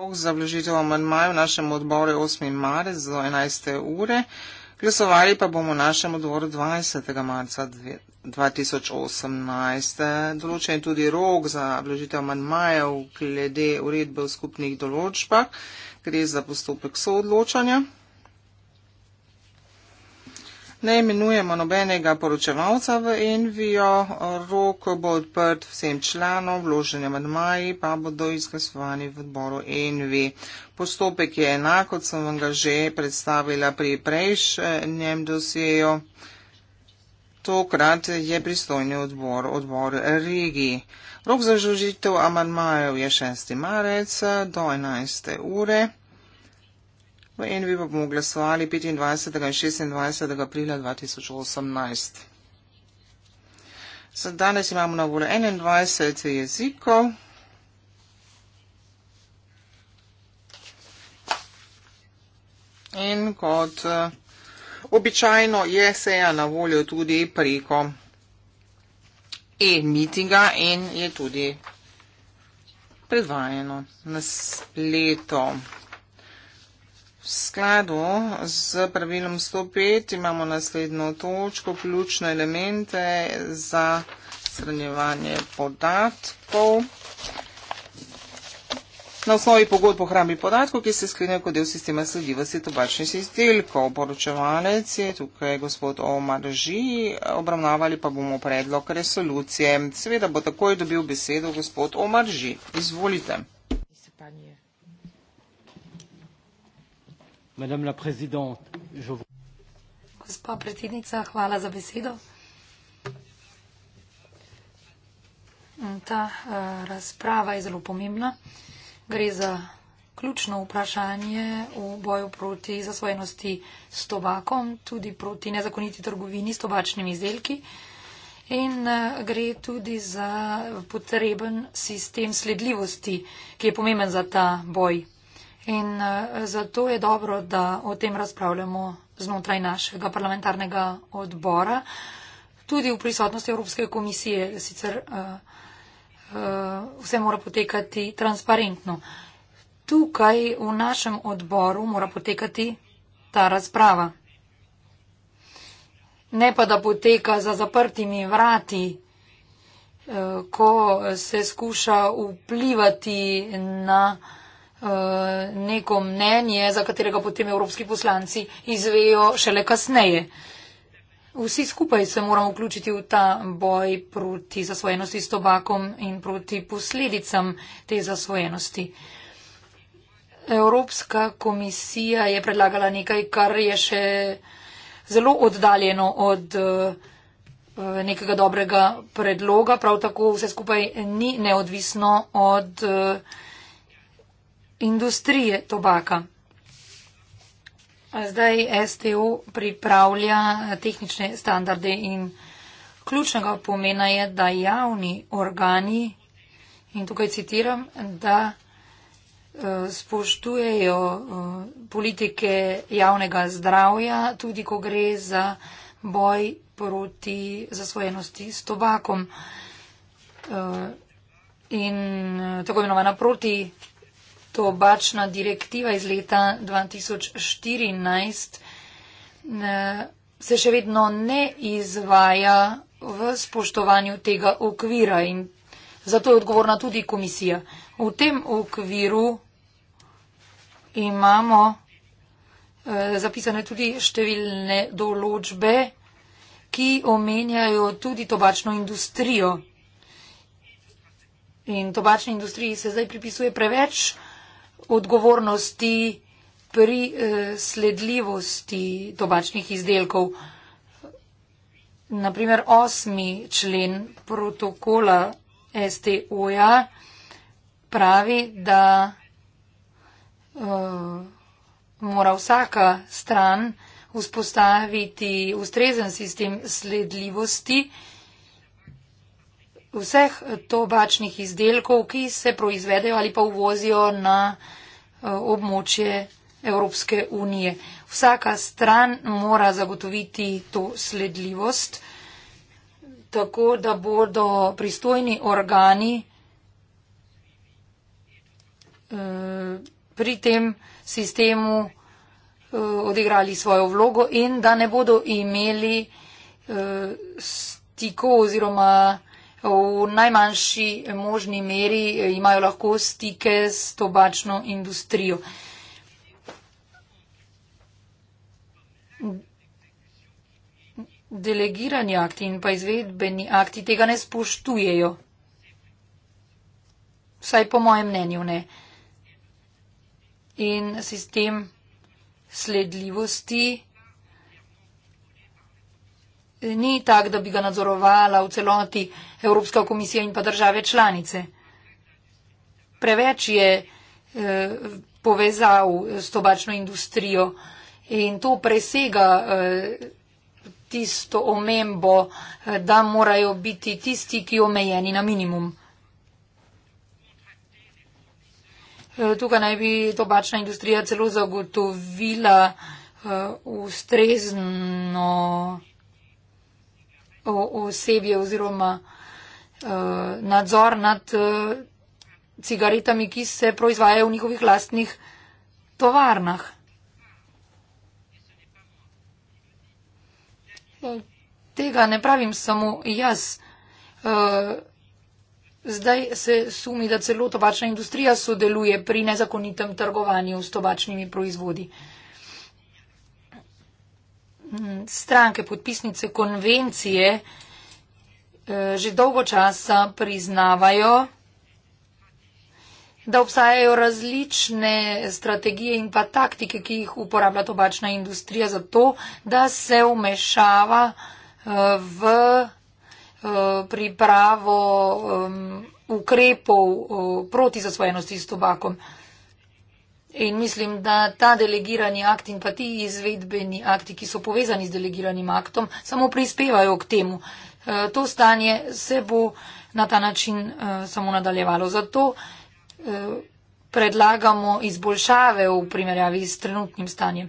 rok za vložitev amandmaja v našem odboru 8. marec do 11. ure. Glasovali pa bomo v našem odboru 20. marca 2018. Določen je tudi rok za vložitev amandmajev glede uredbe v skupnih določbah, gre za postopek soodločanja ne imenujemo nobenega poročevalca v Envijo, rok bo odprt vsem članom, vloženi madmaji pa bodo izglasovani v odboru Envi. Postopek je enak, kot sem vam ga že predstavila pri prejšnjem dosjeju. Tokrat je pristojni odbor, odbor regiji. Rok za žužitev amandmajev je 6. marec do 11. ure. V Envi pa bomo glasovali 25. in 26. aprila 2018. Za danes imamo na voljo 21 jezikov. In kot eh, običajno je seja na voljo tudi preko e-mitinga in je tudi predvajeno na spletu. V skladu z pravilom 105 imamo naslednjo točko, ključne elemente za shranjevanje podatkov. Na osnovi pogodb o hrambi podatkov, ki se sklenijo kot del sistema sledljivosti tobačnih izdelkov, poročevalec je tukaj gospod Omar Ži, obravnavali pa bomo predlog resolucije. Seveda bo takoj dobil besedo gospod Omar Ži. Izvolite. Gospa predsednica, hvala za besedo. Mm, ta uh, razprava je zelo pomembna. Gre za ključno vprašanje v boju proti zasvojenosti s tobakom, tudi proti nezakoniti trgovini s tobačnimi izdelki. In eh, gre tudi za potreben sistem sledljivosti, ki je pomemben za ta boj In eh, zato je dobro, da o tem razpravljamo znotraj našega parlamentarnega odbora, tudi v prisotnosti Evropske komisije, sicer eh, eh, vse mora potekati transparentno. Tukaj v našem odboru mora potekati ta razprava. Ne pa, da poteka za zaprtimi vrati, ko se skuša vplivati na. Eh, neko mnenje, za katerega potem evropski poslanci izvejo šele kasneje. Vsi skupaj se moramo vključiti v ta boj proti zasvojenosti s tobakom in proti posledicam te zasvojenosti. Evropska komisija je predlagala nekaj, kar je še zelo oddaljeno od eh, nekega dobrega predloga, prav tako vse skupaj ni neodvisno od eh, industrije tobaka. Zdaj STO pripravlja tehnične standarde in ključnega pomena je, da javni organi, in tukaj citiram, da eh, spoštujejo eh, politike javnega zdravja, tudi ko gre za boj proti zasvojenosti s tobakom. Eh, in tako imenovana proti to bačna direktiva iz leta 2014 eh, se še vedno ne izvaja v spoštovanju tega okvira in zato je odgovorna tudi komisija. V tem okviru imamo eh, zapisane tudi številne določbe, ki omenjajo tudi tobačno industrijo. In tobačni industriji se zdaj pripisuje preveč odgovornosti pri eh, sledljivosti tobačnih izdelkov. Naprimer, osmi člen protokola STO-ja pravi, da eh, mora vsaka stran vzpostaviti ustrezen sistem sledljivosti eh, vseh tobačnih izdelkov, ki se proizvedejo ali pa uvozijo na eh, območje Evropske unije. Vsaka stran mora zagotoviti to sledljivost, tako da bodo pristojni organi eh, pri tem sistemu eh, odigrali svojo vlogo in da ne bodo imeli stikov oziroma v najmanjši možni meri imajo lahko stike s tobačno industrijo. Delegirani akti in pa izvedbeni akti tega ne spoštujejo. Vsaj po mojem mnenju ne. In sistem sledljivosti ni tak, da bi ga nadzorovala v celoti Evropska komisija in pa države članice. Preveč je eh, povezav s tobačno industrijo in to presega eh, tisto omembo, eh, da morajo biti tisti, ki omejeni na minimum. Tukaj naj bi tobačna industrija celo zagotovila ustrezno. Uh, osebje oziroma uh, nadzor nad uh, cigaretami, ki se proizvajajo v njihovih lastnih tovarnah. Tega ne pravim samo jaz. Uh, zdaj se sumi, da celo tobačna industrija sodeluje pri nezakonitem trgovanju s tobačnimi proizvodi. Uh, stranke podpisnice konvencije eh, že dolgo časa priznavajo, da obstajajo različne strategije in pa taktike, ki jih uporablja tobačna industrija za to, da se umešava eh, v eh, pripravo ukrepov proti zasvojenosti s tobakom. In mislim, da ta delegirani akt in pa ti izvedbeni akti, ki so povezani z delegiranim aktom, samo prispevajo k temu. Eh, to stanje se bo na ta način eh, samo nadaljevalo. Zato eh, predlagamo izboljšave v primerjavi s trenutnim stanjem.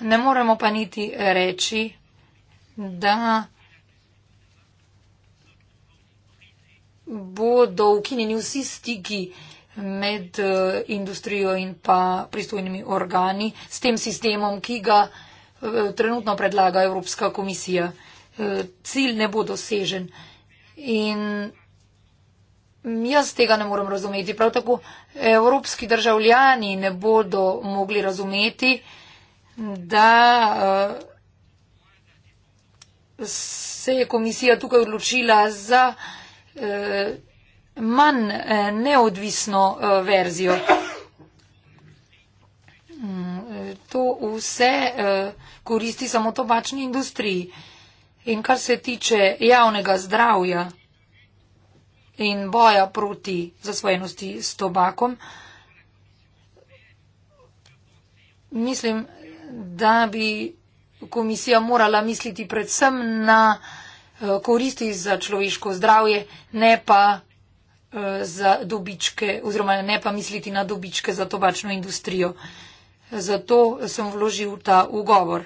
Ne moremo pa niti reči, da bodo ukinjeni vsi stiki med eh, industrijo in pa pristojnimi organi s tem sistemom, ki ga eh, trenutno predlaga Evropska komisija. Eh, cilj ne bo dosežen in jaz tega ne morem razumeti. Prav tako evropski državljani ne bodo mogli razumeti, da se je komisija tukaj odločila za manj eh, neodvisno eh, verzijo. Mm, eh, to vse koristi samo tobačni industriji. In kar se tiče javnega zdravja in boja proti zasvojenosti s tobakom, mislim, da bi komisija morala misliti predvsem na koristi za človeško zdravje, ne pa za dobičke, oziroma ne pa misliti na dobičke za tobačno industrijo. Zato sem vložil ta ugovor.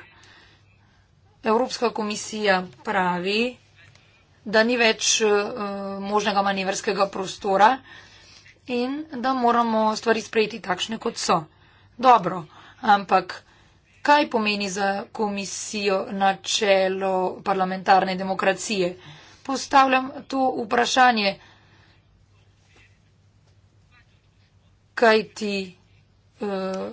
Evropska komisija pravi, da ni več eh, možnega manevrskega prostora in da moramo stvari sprejeti takšne, kot so. Dobro, ampak kaj pomeni za komisijo načelo parlamentarne demokracije? Postavljam to vprašanje. kaj ti uh, eh,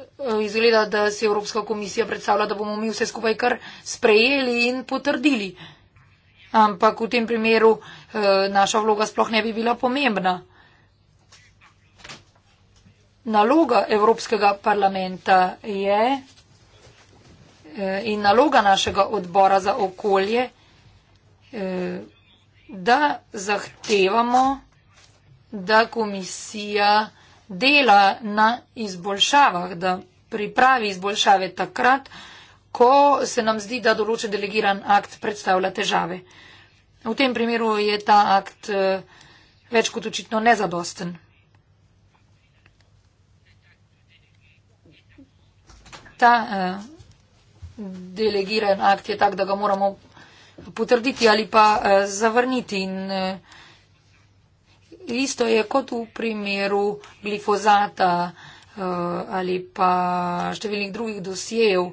eh, izgleda, da si Evropska komisija predstavlja, da bomo mi vse skupaj kar sprejeli in potrdili. Ampak v tem primeru uh, naša vloga sploh ne bi bila pomembna. Naloga Evropskega parlamenta je in naloga našega odbora za okolje, da zahtevamo da komisija dela na izboljšavah, da pripravi izboljšave takrat, ko se nam zdi, da določen delegiran akt predstavlja težave. V tem primeru je ta akt eh, več kot očitno nezadosten. Ta eh, delegiran akt je tak, da ga moramo potrditi ali pa eh, zavrniti in eh, isto je kot v primeru glifozata eh, ali pa številnih drugih dosijev.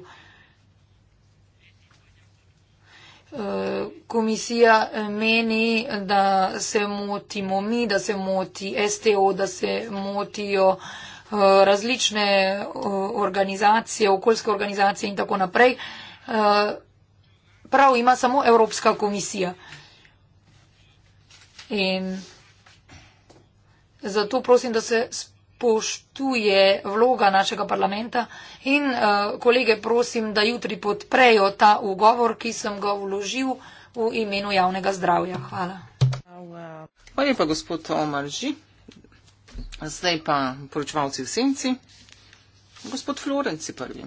Eh, komisija meni, da se motimo mi, da se moti STO, da se motijo eh, različne organizacije, okoljske organizacije in tako naprej. Prav ima samo Evropska komisija. In Zato prosim, da se spoštuje vloga našega parlamenta in eh, kolege prosim, da jutri podprejo ta ugovor, ki sem ga vložil v imenu javnega zdravja. Hvala. Hvala lepa, gospod Omarži. Zdaj pa poročevalci v senci. Gospod Florenci prvi.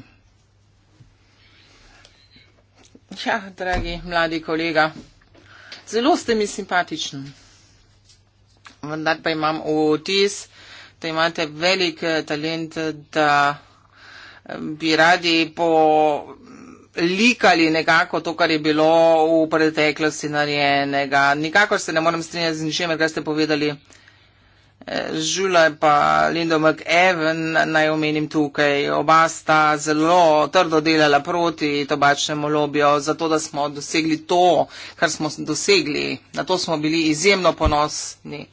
Ja, dragi mladi kolega, zelo ste mi simpatični vendar pa imam vtis, da imate velik eh, talent, da eh, bi radi polikali nekako to, kar je bilo v preteklosti narejenega. Nikakor se ne morem strinjati z ničemer, kar ste povedali. Žula in pa Lindo McEwen, naj omenim tukaj, oba sta zelo trdo delala proti tobačnemu lobiju, zato da smo dosegli to, kar smo dosegli. Na to smo bili izjemno ponosni.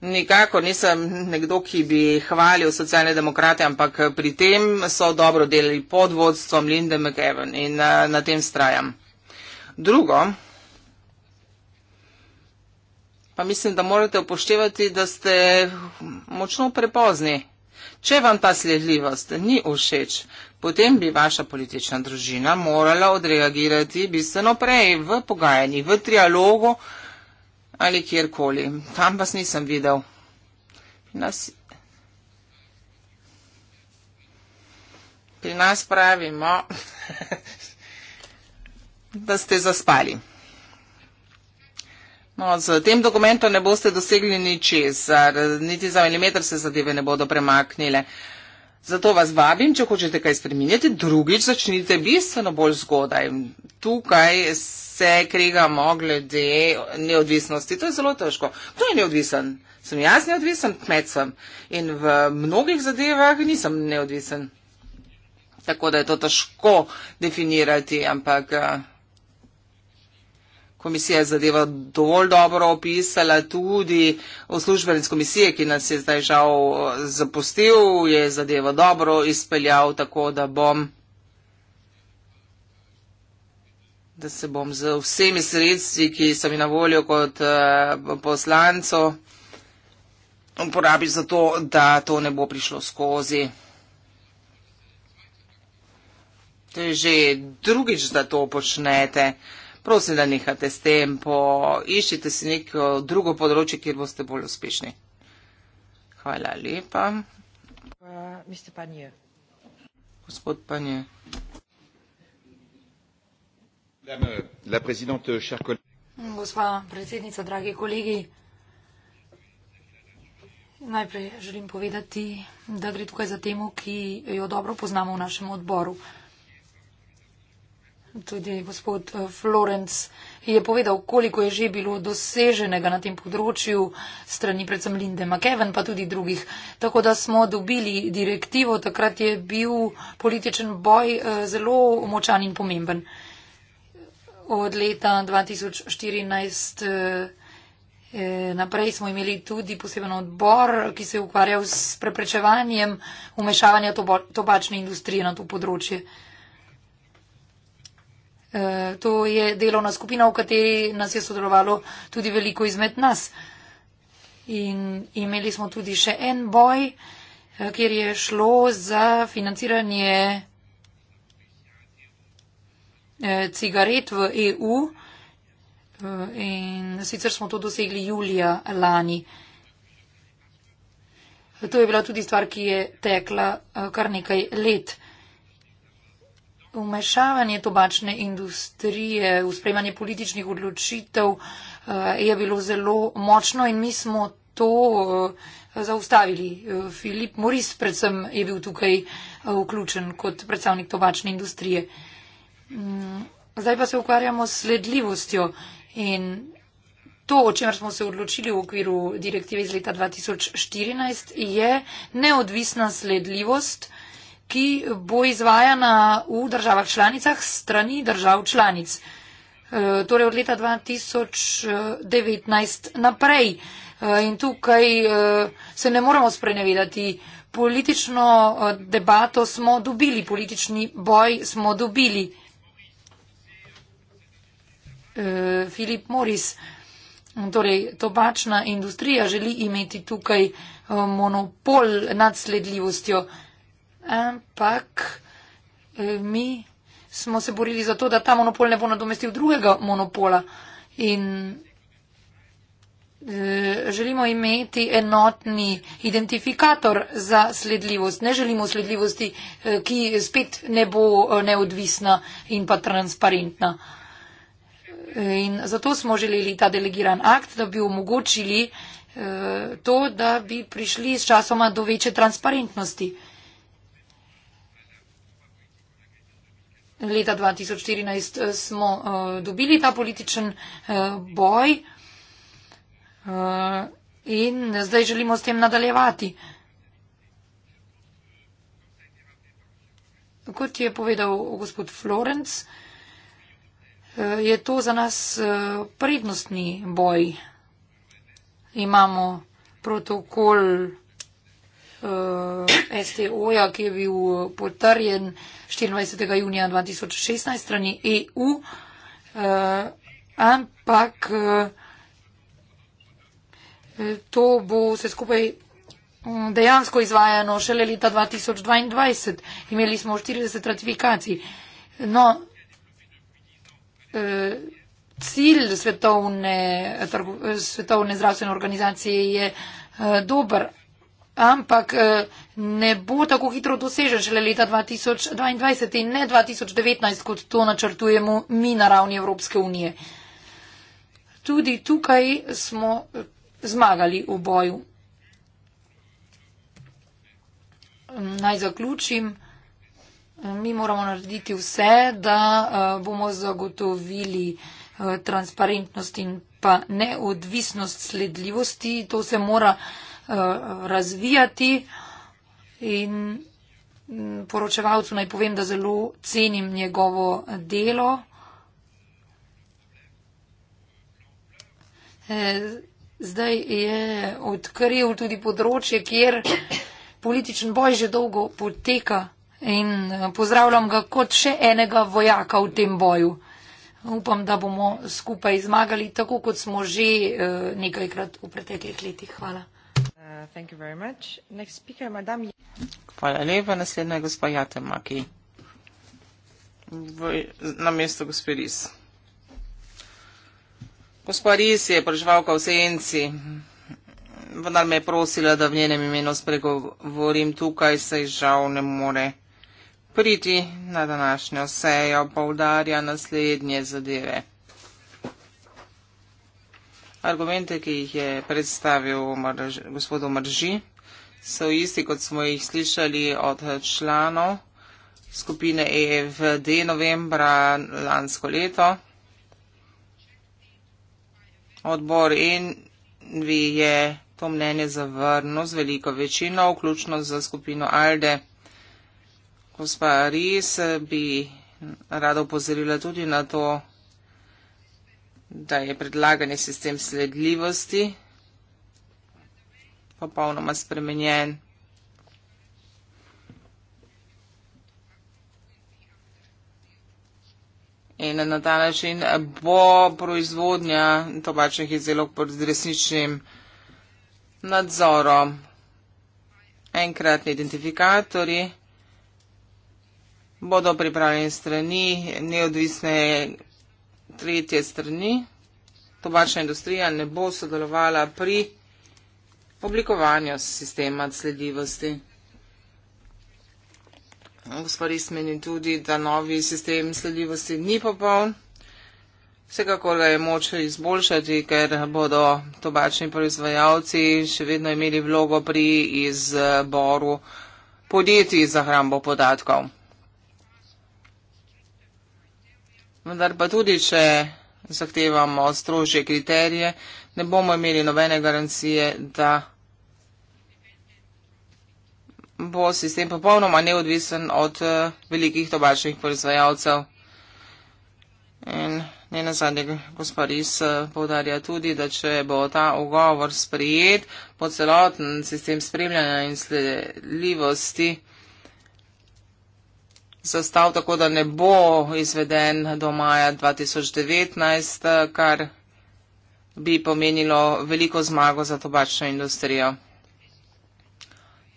Nikako nisem nekdo, ki bi hvalil socialne demokrate, ampak pri tem so dobro delali pod vodstvom Linde McEwen in na, eh, na tem strajam. Drugo, pa mislim, da morate upoštevati, da ste močno prepozni. Če vam ta sledljivost ni všeč, potem bi vaša politična družina morala odreagirati bistveno prej v pogajanjih, v trialogu ali kjerkoli. Tam vas nisem videl. Nas... Pri nas pravimo, da ste zaspali. No, z tem dokumentom ne boste dosegli ničesar, niti za milimeter se zadeve ne bodo premaknile. Zato vas vabim, če hočete kaj spremeniti, drugič začnite bistveno bolj zgodaj. Tukaj se kregamo glede neodvisnosti. To je zelo težko. Kdo je neodvisen? Sem jaz neodvisen, kmet sem. In v mnogih zadevah nisem neodvisen. Tako da je to težko definirati, ampak. Uh, komisija je zadeva dovolj dobro opisala, tudi uslužbenec komisije, ki nas je zdaj žal eh, zapustil, je zadeva dobro izpeljal, tako da bom da se bom z vsemi sredstvi, ki so mi na voljo kot eh, poslancu, uporabil za to, da to ne bo prišlo skozi. To je že drugič, da to počnete prosim, da nehate s tem, poiščite si neko drugo področje, kjer boste bolj uspešni. Hvala lepa. Uh, Gospod Panje. Gospa predsednica, dragi kolegi, najprej želim povedati, da gre tukaj za temo, ki jo dobro poznamo v našem odboru tudi gospod eh, Florence je povedal, koliko je že bilo doseženega na tem področju strani predvsem Linde McEwen, pa tudi drugih. Tako da smo dobili direktivo, takrat je bil političen boj eh, zelo močan in pomemben. Od leta 2014 eh, naprej smo imeli tudi poseben odbor, ki se je ukvarjal s preprečevanjem umešavanja tobačne industrije na to področje. Eh, to je delovna skupina, v kateri nas je sodelovalo tudi veliko izmed nas. In imeli smo tudi še en boj, eh, kjer je šlo za financiranje eh, cigaret v EU. In sicer smo to dosegli julija lani. To je bila tudi stvar, ki je tekla kar nekaj let. Umešavanje tobačne industrije v sprejmanje političnih odločitev eh, je bilo zelo močno in mi smo to eh, zaustavili. Eh, Filip Moris predvsem je bil tukaj vključen kot predstavnik tobačne industrije. Mm, zdaj pa se ukvarjamo s sledljivostjo in to, o čemer smo se odločili v okviru direktive iz leta 2014, je neodvisna sledljivost ki bo izvajana v državah članicah strani držav članic. E, torej od leta 2019 e, naprej. E, in tukaj se ne moremo sprenevedati. Politično debato smo dobili, politični boj smo dobili. Filip Moris, torej tobačna industrija želi imeti tukaj monopol nad sledljivostjo ampak eh, mi smo se borili za to, da ta monopol ne bo nadomestil drugega monopola. In eh, želimo imeti enotni identifikator za sledljivost. Ne želimo sledljivosti, eh, ki spet ne bo neodvisna in pa transparentna. In zato smo želeli ta delegiran akt, da bi omogočili to, da bi prišli s časoma do večje transparentnosti. leta 2014 eh, smo uh, dobili ta političen uh, boj uh, in zdaj želimo s tem nadaljevati. Kot je povedal gospod Florenc, je to za nas prednostni boj. Imamo protokol uh, eh, STO-ja, ki je bil potrjen 24. junija 2016 strani EU, uh, eh, ampak uh, to bo se skupaj um, dejansko izvajano šele leta 2022. Imeli smo 40 ratifikacij. No, Cilj svetovne, svetovne zdravstvene organizacije je dober, ampak eh, ne bo tako hitro dosežen šele leta 2022 in ne 2019, kot to načrtujemo mi na ravni Evropske unije. Tudi tukaj smo eh, zmagali v boju. Naj zaključim. Eh, mi moramo narediti vse, da bomo zagotovili transparentnost in pa neodvisnost sledljivosti. To se mora razvijati in mm, poročevalcu naj povem, da zelo cenim njegovo delo. E, zdaj je odkril tudi področje, kjer političen boj že dolgo poteka in e, pozdravljam ga kot še enega vojaka v tem boju. Upam, da bomo skupaj zmagali, tako kot smo že e, nekajkrat v preteklih letih. Hvala. Uh, thank you very much. Next speaker, Madame- Hvala lepa. Naslednja je gospa Jate Maki. V, na mesto gospe Ris. Gospa Ris je preživalka v senci, vendar me je prosila, da v njenem imenu spregovorim tukaj, saj žal ne more priti na današnjo sejo, poudarja naslednje zadeve. Argumente, ki jih je predstavil marž, gospodu Mrži, so isti, kot smo jih slišali od članov skupine EFD novembra lansko leto. Odbor Envi je to mnenje zavrnil z veliko večino, vključno za skupino Alde. Gospa Ries bi rada upozorila tudi na to, da je predlagani sistem sledljivosti popolnoma spremenjen. In na ta način bo proizvodnja tobačnih izdelkov pod resničnim nadzorom. Enkratni identifikatorji bodo pripravljeni strani neodvisne tretje strani, tobačna industrija ne bo sodelovala pri oblikovanju sistema sledljivosti. Gospod Ismeni tudi, da novi sistem sledljivosti ni popoln. Vsekakor ga je moč izboljšati, ker bodo tobačni proizvajalci še vedno imeli vlogo pri izboru podjetij za hrambo podatkov. vendar pa tudi, če zahtevamo strožje kriterije, ne bomo imeli nobene garancije, da bo sistem popolnoma neodvisen od eh, velikih tobačnih proizvajalcev. In ne nazadnje, gospod Riz eh, povdarja tudi, da če bo ta ugovor sprijet, bo celoten sistem spremljanja in sledljivosti sestav, tako da ne bo izveden do maja 2019, kar bi pomenilo veliko zmago za tobačno industrijo.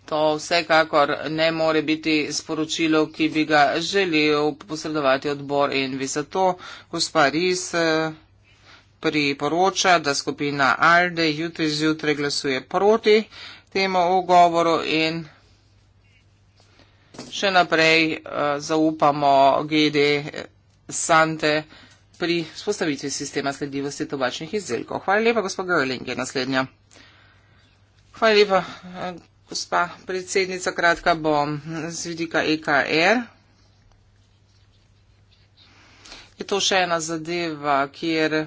To vsekakor ne more biti sporočilo, ki bi ga želel posredovati odbor in vi zato, gospa Ris eh, priporoča, da skupina Alde jutri zjutraj glasuje proti temu ugovoru in še naprej uh, zaupamo GD Sante pri spostavitvi sistema sledljivosti tobačnih izdelkov. Hvala lepa, gospod Görling je naslednja. Hvala lepa, eh, gospa predsednica, kratka bom z vidika EKR. Je to še ena zadeva, kjer.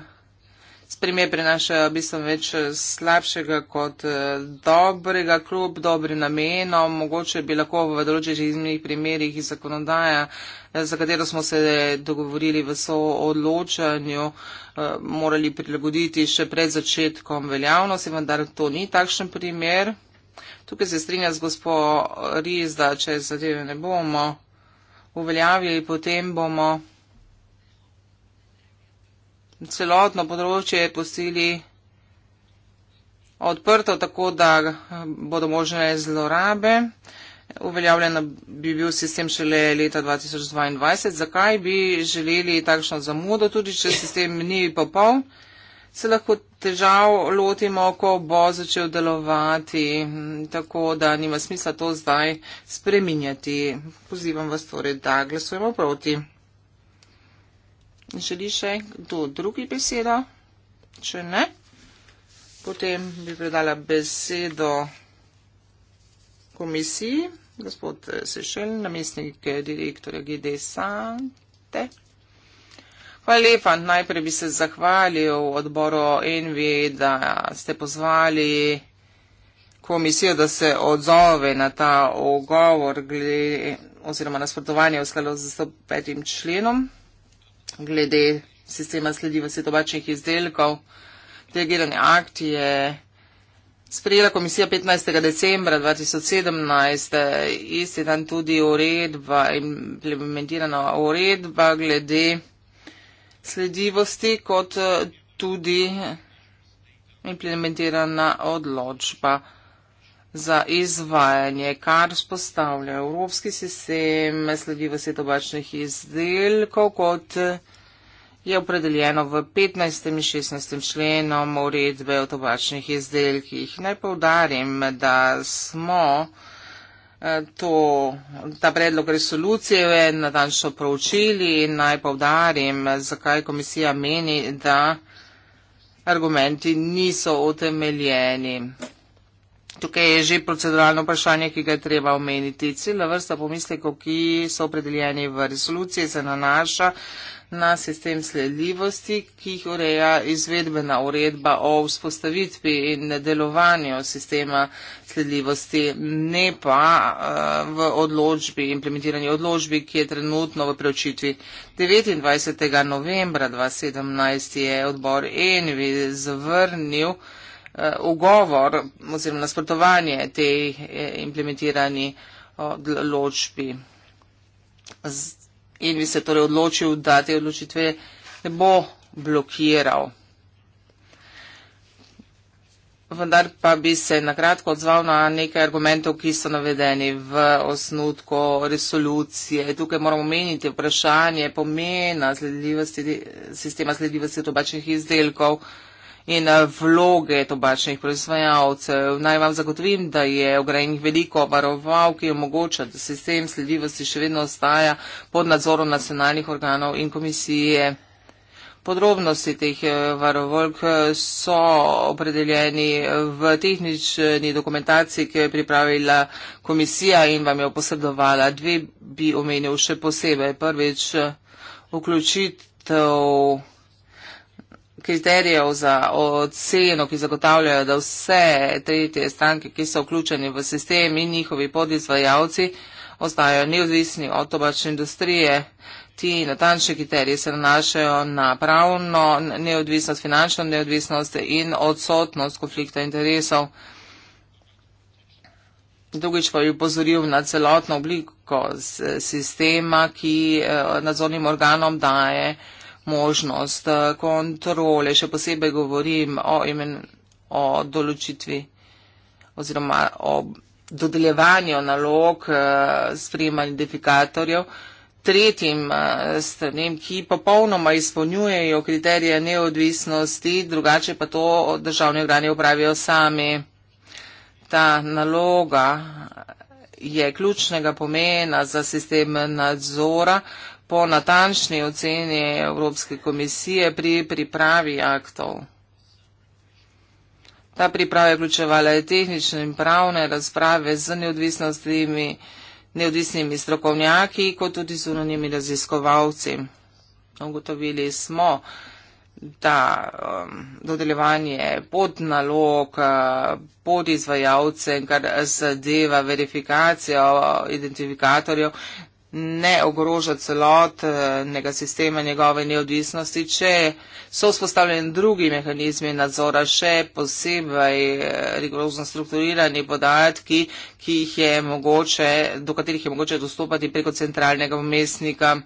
Spremembe prinašajo bistveno več eh, slabšega kot eh, dobrega, kljub dobrim namenom. Mogoče bi lahko v določenih primerjih iz zakonodaja, eh, za katero smo se dogovorili v soodločanju, morali prilagoditi še pred začetkom veljavnosti, vendar to ni takšen primer. Tukaj se strinja z gospo Riz, da če zadeve ne bomo uveljavili, potem bomo celotno področje posili odprto, tako da bodo možne zlorabe. Uveljavljen bi bil sistem šele leta 2022. Zakaj bi želeli takšno zamudo, tudi če sistem ni popoln? Se lahko težav lotimo, ko bo začel delovati, tako da nima smisla to zdaj spreminjati. Pozivam vas torej, da glasujemo proti. Želi še kdo drugi besedo? Če ne, potem bi predala besedo komisiji, gospod Sešelj, namestnik direktorja GD Sante. Hvala lepa. Najprej bi se zahvalil odboru NV, da ste pozvali komisijo, da se odzove na ta ogovor glede, oziroma nasprotovanje v skladu z 105. členom glede sistema sledivosti tobačnih izdelkov. Delegirani akt je sprejela komisija 15. decembra 2017, isti dan tudi uredba, implementirana uredba glede sledivosti, kot tudi implementirana odločba za izvajanje, kar spostavlja Evropski sistem sledljivosti tobačnih izdelkov, kot je opredeljeno v 15. in 16. členom uredbe o tobačnih izdelkih. Naj povdarim, da smo eh, to, ta predlog resolucije natančno proučili in naj povdarim, zakaj komisija meni, da argumenti niso utemeljeni. Tukaj je že proceduralno vprašanje, ki ga je treba omeniti. Cela vrsta pomislekov, ki so opredeljeni v resoluciji, se nanaša na sistem sledljivosti, ki jih ureja izvedbena uredba o vzpostavitvi in delovanju sistema sledljivosti, ne pa eh, v odločbi, implementiranju odločbi, ki je trenutno v preučitvi. 29. novembra 2017 je odbor ENVI zavrnil. Eh, ugovor oziroma nasprotovanje tej eh, implementirani odločbi. In bi se torej odločil, da te odločitve ne bo blokiral. Vendar pa bi se nakratko odzval na nekaj argumentov, ki so navedeni v osnutku resolucije. Tukaj moramo meniti vprašanje pomena sledljivosti, sistema sledljivosti tobačnih izdelkov. Uh, in eh, vloge tobačnih proizvajalcev. Naj vam zagotovim, da je ograjenih veliko varoval, ki omogoča, da sistem sledljivosti še vedno ostaja pod nadzorom nacionalnih organov in komisije. Podrobnosti teh eh, varovolk eh, so opredeljeni v tehnični dokumentaciji, ki jo je pripravila komisija in vam jo posredovala. Dve bi omenil še posebej. Prvič, vključitev kriterijev za oceno, ki zagotavljajo, da vse tretje stranke, ki so vključeni v sistem in njihovi podizvajalci, ostajajo neodvisni od tobačne industrije. Ti natančni kriteriji se nanašajo na pravno neodvisnost, finančno neodvisnost in odsotnost konflikta interesov. Drugič pa je upozoril na celotno obliko sistema, ki eh, nadzornim organom daje uh, možnost eh, kontrole, še posebej govorim o, imen, o določitvi oziroma o dodeljevanju nalog eh, spremanj identifikatorjev tretjim eh, stranem, ki popolnoma izpolnjujejo kriterije neodvisnosti, drugače pa to državne organe upravijo sami. Ta naloga je ključnega pomena za sistem nadzora, po natančni oceni Evropske komisije pri pripravi aktov. Ta priprava je vključevala tehnične in pravne razprave z neodvisnostimi neodvisnimi strokovnjaki, kot tudi zunanjimi raziskovalci. Ugotovili smo, da um, dodeljevanje pod nalog, uh, pod izvajalce, kar zadeva verifikacijo identifikatorjev, ne ogroža celotnega sistema njegove neodvisnosti, če so vzpostavljeni drugi mehanizmi nadzora, še posebej eh, rigorozno strukturirani podatki, ki jih je mogoče, do katerih je mogoče dostopati preko centralnega umestnika.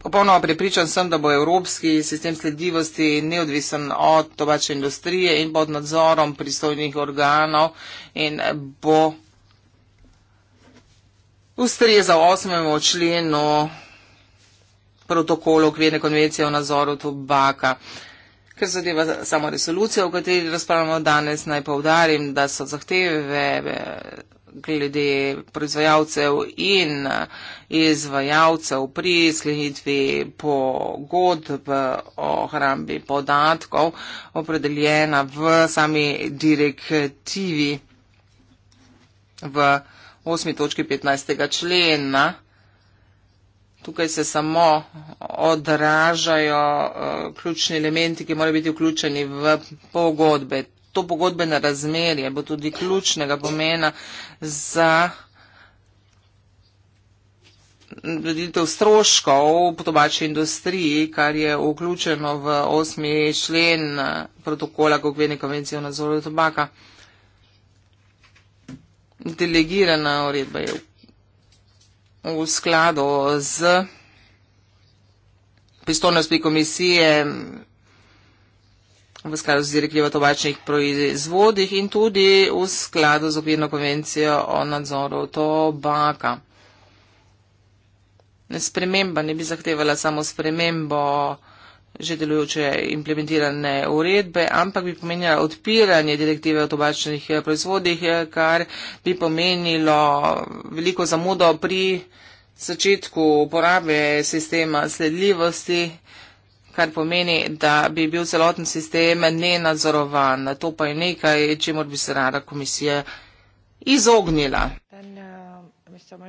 Popolnoma prepričan sem, da bo evropski sistem sledljivosti neodvisen od tobačne industrije in pod nadzorom pristojnih organov in bo ustreza 8. členu protokola okvirne konvencije o nadzoru tobaka. Ker zadeva samo resolucijo, o kateri razpravljamo danes, naj povdarim, da so zahteve eh, glede proizvajalcev in eh, izvajalcev pri sklenitvi pogodb o hrambi podatkov opredeljena v sami direktivi v 8. točki 15. člena. Tukaj se samo odražajo uh, ključni elementi, ki morajo biti vključeni v pogodbe. To pogodbeno razmerje bo tudi ključnega pomena za delitev stroškov v tobačni industriji, kar je vključeno v 8. člen eh, protokola Gogveni konvencije o nadzoru tobaka delegirana uredba je v skladu z pristojnostmi komisije v skladu z direktivo tobačnih proizvodih in tudi v skladu z okvirno konvencijo o nadzoru tobaka. Sprememba ne bi zahtevala samo spremembo že delujoče implementirane uredbe, ampak bi pomenila odpiranje direktive o tobačnih eh, proizvodih, eh, kar bi pomenilo veliko zamudo pri začetku uporabe sistema sledljivosti, kar pomeni, da bi bil celoten sistem nenadzorovan. To pa je nekaj, čemu bi se rada komisija izognila. Then, uh,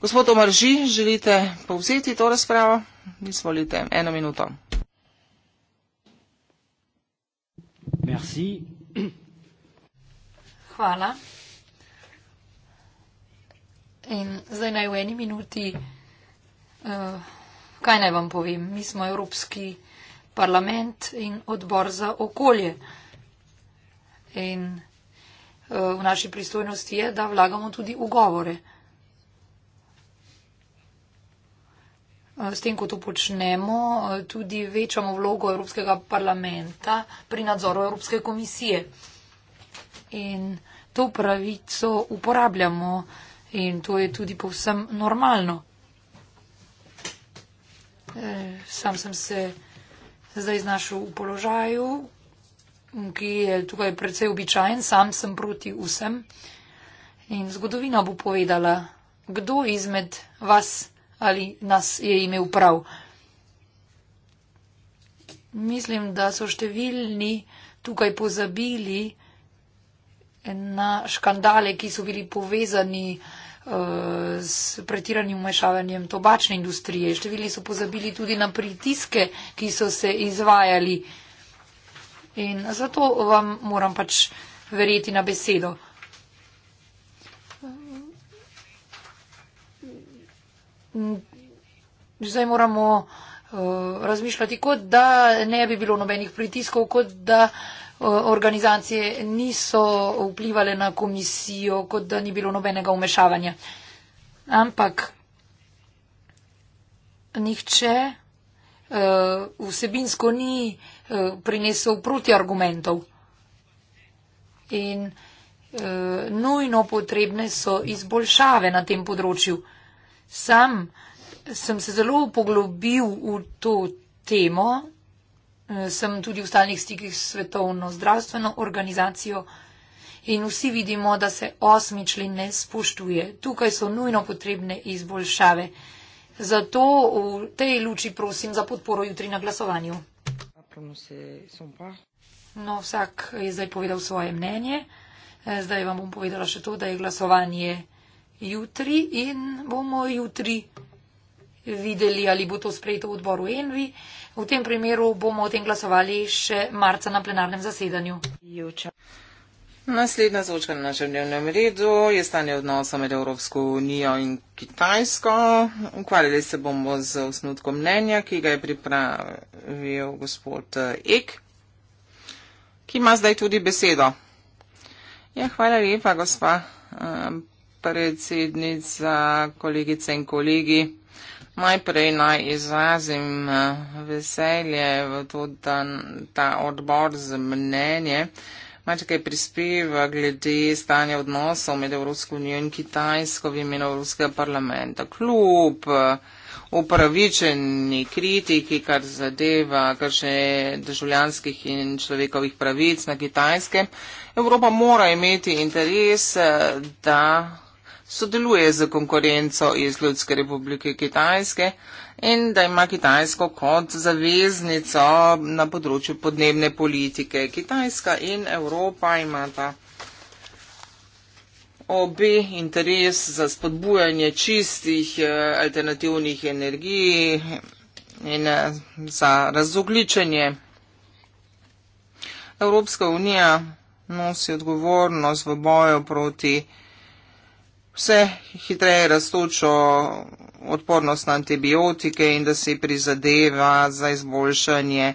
Gospod Omarži, želite povzeti to razpravo? Izvolite, eno minuto. Merci. Hvala. In zdaj naj v eni minuti, uh, kaj naj vam povem. Mi smo Evropski parlament in odbor za okolje. In uh, v naši pristojnosti je, da vlagamo tudi ugovore. Eh, s tem, ko to počnemo, eh, tudi večamo vlogo Evropskega parlamenta pri nadzoru Evropske komisije. In to pravico uporabljamo in to je tudi povsem normalno. Eh, sam sem se zdaj znašel v položaju, ki je tukaj precej običajen, sam sem proti vsem. In zgodovina bo povedala, kdo izmed vas ali nas je imel prav. Mislim, da so številni tukaj pozabili na škandale, ki so bili povezani uh, s pretiranim umešavanjem tobačne industrije. Številni so pozabili tudi na pritiske, ki so se izvajali. In zato vam moram pač verjeti na besedo. zdaj moramo uh, razmišljati, kot da ne bi bilo nobenih pritiskov, kot da eh, organizacije niso vplivale na komisijo, kot da ni bilo nobenega umešavanja. Ampak nihče uh, vsebinsko ni uh, prinesel proti argumentov. In uh, nujno potrebne so izboljšave na tem področju. Uh, sam sem se zelo poglobil v to temo, eh, sem tudi v stalnih stikih s svetovno zdravstveno organizacijo in vsi vidimo, da se osmi člen ne spoštuje. Tukaj so nujno potrebne izboljšave. Zato v tej luči prosim za podporo jutri na glasovanju. No, vsak je zdaj povedal svoje mnenje. Eh, zdaj vam bom povedala še to, da je glasovanje jutri in bomo jutri videli, ali bo to sprejeto v odboru Envi. V tem primeru bomo o tem glasovali še marca na plenarnem zasedanju. Juče. Naslednja zvočka na našem dnevnem redu je stanje odnosa med Evropsko unijo in Kitajsko. Ukvarjali se bomo z osnutkom mnenja, ki ga je pripravil gospod eh, Ek, ki ima zdaj tudi besedo. Ja, hvala lepa, gospa. Eh, predsednica, kolegice in kolegi. Najprej naj izrazim eh, veselje v to, da ta odbor z mnenje marsikaj prispeva glede stanja odnosov med Evropsko unijo in Kitajsko v imenu Evropskega parlamenta. Kljub eh, upravičeni kritiki, kar zadeva kršne državljanskih in človekovih pravic na Kitajske, Evropa mora imeti interes, eh, da sodeluje z konkurenco iz Ljudske republike Kitajske in da ima Kitajsko kot zaveznico na področju podnebne politike. Kitajska in Evropa imata obi interes za spodbujanje čistih eh, alternativnih energij in eh, za razogličenje. Evropska unija nosi odgovornost v boju proti vse hitreje raztočo odpornost na antibiotike in da se prizadeva za izboljšanje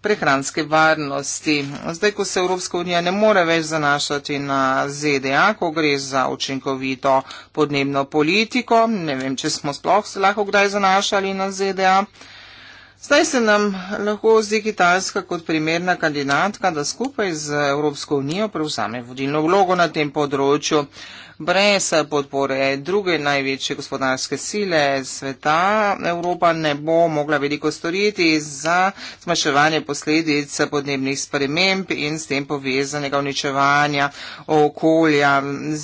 prehranske varnosti. Zdaj, ko se Evropska unija ne more več zanašati na ZDA, ko gre za učinkovito podnebno politiko, ne vem, če smo sploh se lahko kdaj zanašali na ZDA, Zdaj se nam lahko zdi Kitajska kot primerna kandidatka, da skupaj z Evropsko unijo prevzame vodilno vlogo na tem področju. Brez podpore druge največje gospodarske sile sveta Evropa ne bo mogla veliko storiti za zmanjševanje posledic podnebnih sprememb in s tem povezanega uničevanja okolja,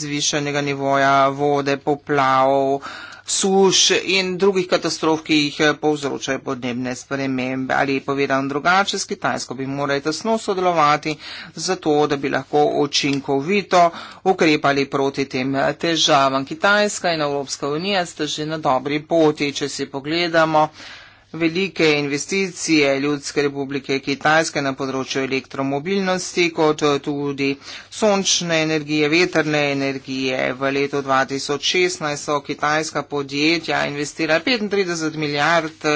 zvišenega nivoja vode, poplav suš in drugih katastrof, ki jih eh, povzročajo podnebne spremembe. Ali je povedal drugače, s Kitajsko bi morali tesno sodelovati, zato da bi lahko očinkovito ukrepali proti tem eh, težavam. Kitajska in Evropska unija sta že na dobri poti, če si pogledamo velike investicije Ljudske republike Kitajske na področju elektromobilnosti, kot tudi sončne energije, veterne energije. V letu 2016 so kitajska podjetja investirala 35 milijard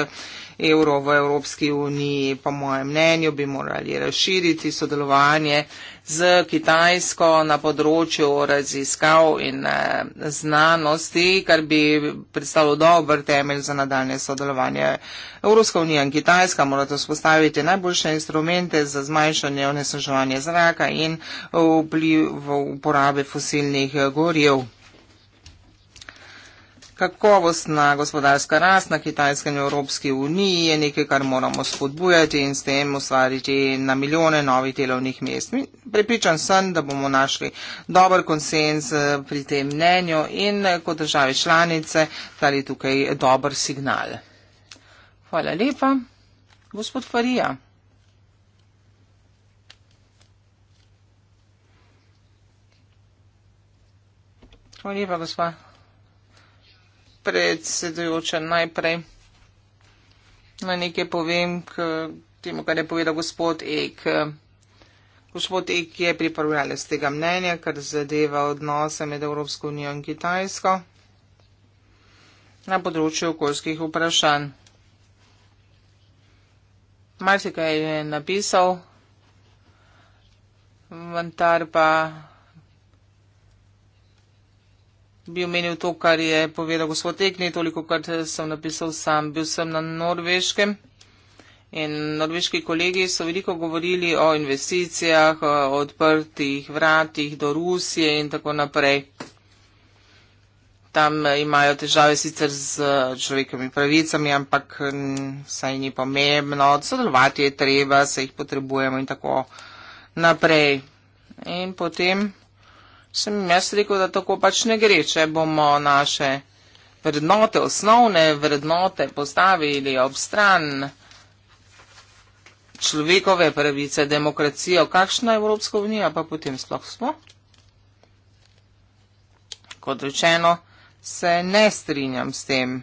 evrov v Evropski uniji, po mojem mnenju, bi morali razširiti sodelovanje z Kitajsko na področju raziskav in eh, znanosti, kar bi predstavilo dober temelj za nadaljne sodelovanje. Evropska unija in Kitajska morata spostaviti najboljše instrumente za zmanjšanje onesnaževanja zraka in vpliv uporabe fosilnih goriv. Kakovostna gospodarska rast na Kitajskem in Evropski uniji je nekaj, kar moramo spodbujati in s tem ustvariti na milijone novih delovnih mest. Prepričan sem, da bomo našli dober konsens eh, pri tem mnenju in eh, kot države članice dali tukaj dober signal. Hvala lepa. Gospod Farija. Hvala lepa, gospod predsedujoča, najprej naj nekaj povem k temu, kar je povedal gospod Ek. Gospod Ek je pripravljal z tega mnenja, kar zadeva odnose med Evropsko unijo in Kitajsko na področju okoljskih vprašanj. Marsikaj je napisal, vendar pa bi omenil to, kar je povedal gospod Tekni, toliko, kar sem napisal sam. Bil sem na norveškem in norveški kolegi so veliko govorili o investicijah, o odprtih vratih do Rusije in tako naprej. Tam imajo težave sicer z človekovimi pravicami, ampak saj ni pomembno, sodelovati je treba, se jih potrebujemo in tako naprej. In potem sem jim jaz rekel, da tako pač ne gre, če bomo naše vrednote, osnovne vrednote postavili ob stran človekove pravice, demokracijo, kakšna Evropska unija pa potem sploh smo. Kot rečeno, se ne strinjam s tem.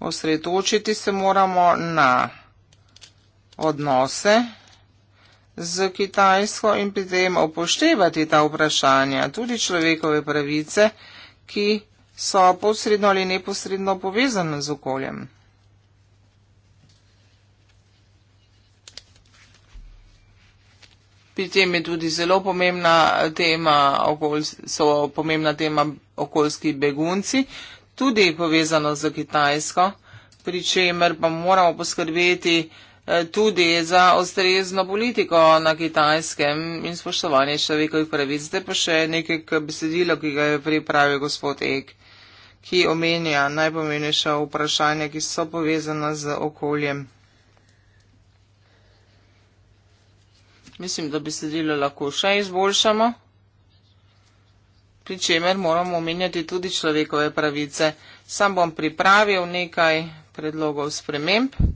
Osredotočiti se moramo na odnose, z Kitajsko in pri tem upoštevati ta vprašanja, tudi človekove pravice, ki so posredno ali neposredno povezane z okoljem. Pri tem je tudi zelo pomembna tema, okolj, so pomembna tema okoljski begunci, tudi povezano z Kitajsko, pri čemer pa moramo poskrbeti, Eh, tudi za ustrezno politiko na kitajskem in spoštovanje človekovih pravic. Zdaj pa še nekaj besedilo, ki ga je pripravil gospod Ek, ki omenja najpomenejša vprašanja, ki so povezana z okoljem. Mislim, da besedilo lahko še izboljšamo, pri čemer moramo omenjati tudi človekove pravice. Sam bom pripravil nekaj predlogov spremembe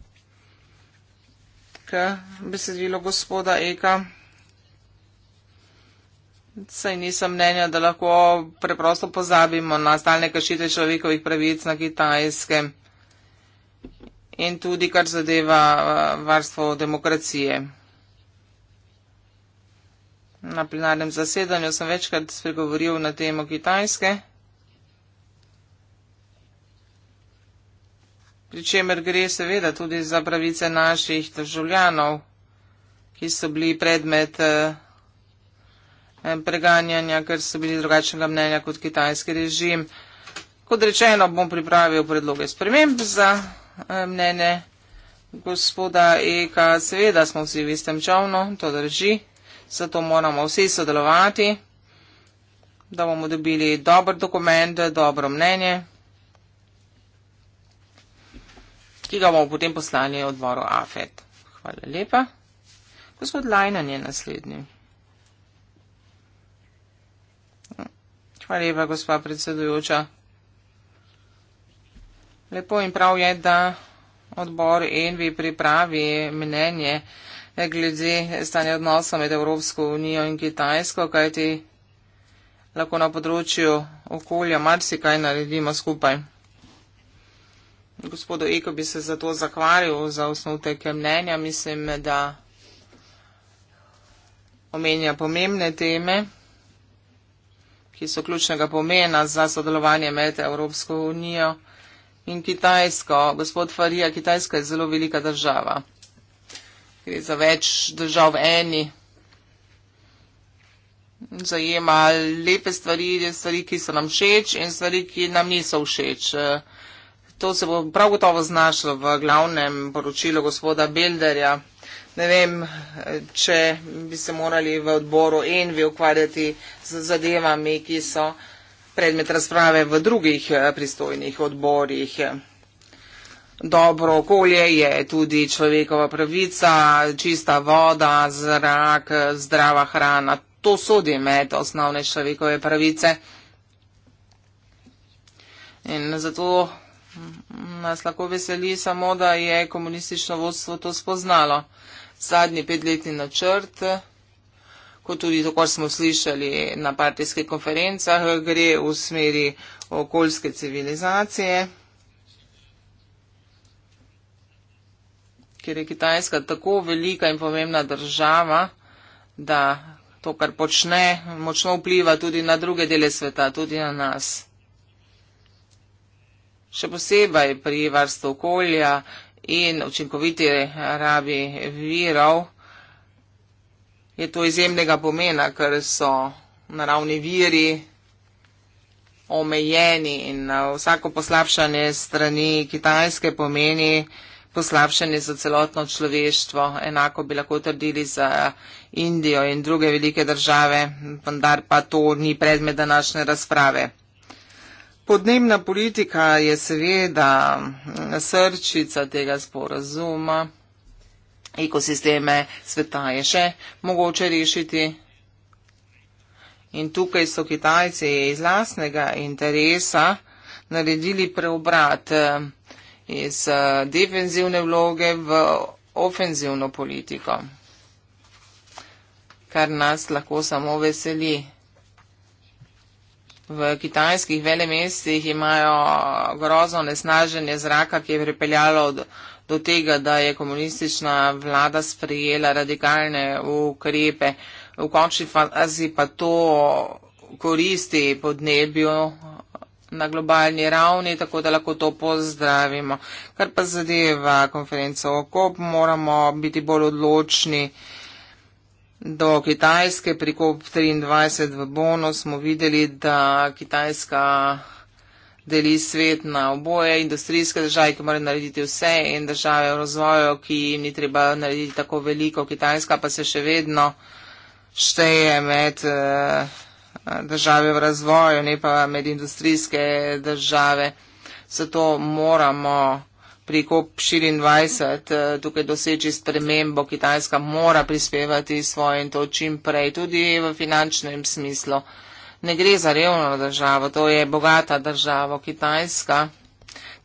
k besedilu gospoda Eka. Saj nisem mnenja, da lahko preprosto pozabimo na stalne kršitve človekovih pravic na kitajskem in tudi kar zadeva eh, varstvo demokracije. Na plenarnem zasedanju sem večkrat spregovoril na temo kitajske. pri čemer gre seveda tudi za pravice naših državljanov, ki so bili predmet eh, preganjanja, ker so bili drugačnega mnenja kot kitajski režim. Kot rečeno, bom pripravil predloge sprememb za eh, mnenje gospoda Eka. Seveda smo vsi v istem čovnu, to drži, zato moramo vsi sodelovati, da bomo dobili dober dokument, dobro mnenje. ki ga bomo potem poslali odboru AFET. Hvala lepa. Gospod Lajnan je naslednji. Hvala lepa, gospa predsedujoča. Lepo in prav je, da odbor ENVI pripravi mnenje glede stanja odnosa med Evropsko unijo in Kitajsko, kajti lahko na področju okolja marsikaj naredimo skupaj. Gospodu Eko bi se zato zahvalil za osnovtek mnenja. Mislim, da omenja pomembne teme, ki so ključnega pomena za sodelovanje med Evropsko unijo in Kitajsko. Gospod Farija, Kitajska je zelo velika država. Gre za več držav v eni. Zajema lepe stvari, stvari, ki so nam všeč in stvari, ki nam niso všeč to se bo prav gotovo znašlo v glavnem poročilu gospoda Bilderja. Ne vem, če bi se morali v odboru Envi ukvarjati z zadevami, ki so predmet razprave v drugih eh, pristojnih odborih. Dobro okolje je tudi človekova pravica, čista voda, zrak, zdrava hrana. To sodi med osnovne človekove pravice. In zato Nas lahko veseli samo, da je komunistično vodstvo to spoznalo. Zadnji petletni načrt, kot tudi to, kar smo slišali na partijskih konferencah, gre v smeri okoljske civilizacije, ker je Kitajska tako velika in pomembna država, da to, kar počne, močno vpliva tudi na druge dele sveta, tudi na nas še posebej pri varstvu okolja in učinkoviti rabi virov, je to izjemnega pomena, ker so naravni viri omejeni in vsako poslabšanje strani Kitajske pomeni poslabšanje za celotno človeštvo. Enako bi lahko trdili za Indijo in druge velike države, vendar pa to ni predmet današnje razprave. Podnebna politika je seveda srčica tega sporazuma. Ekosisteme sveta je še mogoče rešiti. In tukaj so Kitajci iz lasnega interesa naredili preobrat eh, iz eh, defenzivne vloge v ofenzivno politiko, kar nas lahko samo veseli. V kitajskih velemestih imajo grozno nesnaženje zraka, ki je pripeljalo do, do tega, da je komunistična vlada sprejela radikalne ukrepe. V končni fazi pa to koristi podnebju na globalni ravni, tako da lahko to pozdravimo. Kar pa zadeva konferenco o kop, moramo biti bolj odločni. Uh, Do Kitajske pri COP23 v Bono smo videli, da Kitajska deli svet na oboje, industrijske države, ki morajo narediti vse in države v razvoju, ki jim ni treba narediti tako veliko. Kitajska pa se še vedno šteje med eh, države v razvoju, ne pa med industrijske države. Zato moramo pri COP24 eh, tukaj doseči spremembo, Kitajska mora prispevati svoje in to čim prej, tudi v finančnem smislu. Ne gre za revno državo, to je bogata država Kitajska.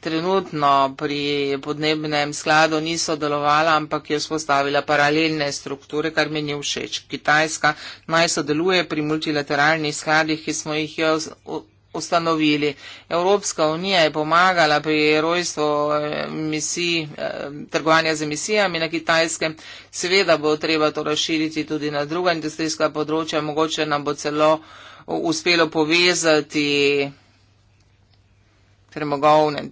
Trenutno pri podnebnem skladu ni sodelovala, ampak je vzpostavila paralelne strukture, kar mi ni všeč. Kitajska naj sodeluje pri multilateralnih skladih, ki smo jih ustanovili. Evropska unija je pomagala pri rojstvu eh, misij, eh, trgovanja z emisijami na kitajskem. Seveda bo treba to razširiti tudi na druga industrijska področja. Mogoče nam bo celo eh, uspelo povezati premogovne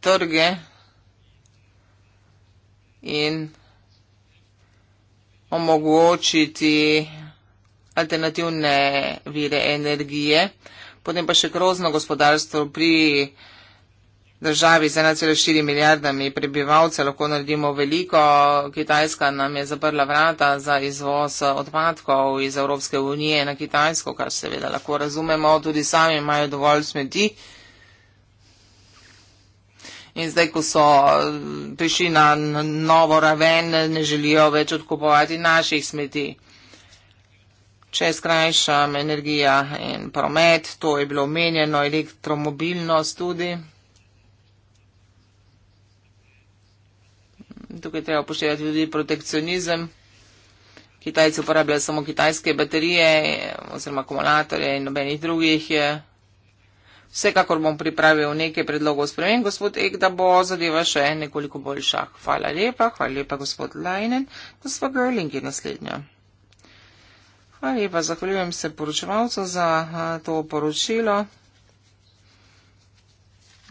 trge in omogočiti alternativne vire energije potem pa še grozno gospodarstvo pri državi z 1,4 milijardami prebivalcev lahko naredimo veliko. Kitajska nam je zaprla vrata za izvoz odpadkov iz Evropske unije na Kitajsko, kar seveda lahko razumemo, tudi sami imajo dovolj smeti. In zdaj, ko so prišli na novo raven, ne želijo več odkupovati naših smeti. Če skrajšam energija in promet, to je bilo omenjeno, elektromobilnost tudi. Tukaj treba upoštevati tudi protekcionizem. Kitajci uporabljajo samo kitajske baterije oziroma akumulatorje in nobenih drugih. Vsekakor bom pripravil nekaj predlogov spremen, gospod Ek, da bo zadeva še nekoliko boljša. Hvala lepa, hvala lepa, gospod Lajnen. Gospod Görling je naslednja. Hvala lepa, zahvaljujem se poročevalcu za to poročilo.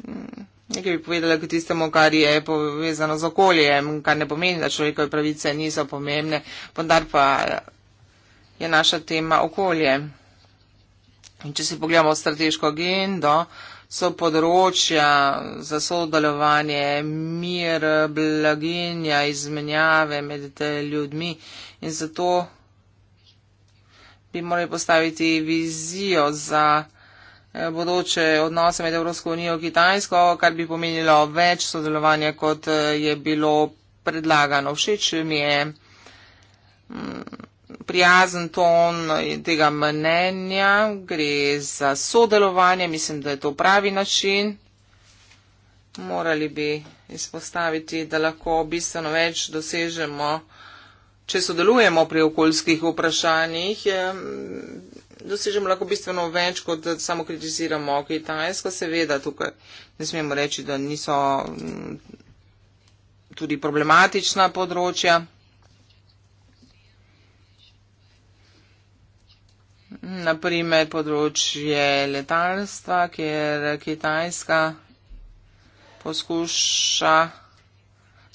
Mm, nekaj bi povedala k tistemu, kar je povezano z okoljem, kar ne pomeni, da človekove pravice niso pomembne, vendar pa je naša tema okolje. In če si pogledamo strateško agendo, so področja za sodelovanje, mir, blaginja, izmenjave med ljudmi in zato bi morali postaviti vizijo za eh, bodoče odnose med Evropsko unijo in Kitajsko, kar bi pomenilo več sodelovanja, kot eh, je bilo predlagano. Všeč mi je mm, prijazen ton tega mnenja, gre za sodelovanje, mislim, da je to pravi način. Morali bi izpostaviti, da lahko bistveno več dosežemo če sodelujemo pri okoljskih vprašanjih, eh, dosežemo lahko bistveno več, kot samo kritiziramo Kitajsko. Seveda tukaj ne smemo reči, da niso mm, tudi problematična področja. Naprimer področje letalstva, kjer Kitajska poskuša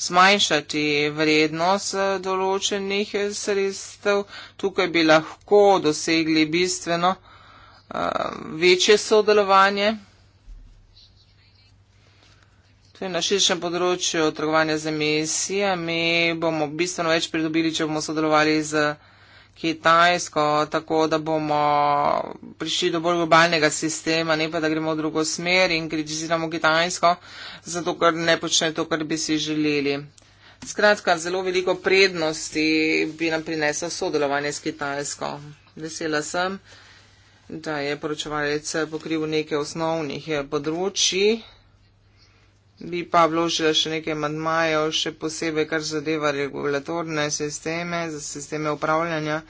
zmanjšati vrednost eh, določenih eh, sredstev. Tukaj bi lahko dosegli bistveno eh, večje sodelovanje. To je na širšem področju trgovanja z emisijami. Bomo bistveno več pridobili, če bomo sodelovali z emisijami. Kitajsko, tako da bomo prišli do bolj globalnega sistema, ne pa da gremo v drugo smer in kritiziramo Kitajsko, zato ker ne počne to, kar bi si želeli. Skratka, zelo veliko prednosti bi nam prineslo sodelovanje s Kitajsko. Vesela sem, da je poročevalec pokril nekaj osnovnih eh, področji bi pa vložila še nekaj madmajev, še posebej, kar zadeva regulatorne sisteme, za sisteme upravljanja.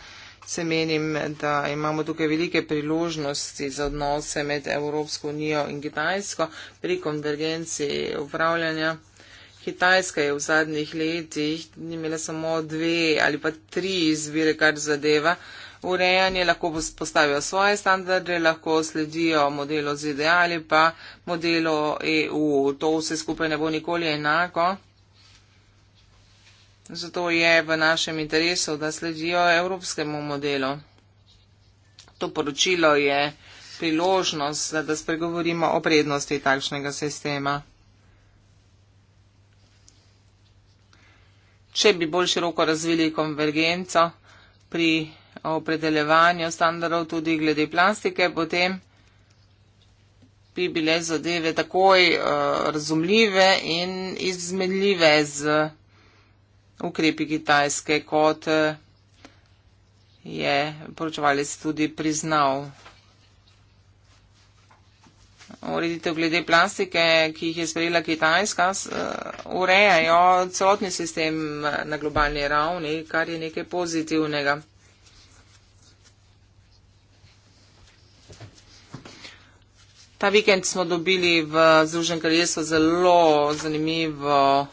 Se menim, da imamo tukaj velike priložnosti za odnose med Evropsko unijo in Kitajsko pri konvergenci upravljanja. Kitajska je v zadnjih letih imela samo dve ali pa tri izbire, kar zadeva urejanje, lahko postavijo svoje standarde, lahko sledijo modelu ZDA ali pa modelu EU. To vse skupaj ne bo nikoli enako. Zato je v našem interesu, da sledijo evropskemu modelu. To poročilo je priložnost, da spregovorimo o prednosti takšnega sistema. Če bi bolj široko razvili konvergenco pri o opredeljevanju standardov tudi glede plastike, potem bi bile zadeve takoj uh, razumljive in izmedljive z ukrepi kitajske, kot eh, je poročevalec tudi priznal. Ureditev glede plastike, ki jih je sprejela Kitajska, eh, urejajo celotni sistem na globalni ravni, kar je nekaj pozitivnega. Ta vikend smo dobili v Združen kraljestvo zelo zanimivo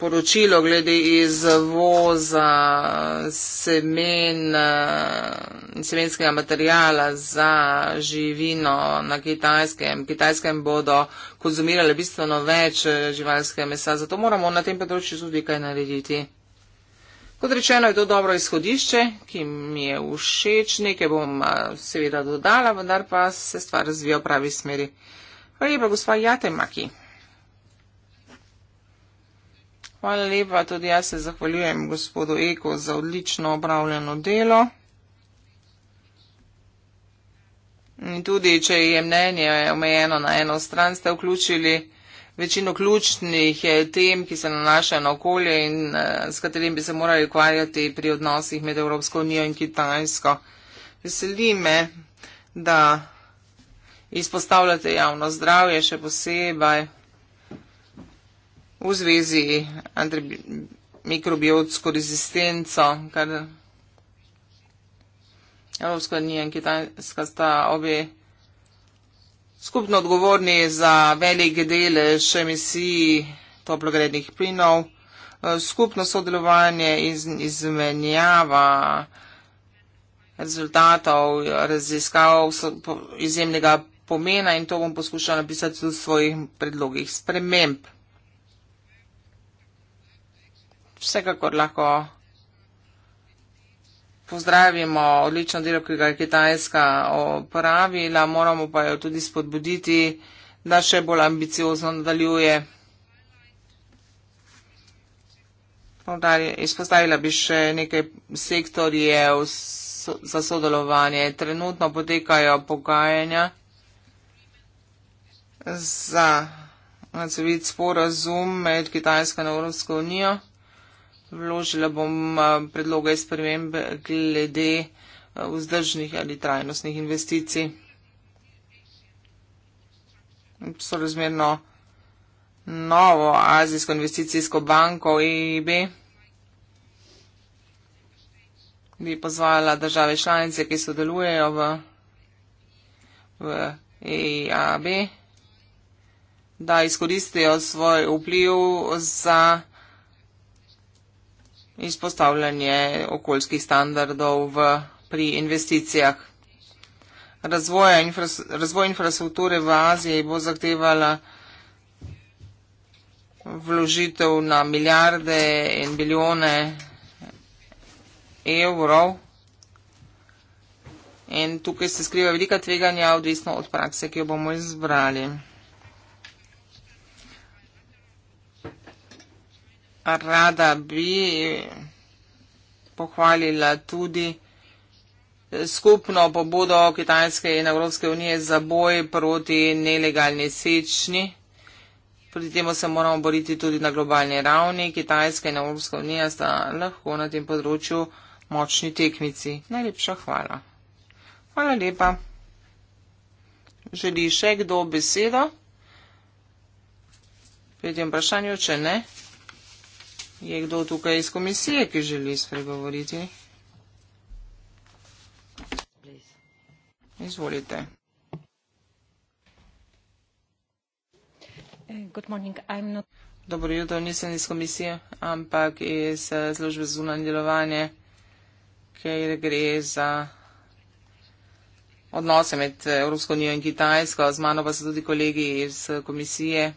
poročilo glede izvoza semen in eh, semenskega materijala za živino na Kitajskem. V Kitajskem bodo konzumirali bistveno več eh, živalskega mesa, zato moramo na tem področju tudi kaj narediti. Kot rečeno je to dobro izhodišče, ki mi je všeč, nekaj bom seveda dodala, vendar pa se stvar razvija v pravi smeri. Hvala lepa, gospa Jatemaki. Hvala lepa, tudi jaz se zahvaljujem gospodu Eko za odlično opravljeno delo. In tudi, če je mnenje omejeno na eno stran, ste vključili večino ključnih eh, tem, ki se nanašajo na okolje in eh, s katerim bi se morali ukvarjati pri odnosih med Evropsko unijo in Kitajsko. Veseli me, da izpostavljate javno zdravje, še posebej v zvezi mikrobiotsko rezistenco, kar Evropska unija in Kitajska sta obe skupno odgovorni za velik delež emisij toplogrednih plinov, eh, skupno sodelovanje iz, izmenjava rezultatov raziskav izjemnega pomena in to bom poskušala napisati v svojih predlogih sprememb. Vsekakor lahko pozdravimo odlično delo, ki ga je Kitajska opravila, moramo pa jo tudi spodbuditi, da še bolj ambiciozno nadaljuje. Izpostavila bi še nekaj sektorjev za sodelovanje. Trenutno potekajo pogajanja za nacivit sporazum med Kitajsko in Evropsko unijo. Vložila bom eh, predloge sprememb glede eh, vzdržnih ali trajnostnih investicij. So razmerno novo Azijsko investicijsko banko EIB. Bi pozvala države članice, ki sodelujejo v, v EIAB, da izkoristijo svoj vpliv za izpostavljanje okoljskih standardov v, pri investicijah. Razvoja, infras, razvoj infrastrukture v Aziji bo zahtevala vložitev na milijarde in bilijone evrov. In tukaj se skriva velika tveganja, odvisno od prakse, ki jo bomo izbrali. rada bi pohvalila tudi skupno pobudo Kitajske in Evropske unije za boj proti nelegalni sečni. Proti temu se moramo boriti tudi na globalni ravni. Kitajska in Evropska unija sta lahko na tem področju močni tekmici. Najlepša hvala. Hvala lepa. Želi še kdo besedo? Pri tem vprašanju, če ne. Je kdo tukaj iz komisije, ki želi spregovoriti? Izvolite. Eh, Dobro jutro, nisem iz komisije, ampak iz eh, službe zunanje delovanje, ker gre za odnose med eh, Evropsko unijo in Kitajsko. Z mano pa so tudi kolegi iz komisije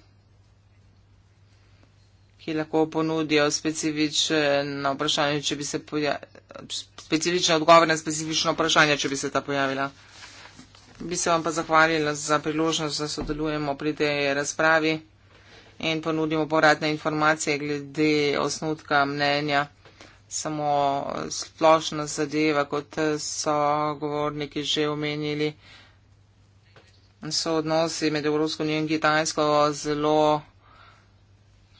ki lahko ponudijo specifično vprašanje, če bi se pojavila, specifične odgovore na specifično vprašanje, če bi se ta pojavila. Bi se vam pa zahvalila za priložnost, da sodelujemo pri tej razpravi in ponudimo povratne informacije glede osnutka mnenja. Samo splošna zadeva, kot so govorniki že omenili, so odnosi med Evropsko unijo in Kitajsko zelo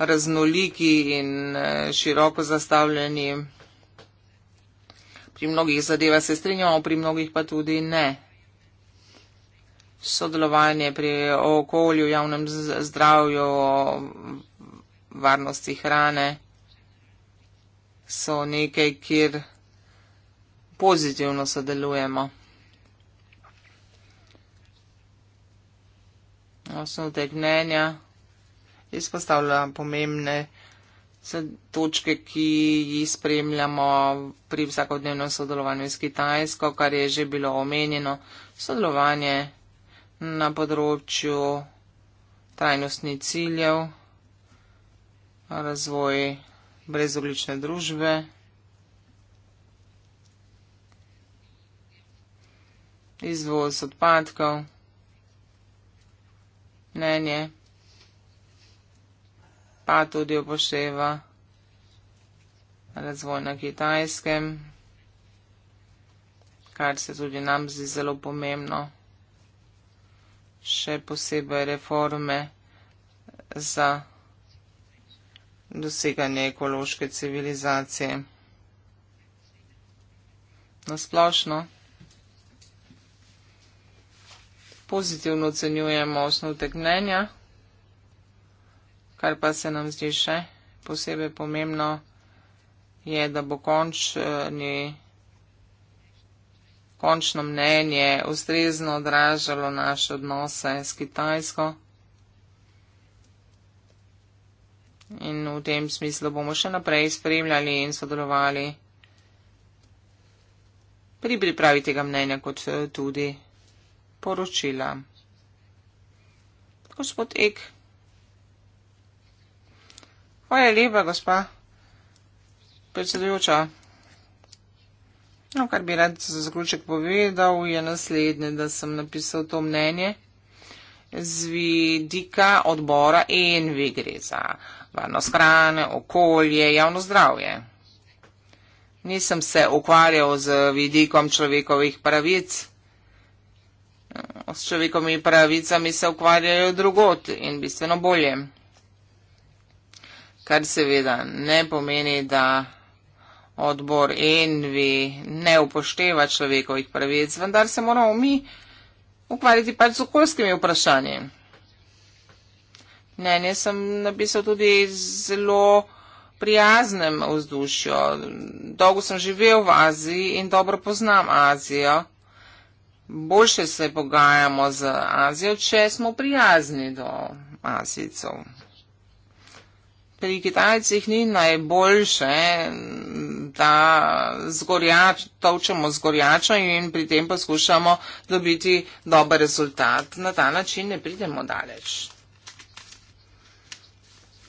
raznoliki in eh, široko zastavljeni. Pri mnogih zadeva se strinjamo, pri mnogih pa tudi ne. Sodelovanje pri okolju, javnem zdravju, varnosti hrane so nekaj, kjer pozitivno sodelujemo. Osnovne mnenja izpostavlja pomembne točke, ki jih spremljamo pri vsakodnevnem sodelovanju s Kitajsko, kar je že bilo omenjeno, sodelovanje na področju trajnostnih ciljev, razvoj brezoglične družbe. Izvoz odpadkov, mnenje pa tudi upošteva razvoj na kitajskem, kar se tudi nam zdi zelo pomembno. Še posebej reforme za doseganje ekološke civilizacije. Nasplošno pozitivno ocenjujemo osnovtek mnenja. Kar pa se nam zdi še posebej pomembno, je, da bo končni, končno mnenje ustrezno odražalo naše odnose s Kitajsko. In v tem smislu bomo še naprej spremljali in sodelovali pri pripravi tega mnenja, kot eh, tudi poročila. Gospod Ek. Hvala lepa, gospa predsedujoča. No, kar bi rad za zaključek povedal, je naslednje, da sem napisal to mnenje z vidika odbora ENVI gre za varnost hrane, okolje, javno zdravje. Nisem se ukvarjal z vidikom človekovih pravic. S človekovimi pravicami se ukvarjajo drugot in bistveno bolje kar seveda ne pomeni, da odbor Envi ne upošteva človekovih pravic, vendar se moramo mi ukvarjati pač z okoljskimi vprašanji. Ne, ne, sem napisal tudi zelo prijaznem vzdušju. Dolgo sem živel v Aziji in dobro poznam Azijo. Boljše se pogajamo z Azijo, če smo prijazni do Azijcev pri Kitajcih ni najboljše, da zgorjač, točemo zgorjača in pri tem poskušamo dobiti dober rezultat. Na ta način ne pridemo daleč.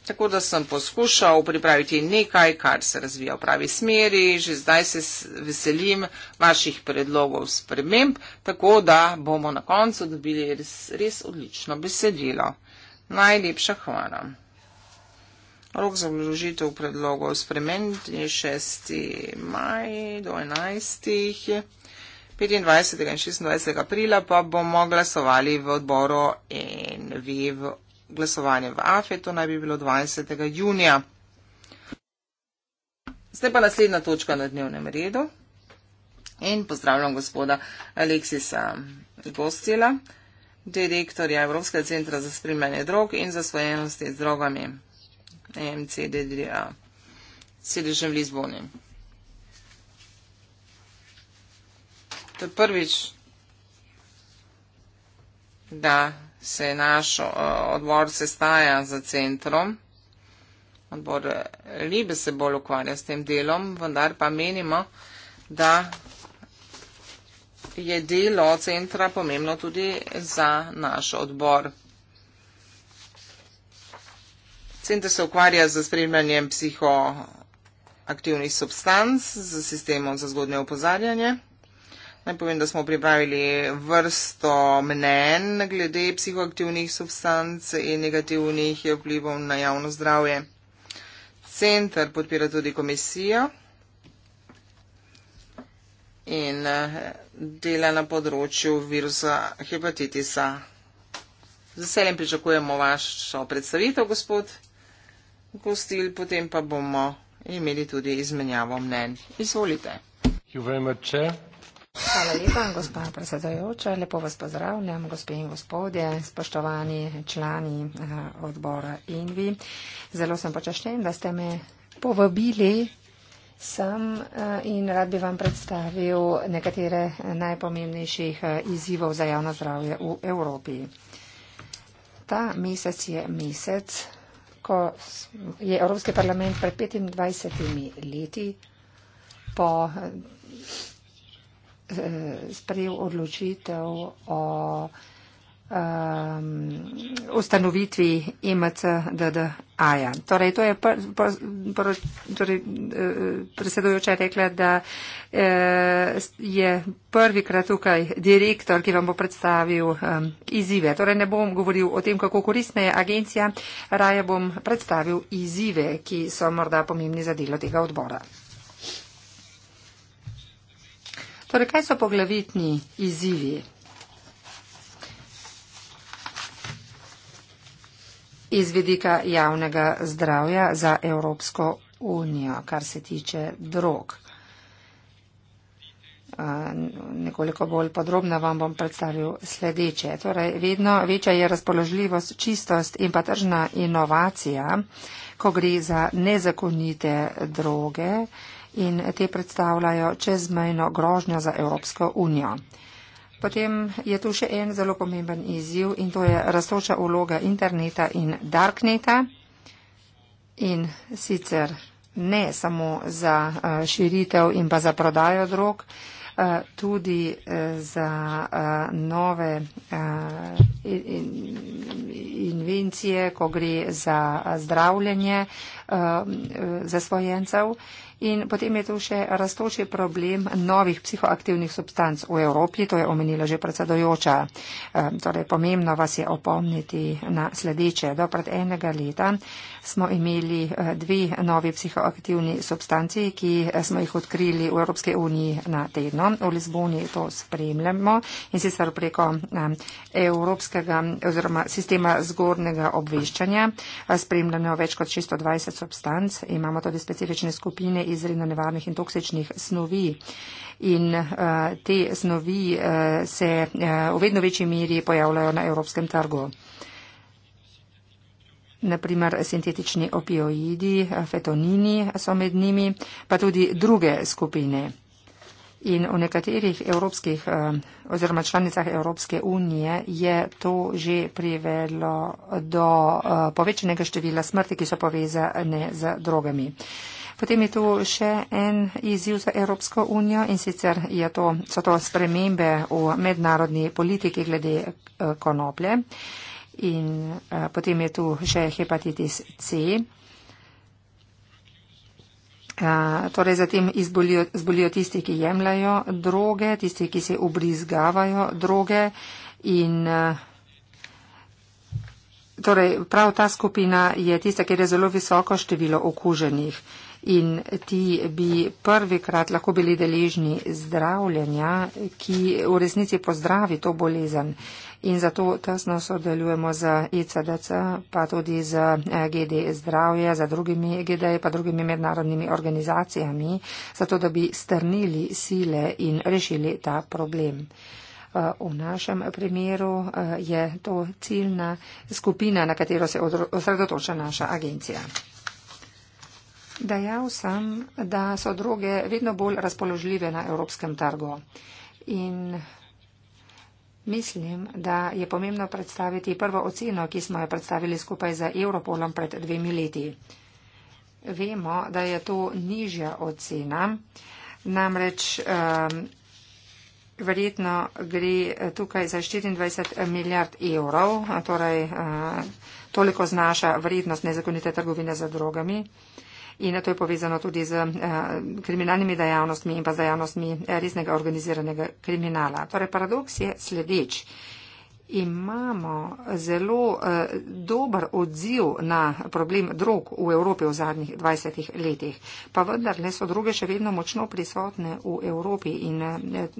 Tako da sem poskušal pripraviti nekaj, kar se razvija v pravi smeri. Že zdaj se veselim vaših predlogov sprememb, tako da bomo na koncu dobili res, res odlično besedilo. Najlepša hvala. Rok za vložitev predlogov spremenit je 6. maj do 11. 25. in 26. aprila pa bomo glasovali v odboru in vi v glasovanje v AFE, to naj bi bilo 20. junija. Zdaj pa naslednja točka na dnevnem redu in pozdravljam gospoda Aleksisa Gostila, direktorja Evropskega centra za spremljanje drog in za svojenosti z drogami. МЦДДА, седежем в Лизбоне. To je prvič, da se je naš odbor sestaja za centrom. Odbor eh, Libe se bolj ukvarja s tem delom, vendar pa menimo, da je delo centra pomembno tudi za naš odbor. Center se ukvarja z spremljanjem psihoaktivnih substanc, z sistemom za zgodnje opozarjanje. Naj povem, da smo pripravili vrsto mnen glede psihoaktivnih substanc in negativnih vplivov na javno zdravje. Center podpira tudi komisijo in eh, dela na področju virusa hepatitisa. Z veseljem pričakujemo vašo predstavitev, gospod gostili, potem pa bomo imeli tudi izmenjavo mnen. Izvolite. Hvala lepa, gospa predsedajoča. Lepo vas pozdravljam, gospe in gospodje, spoštovani člani eh, odbora INVI. Zelo sem počaščen, da ste me povabili sem eh, in rad bi vam predstavil nekatere najpomembnejših eh, izzivov za javno zdravje v Evropi. Ta mesec je mesec ko je Evropski parlament pred 25 leti po eh, sprejel odločitev o um, ustanovitvi MCDDA-ja. Torej, to je pr, pr, pr, torej, eh, predsedujoča rekla, da eh, je prvikrat tukaj direktor, ki vam bo predstavil um, izive. Torej, ne bom govoril o tem, kako koristna je agencija, raje bom predstavil izive, ki so morda pomembni za delo tega odbora. Torej, kaj so poglavitni izzivi? iz vidika javnega zdravja za Evropsko unijo, kar se tiče drog. Nekoliko bolj podrobno vam bom predstavil sledeče. Torej, vedno večja je razpoložljivost, čistost in pa tržna inovacija, ko gre za nezakonite droge in te predstavljajo čezmejno grožnjo za Evropsko unijo. Potem je tu še en zelo pomemben izziv in to je raztoča uloga interneta in darkneta in sicer ne samo za eh, širitev in pa za prodajo drog, eh, tudi eh, za nove invencije, ko gre za zdravljenje, Um, zasvojencev. In potem je tu še raztoči problem novih psihoaktivnih substanc v Evropi, to je omenila že predsedojoča. Um, torej, pomembno vas je opomniti na sledeče. Do pred enega leta smo imeli uh, dve novi psihoaktivni substanci, ki uh, smo jih odkrili v Evropske uniji na tedno. V Lizboni to spremljamo in sicer preko um, Evropskega oziroma sistema zgornjega obveščanja uh, spremljamo več kot 620 substanc. Imamo tudi specifične skupine izredno nevarnih in toksičnih snovi. In uh, te snovi uh, se uh, v vedno večji miri pojavljajo na evropskem trgu. Naprimer, sintetični opioidi, fetonini so med njimi, pa tudi druge skupine. In v nekaterih evropskih eh, oziroma članicah Evropske unije je to že privedlo do eh, povečenega števila smrti, ki so povezane z drogami. Potem je tu še en izziv za Evropsko unijo in sicer to, so to spremembe v mednarodni politiki glede eh, konoplje. In potem je tu še hepatitis C. Eh, torej zatem izbolijo, izbolijo tisti, ki jemljajo droge, tisti, ki se obrizgavajo droge in. Eh, torej, prav ta skupina je tista, kjer je zelo visoko število okuženih. Uh, in ti bi prvikrat lahko bili deležni zdravljenja, ki v resnici pozdravi to bolezen. In zato tesno sodelujemo z ECDC, pa tudi z eh, GD zdravje, z drugimi GD, pa drugimi mednarodnimi organizacijami, zato da bi strnili sile in rešili ta problem. Eh, v našem primeru eh, je to ciljna skupina, na katero se osredotoča naša agencija. Dejal sem, da so droge vedno bolj razpoložljive na evropskem trgu. In mislim, da je pomembno predstaviti prvo oceno, ki smo jo predstavili skupaj z Europolom pred dvemi leti. Vemo, da je to nižja ocena. Namreč um, verjetno gre tukaj za 24 milijard evrov, torej uh, toliko znaša vrednost nezakonite trgovine za drogami in to je povezano tudi z eh, kriminalnimi dejavnostmi in pa z dejavnostmi eh, resnega organiziranega kriminala. Torej, paradoks je sledeč imamo zelo uh, dober odziv na problem drog v Evropi v zadnjih 20 letih. Pa vendar ne so druge še vedno močno prisotne v Evropi in uh,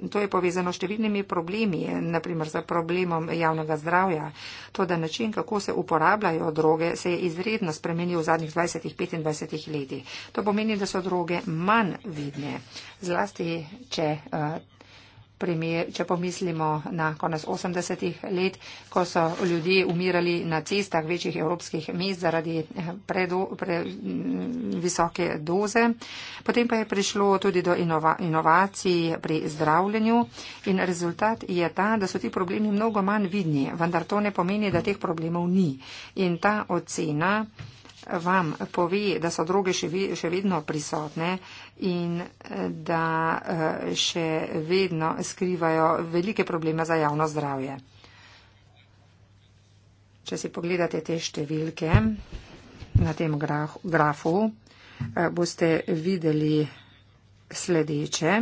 to je povezano s številnimi problemi, naprimer z problemom javnega zdravja. To, da način, kako se uporabljajo droge, se je izredno spremenil v zadnjih 20-25 letih. To pomeni, da so droge manj vidne, zlasti če. Uh, primer, če pomislimo na konec 80-ih let, ko so ljudje umirali na cestah večjih evropskih mest zaradi eh, previsoke pre, mm, doze. Potem pa je prišlo tudi do inova, inovacij pri zdravljenju in rezultat je ta, da so ti problemi mnogo manj vidni, vendar to ne pomeni, da teh problemov ni. In ta ocena vam pove, da so droge še, še vedno prisotne in da še vedno skrivajo velike probleme za javno zdravje. Če si pogledate te številke na tem graf, grafu, boste videli sledeče.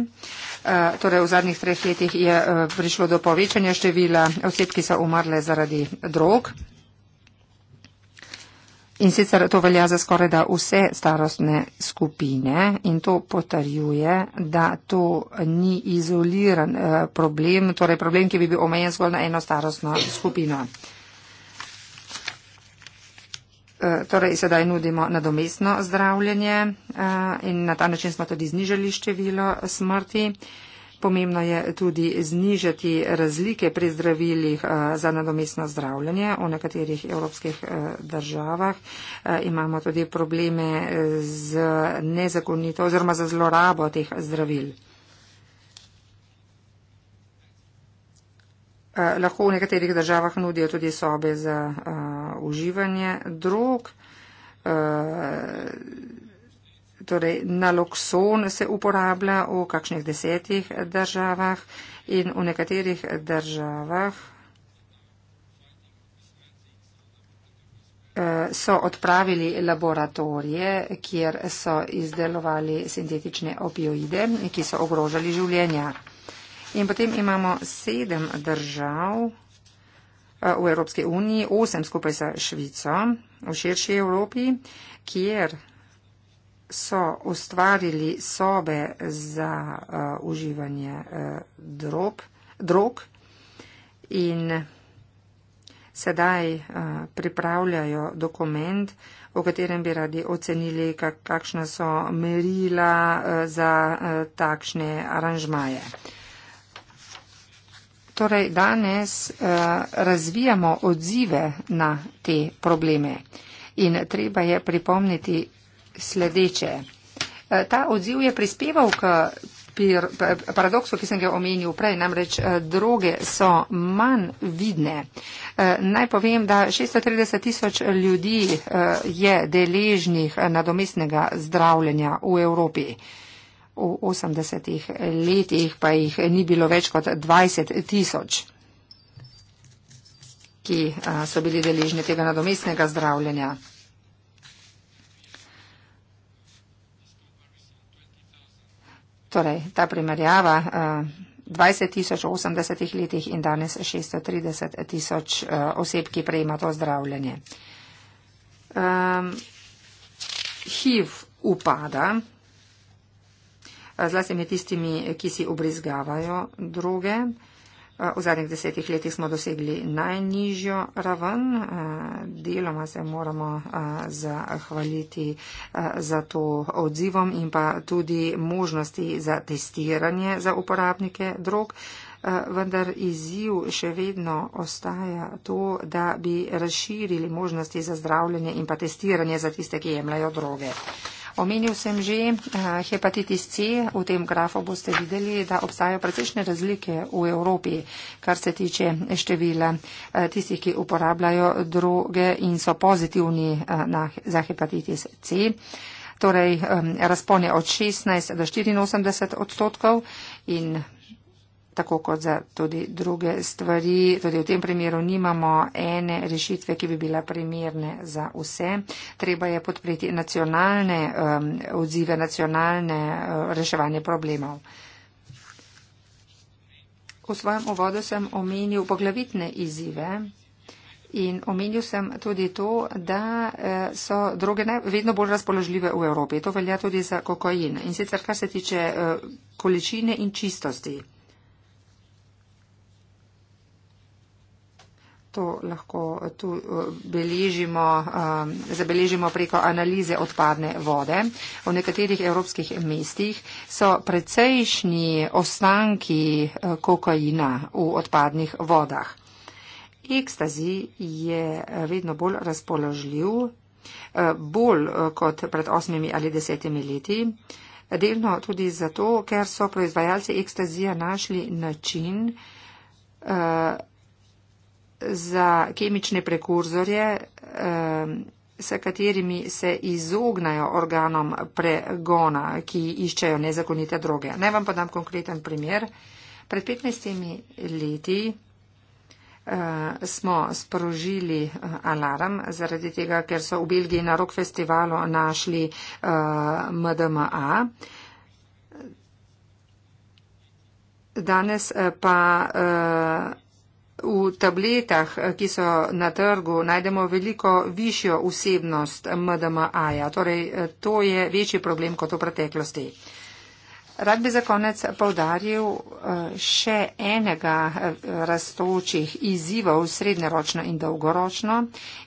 Torej, v zadnjih treh letih je prišlo do povečanja števila oseb, ki so umrle zaradi drog. In sicer to velja za skoraj da vse starostne skupine in to potrjuje, da to ni izoliran eh, problem, torej problem, ki bi bil omejen zgolj na eno starostno skupino. Eh, torej, sedaj nudimo nadomestno zdravljenje eh, in na ta način smo tudi znižali število smrti. Pomembno je tudi znižati razlike pri zdravilih eh, za nadomestno zdravljanje. V nekaterih evropskih eh, državah eh, imamo tudi probleme z nezakonito oziroma za zlorabo teh zdravil. Lahko v nekaterih državah nudijo tudi sobe za uh, uživanje drog. Uh, torej nalokson se uporablja v kakšnih desetih državah in v nekaterih državah eh, so odpravili laboratorije, kjer so izdelovali sintetične opioide, ki so ogrožali življenja. In potem imamo sedem držav eh, v Evropske uniji, osem skupaj sa Švico, v širši Evropi, kjer so ustvarili sobe za uh, uživanje uh, drob, drog in sedaj uh, pripravljajo dokument, o katerem bi radi ocenili, kak, kakšna so merila uh, za uh, takšne aranžmaje. Torej, danes uh, razvijamo odzive na te probleme. In treba je pripomniti, sledeče. Eh, ta odziv je prispeval k paradoksu, ki sem ga omenil prej, namreč eh, droge so manj vidne. Eh, naj povem, da 630 tisoč ljudi je deležnih nadomestnega zdravljenja v Evropi. V 80 letih pa jih ni bilo več kot 20 tisoč, ki so bili deležni tega nadomestnega zdravljenja. torej ta primerjava. Uh, eh, 20 tisoč v 80 letih in danes 630 tisoč eh, oseb, ki prejema to zdravljenje. Um, HIV upada, zlasti med tistimi, ki si obrizgavajo druge. V zadnjih desetih letih smo dosegli najnižjo raven, deloma se moramo zahvaliti za to odzivom in pa tudi možnosti za testiranje za uporabnike drog. Vendar izziv še vedno ostaja to, da bi razširili možnosti za zdravljenje in pa testiranje za tiste, ki jemljajo droge. Omenil sem že eh, hepatitis C. V tem grafu boste videli, da obstajajo precejšnje razlike v Evropi, kar se tiče števila eh, tistih, ki uporabljajo droge in so pozitivni eh, na, za hepatitis C. Torej, razpone od 16 do 84 odstotkov in tako kot za tudi druge stvari. Tudi v tem primeru nimamo ene rešitve, ki bi bila primerne za vse. Treba je podpreti nacionalne um, odzive, nacionalne uh, reševanje problemov. V svojem uvodu sem omenil poglavitne izzive in omenil sem tudi to, da uh, so droge vedno bolj razpoložljive v Evropi. To velja tudi za kokain. In sicer, kar se tiče uh, količine in čistosti. to lahko tu eh, beležimo, eh, zabeležimo preko analize odpadne vode. V nekaterih evropskih mestih so precejšnji ostanki eh, kokaina v odpadnih vodah. Ekstazi je vedno bolj razpoložljiv, bolj kot pred osmimi ali desetimi leti. Delno tudi zato, ker so proizvajalci ekstazija našli način, za kemične prekurzorje, eh, s katerimi se izognajo organom pregona, ki iščejo nezakonite droge. Naj ne vam pa dam konkreten primer. Pred 15 leti eh, smo sprožili eh, alarm zaradi tega, ker so v Belgiji na rok festivalu našli MDMA. Danes pa uh, V tabletah, ki so na trgu, najdemo veliko višjo vsebnost MDMA-ja. Torej, to je večji problem kot v preteklosti. Rad bi za konec povdaril eh, še enega eh, rastočih izzivov srednjeročno in dolgoročno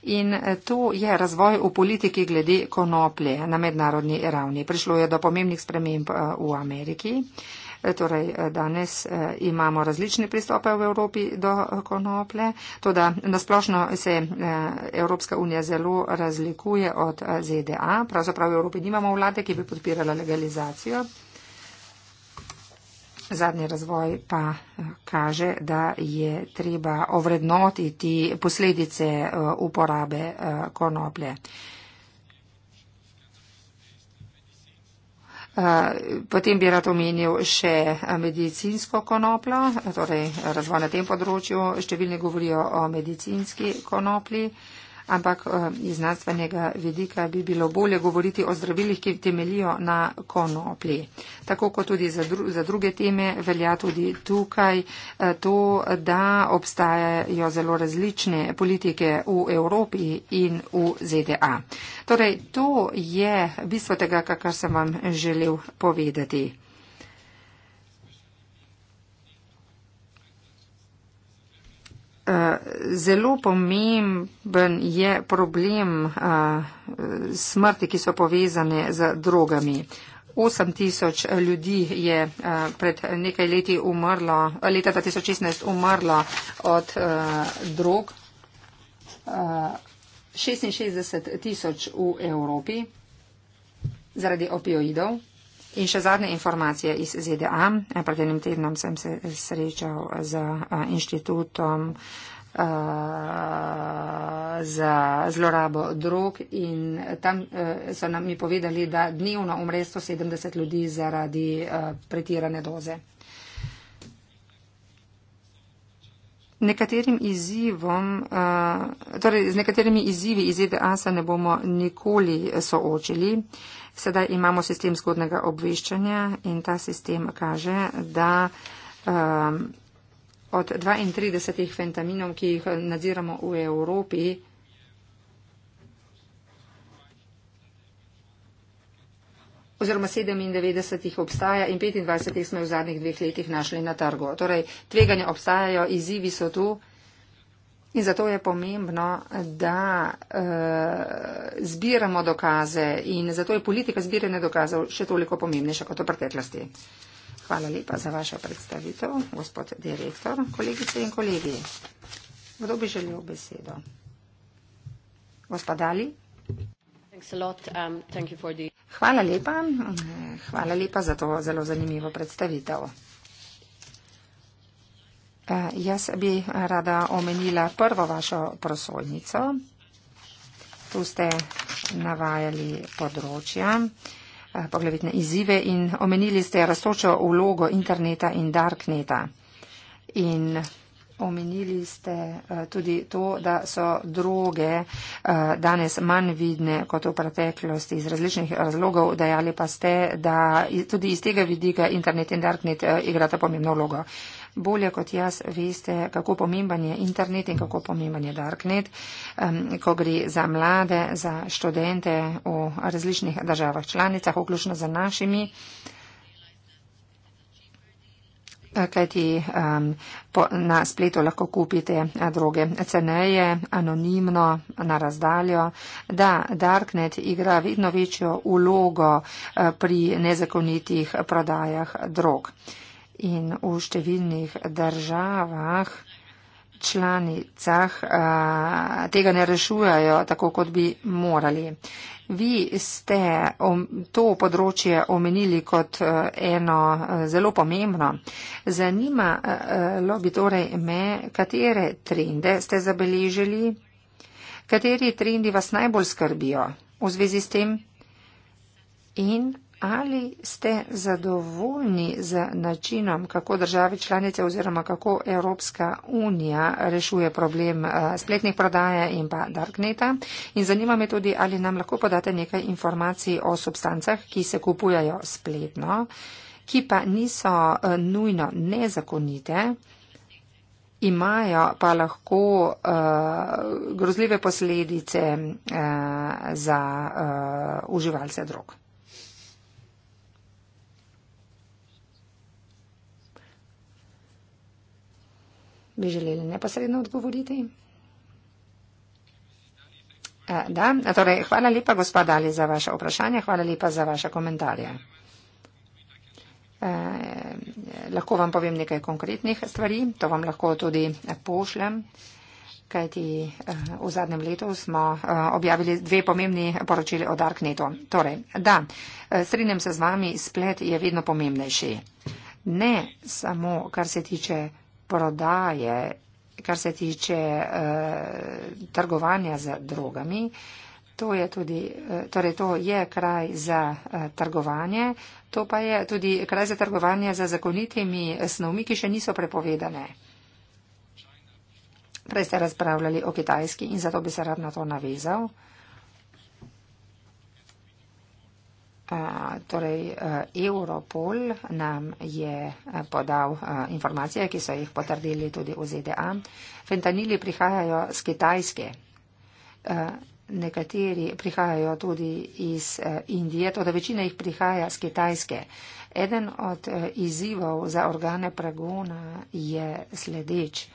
in eh, to je razvoj v politiki glede konoplje na mednarodni ravni. Prišlo je do pomembnih sprememb v Ameriki. Torej, eh, danes eh, imamo različne pristope v Evropi do konople, to da nasplošno se eh, Evropska unija zelo razlikuje od ZDA. Pravzaprav v Evropi nimamo vlade, ki bi podpirala legalizacijo. Zadnji razvoj pa kaže, da je treba ovrednotiti posledice uporabe konoplje. Eh, potem bi rad omenil še eh, medicinsko konopljo, torej razvoj na tem področju. Številni govorijo o medicinski konoplji ampak eh, iz znanstvenega vidika bi bilo bolje govoriti o zdravilih, ki temelijo na konoplji. Tako kot tudi za, dru za druge teme velja tudi tukaj eh, to, da obstajajo zelo različne politike v Evropi in v ZDA. Torej, to je bistvo tega, kar sem vam želel povedati. Eh, zelo pomemben je problem eh, smrti, ki so povezane z drogami. 8 tisoč ljudi je eh, pred nekaj leti umrlo, leta 2016 umrlo od drog. 66 tisoč v Evropi zaradi opioidov. In še zadnje informacije iz ZDA. Pred enim tednom sem se srečal z inštitutom za zlorabo drog in tam so nam mi povedali, da dnevno umre 170 ljudi zaradi pretirane doze. Nekaterim izzivom, torej z nekaterimi izzivi iz ZDA se ne bomo nikoli soočili. Sedaj imamo sistem zgodnega obveščanja in ta sistem kaže, da um, od 32 fentaminov, ki jih nadziramo v Evropi, oziroma 97 jih obstaja in 25 jih smo v zadnjih dveh letih našli na trgu. Torej, tveganja obstajajo, izzivi so tu. In zato je pomembno, da uh, zbiramo dokaze in zato je politika zbiranja dokazov še toliko pomembnejša kot v preteklosti. Hvala lepa za vašo predstavitev, gospod direktor, kolegice in kolegi. Kdo bi želel besedo? Gospodali? Um, hvala lepa. Eh, hvala lepa za to zelo zanimivo predstavitev. E, jaz bi rada omenila prvo vašo prosojnico. Tu ste navajali področja, e, poglavitne izzive in omenili ste rastočo vlogo interneta in darkneta. In omenili ste e, tudi to, da so droge danes manj vidne kot v preteklosti iz različnih razlogov, dejali pa ste, da tudi iz tega vidika internet in darknet igrata pomembno vlogo bolje kot jaz veste, kako pomemben je internet in kako pomemben je darknet, ko gre za mlade, za študente v različnih državah članicah, vključno za našimi. Eh, kajti um, po, na spletu lahko kupite eh, droge ceneje, anonimno, na razdaljo. Da, Darknet igra vedno večjo ulogo uh, eh, pri nezakonitih prodajah drog. Uh, in v številnih državah članicah a, tega ne rešujajo tako, kot bi morali. Vi ste to področje omenili kot eno zelo pomembno. Zanimalo bi torej me, katere trende ste zabeležili, kateri trendi vas najbolj skrbijo v zvezi s tem in Ali ste zadovoljni z načinom, kako države članice oziroma kako Evropska unija rešuje problem eh, spletnih prodaje in pa darkneta? In zanima me tudi, ali nam lahko podate nekaj informacij o substancah, ki se kupujajo spletno, ki pa niso eh, nujno nezakonite, imajo pa lahko uh, grozljive posledice uh, za uh, uživalce drog. bi želeli neposredno odgovoriti? Eh, da, torej hvala lepa gospod Dali za vaše vprašanje, hvala lepa za vaše komentarje. Eh, lahko vam povem nekaj konkretnih stvari, to vam lahko tudi pošljem, kajti eh, v zadnjem letu smo objavili dve pomembni poročili o Darknetu. Torej, da, strinjam se z vami, splet je vedno pomembnejši. Ne samo, kar se tiče vsega, prodaje, kar se tiče uh, trgovanja z drogami. To je, tudi, uh, torej to je kraj za uh, trgovanje, to pa je tudi kraj za trgovanje za zakonitimi snovmi, ki še niso prepovedane. Prej ste razpravljali o Kitajski in zato bi se rad na to navezal. Uh, torej eh, Europol nam je eh, podal eh, informacije, ki so jih potrdili tudi v ZDA. Fentanili prihajajo z Kitajske. Nekateri prihajajo tudi iz Indije, torej večina jih prihaja z Kitajske. Eden od izzivov za organe pregona je sledeč.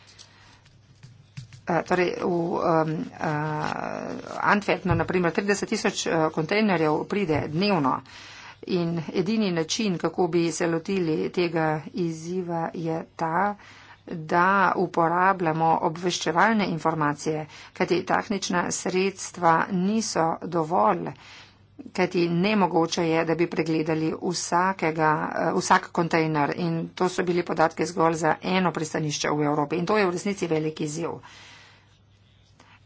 Eh, torej v um, uh, eh, Antwerpno naprimer 30 tisoč eh, kontejnerjev pride dnevno in edini način, kako bi se lotili tega izziva, je ta, da uporabljamo obveščevalne informacije, kajti tehnična sredstva niso dovolj, kajti nemogoče je, da bi pregledali vsakega, vsak kontejner in to so bili podatke zgolj za eno pristanišče v Evropi in to je v resnici veliki ziv.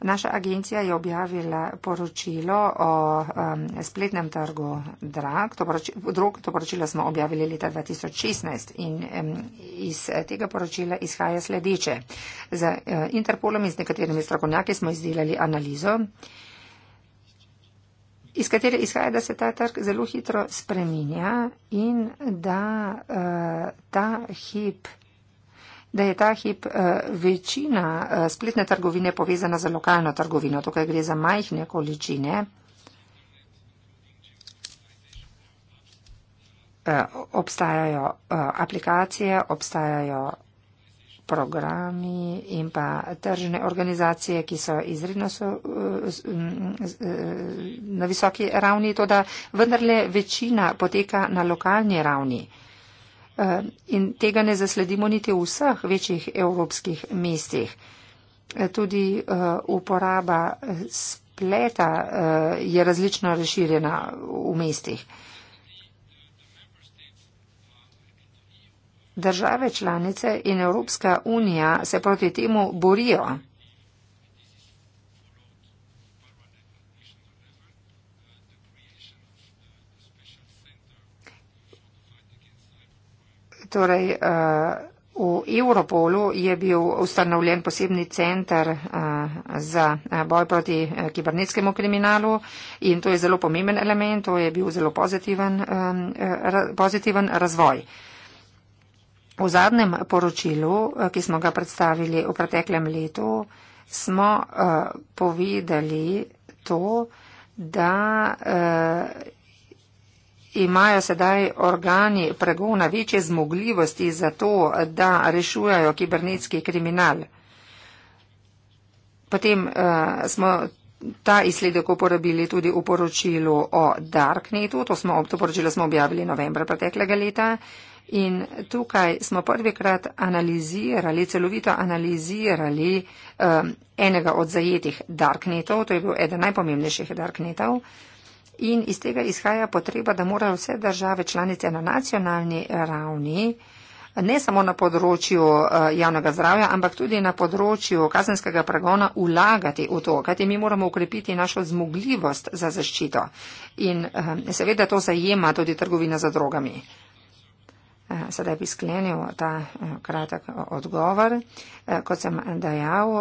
Naša agencija je objavila poročilo o um, spletnem trgu drag. To, poroči, drug, to poročilo smo objavili leta 2016 in um, iz tega poročila izhaja sledeče. Z uh, Interpolom in z nekaterimi strokovnjaki smo izdelali analizo, iz katere izhaja, da se ta trg zelo hitro spreminja in da uh, ta hip da je ta hip eh, večina eh, spletne trgovine povezana za lokalno trgovino. Tukaj gre za majhne količine eh, obstajajo aplikacije, obstajajo programi in pa tržne organizacije, ki so izredno so, na visoki ravni, to da vendarle večina poteka na lokalni ravni. Eh, in tega ne zasledimo niti v vseh večjih evropskih mestih. Eh, tudi eh, uporaba spleta je različno razširjena v mestih. Države članice in Evropska unija se proti temu borijo. Torej, eh, v Evropolu je bil ustanovljen posebni centar eh, za eh, boj proti kibernetskemu kriminalu in to je zelo pomemben element, to je bil zelo pozitiven, pozitiven razvoj. V zadnjem poročilu, ki smo ga predstavili v preteklem letu, smo povedali to, da imajo sedaj organi pregona večje zmogljivosti za to, da rešujajo kibernetski kriminal. Potem uh, smo ta izsledek uporabili tudi v poročilu o Darknetu, to, smo, to poročilo smo objavili novembra preteklega leta. In tukaj smo prvikrat analizirali, celovito analizirali um, enega od zajetih Darknetov, to je bil eden najpomembnejših Darknetov. Uh, in iz tega izhaja potreba, da morajo vse države članice na nacionalni ravni, ne samo na področju eh, javnega zdravja, ampak tudi na področju kazenskega pragona vlagati v to, kajti mi moramo ukrepiti našo zmogljivost za zaščito. In eh, seveda to zajema tudi trgovina za drogami. Eh, sedaj bi sklenil ta eh, kratek eh, odgovor. Kot sem dejal,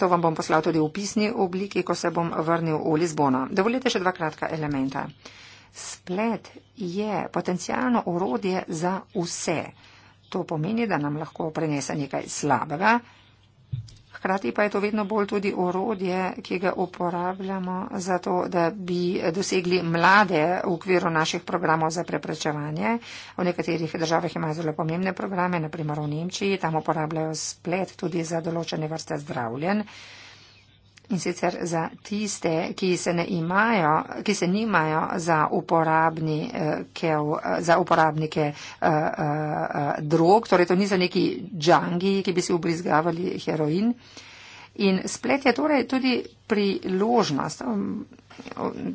to vam bom poslal tudi v pisni obliki, ko se bom vrnil v Lizbono. Dovolite še dva kratka elementa. Splet je potencijalno urodje za vse. To pomeni, da nam lahko prenese nekaj slabega, hkrati pa je to vedno bolj tudi orodje, ki ga uporabljamo za to, da bi dosegli mlade v okviru naših programov za preprečevanje. V nekaterih državah imajo zelo pomembne programe, naprimer v Nemčiji, tam uporabljajo splet tudi za določene vrste zdravljenja in sicer za tiste, ki se, imajo, ki se nimajo za, uporabni, eh, kev, eh, za uporabnike uh, uh, uh, drog, torej to niso neki džangi, ki bi si ubrizgavali heroin. In splet je torej tudi priložnost. Um,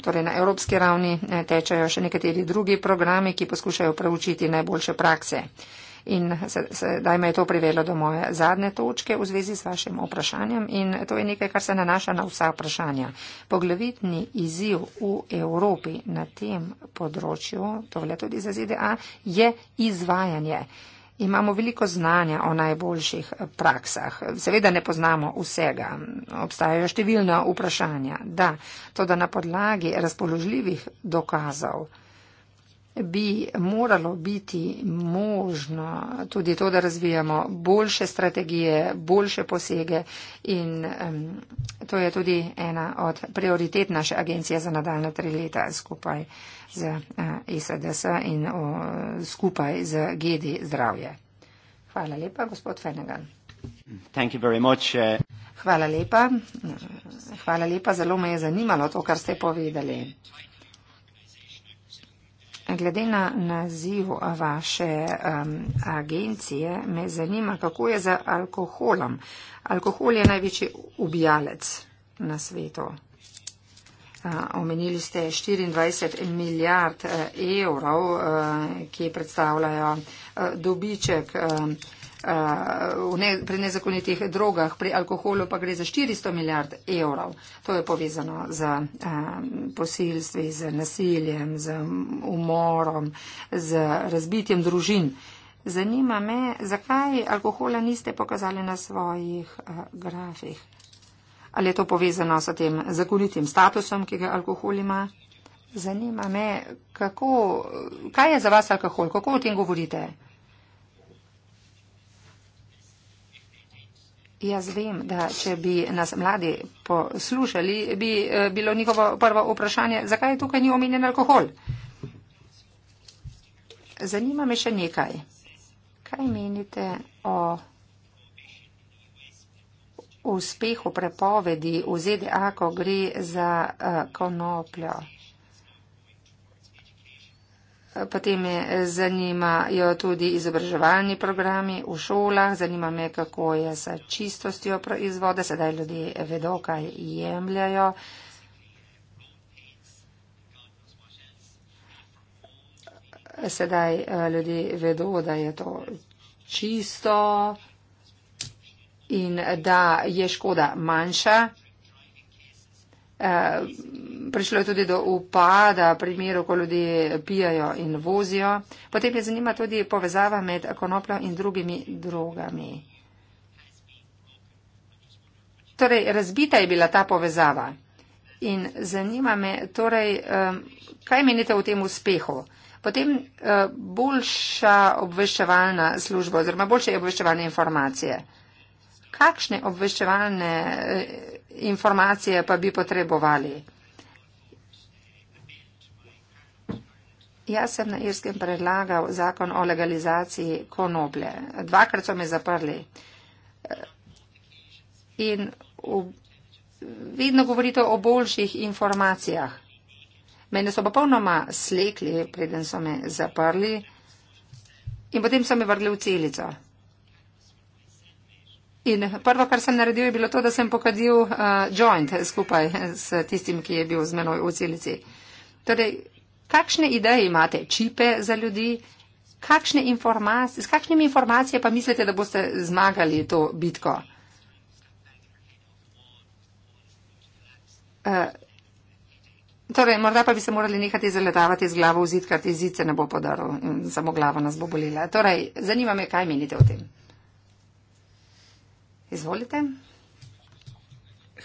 torej na evropski ravni tečajo še nekateri drugi programi, ki poskušajo preučiti najboljše prakse. Uh, in sedaj me je to privelo do moje zadnje točke v zvezi z vašim vprašanjem in to je nekaj, kar se nanaša na vsa vprašanja. Poglavitni izziv v Evropi na tem področju, to velja tudi za ZDA, je izvajanje. Imamo veliko znanja o najboljših praksah. Seveda ne poznamo vsega. Obstajajo številna vprašanja. Da, to da na podlagi razpoložljivih dokazov bi moralo biti možno tudi to, da razvijamo boljše strategije, boljše posege in um, to je tudi ena od prioritet naše agencije za nadaljne tri leta skupaj z uh, eh, ISDS in uh, skupaj z GEDI zdravje. Hvala lepa, gospod Fenegan. Thank you very much. Eh. Hvala lepa. Hvala lepa. Zelo me je zanimalo to, kar ste povedali. Glede na naziv vaše um, agencije, me zanima, kako je z alkoholom. Alkohol je največji ubijalec na svetu. Uh, omenili ste 24 milijard uh, evrov, uh, ki predstavljajo uh, dobiček. Uh, Eh, v ne, pri nezakonitih drogah, pri alkoholu pa gre za 400 milijard evrov. To je povezano z eh, posilstvi, z nasiljem, z umorom, z razbitjem družin. Zanima me, zakaj alkohola niste pokazali na svojih a, eh, grafih? Ali je to povezano s tem zakonitim statusom, ki ga alkohol ima? Zanima me, kako, kaj je za vas alkohol, kako o tem govorite? Jaz vem, da če bi nas mladi poslušali, bi eh, bilo njihovo prvo vprašanje, zakaj tukaj ni omenjen alkohol. Zanima me še nekaj. Kaj menite o uspehu prepovedi v ZDA, ko gre za eh, konopljo? Potem me eh, zanimajo tudi izobraževalni programi v šolah, zanima me, kako je sa čistostjo proizvode, sedaj ljudje vedo, kaj jemljajo. Sedaj eh, ljudje vedo, da je to čisto in da je škoda manjša. Eh, prišlo je tudi do upada primeru, ko ljudje pijajo in vozijo. Potem je zanima tudi povezava med konopljo in drugimi drogami. Torej, razbita je bila ta povezava. In zanima me, torej, eh, kaj menite o tem uspehu? Potem eh, boljša obveščevalna služba oziroma boljše obveščevalne informacije kakšne obveščevalne eh, informacije pa bi potrebovali. Jaz sem na Irskem predlagal zakon o legalizaciji konoblje. Dvakrat so me zaprli. Eh, in v, vedno govorite o boljših informacijah. Mene so popolnoma slekli, preden so me zaprli. In potem so me vrgli v celico. In prvo, kar sem naredil, je bilo to, da sem pokadil uh, joint skupaj s tistim, ki je bil z menoj v celici. Torej, kakšne ideje imate? Čipe za ljudi? Kakšne informacije, s kakšnimi informacijami pa mislite, da boste zmagali to bitko? Uh, torej, morda pa bi se morali nehati zaletavati z glavo v zid, kar te zid se ne bo podaril in samo glava nas bo bolila. Torej, zanima me, kaj menite o tem. Izvolite.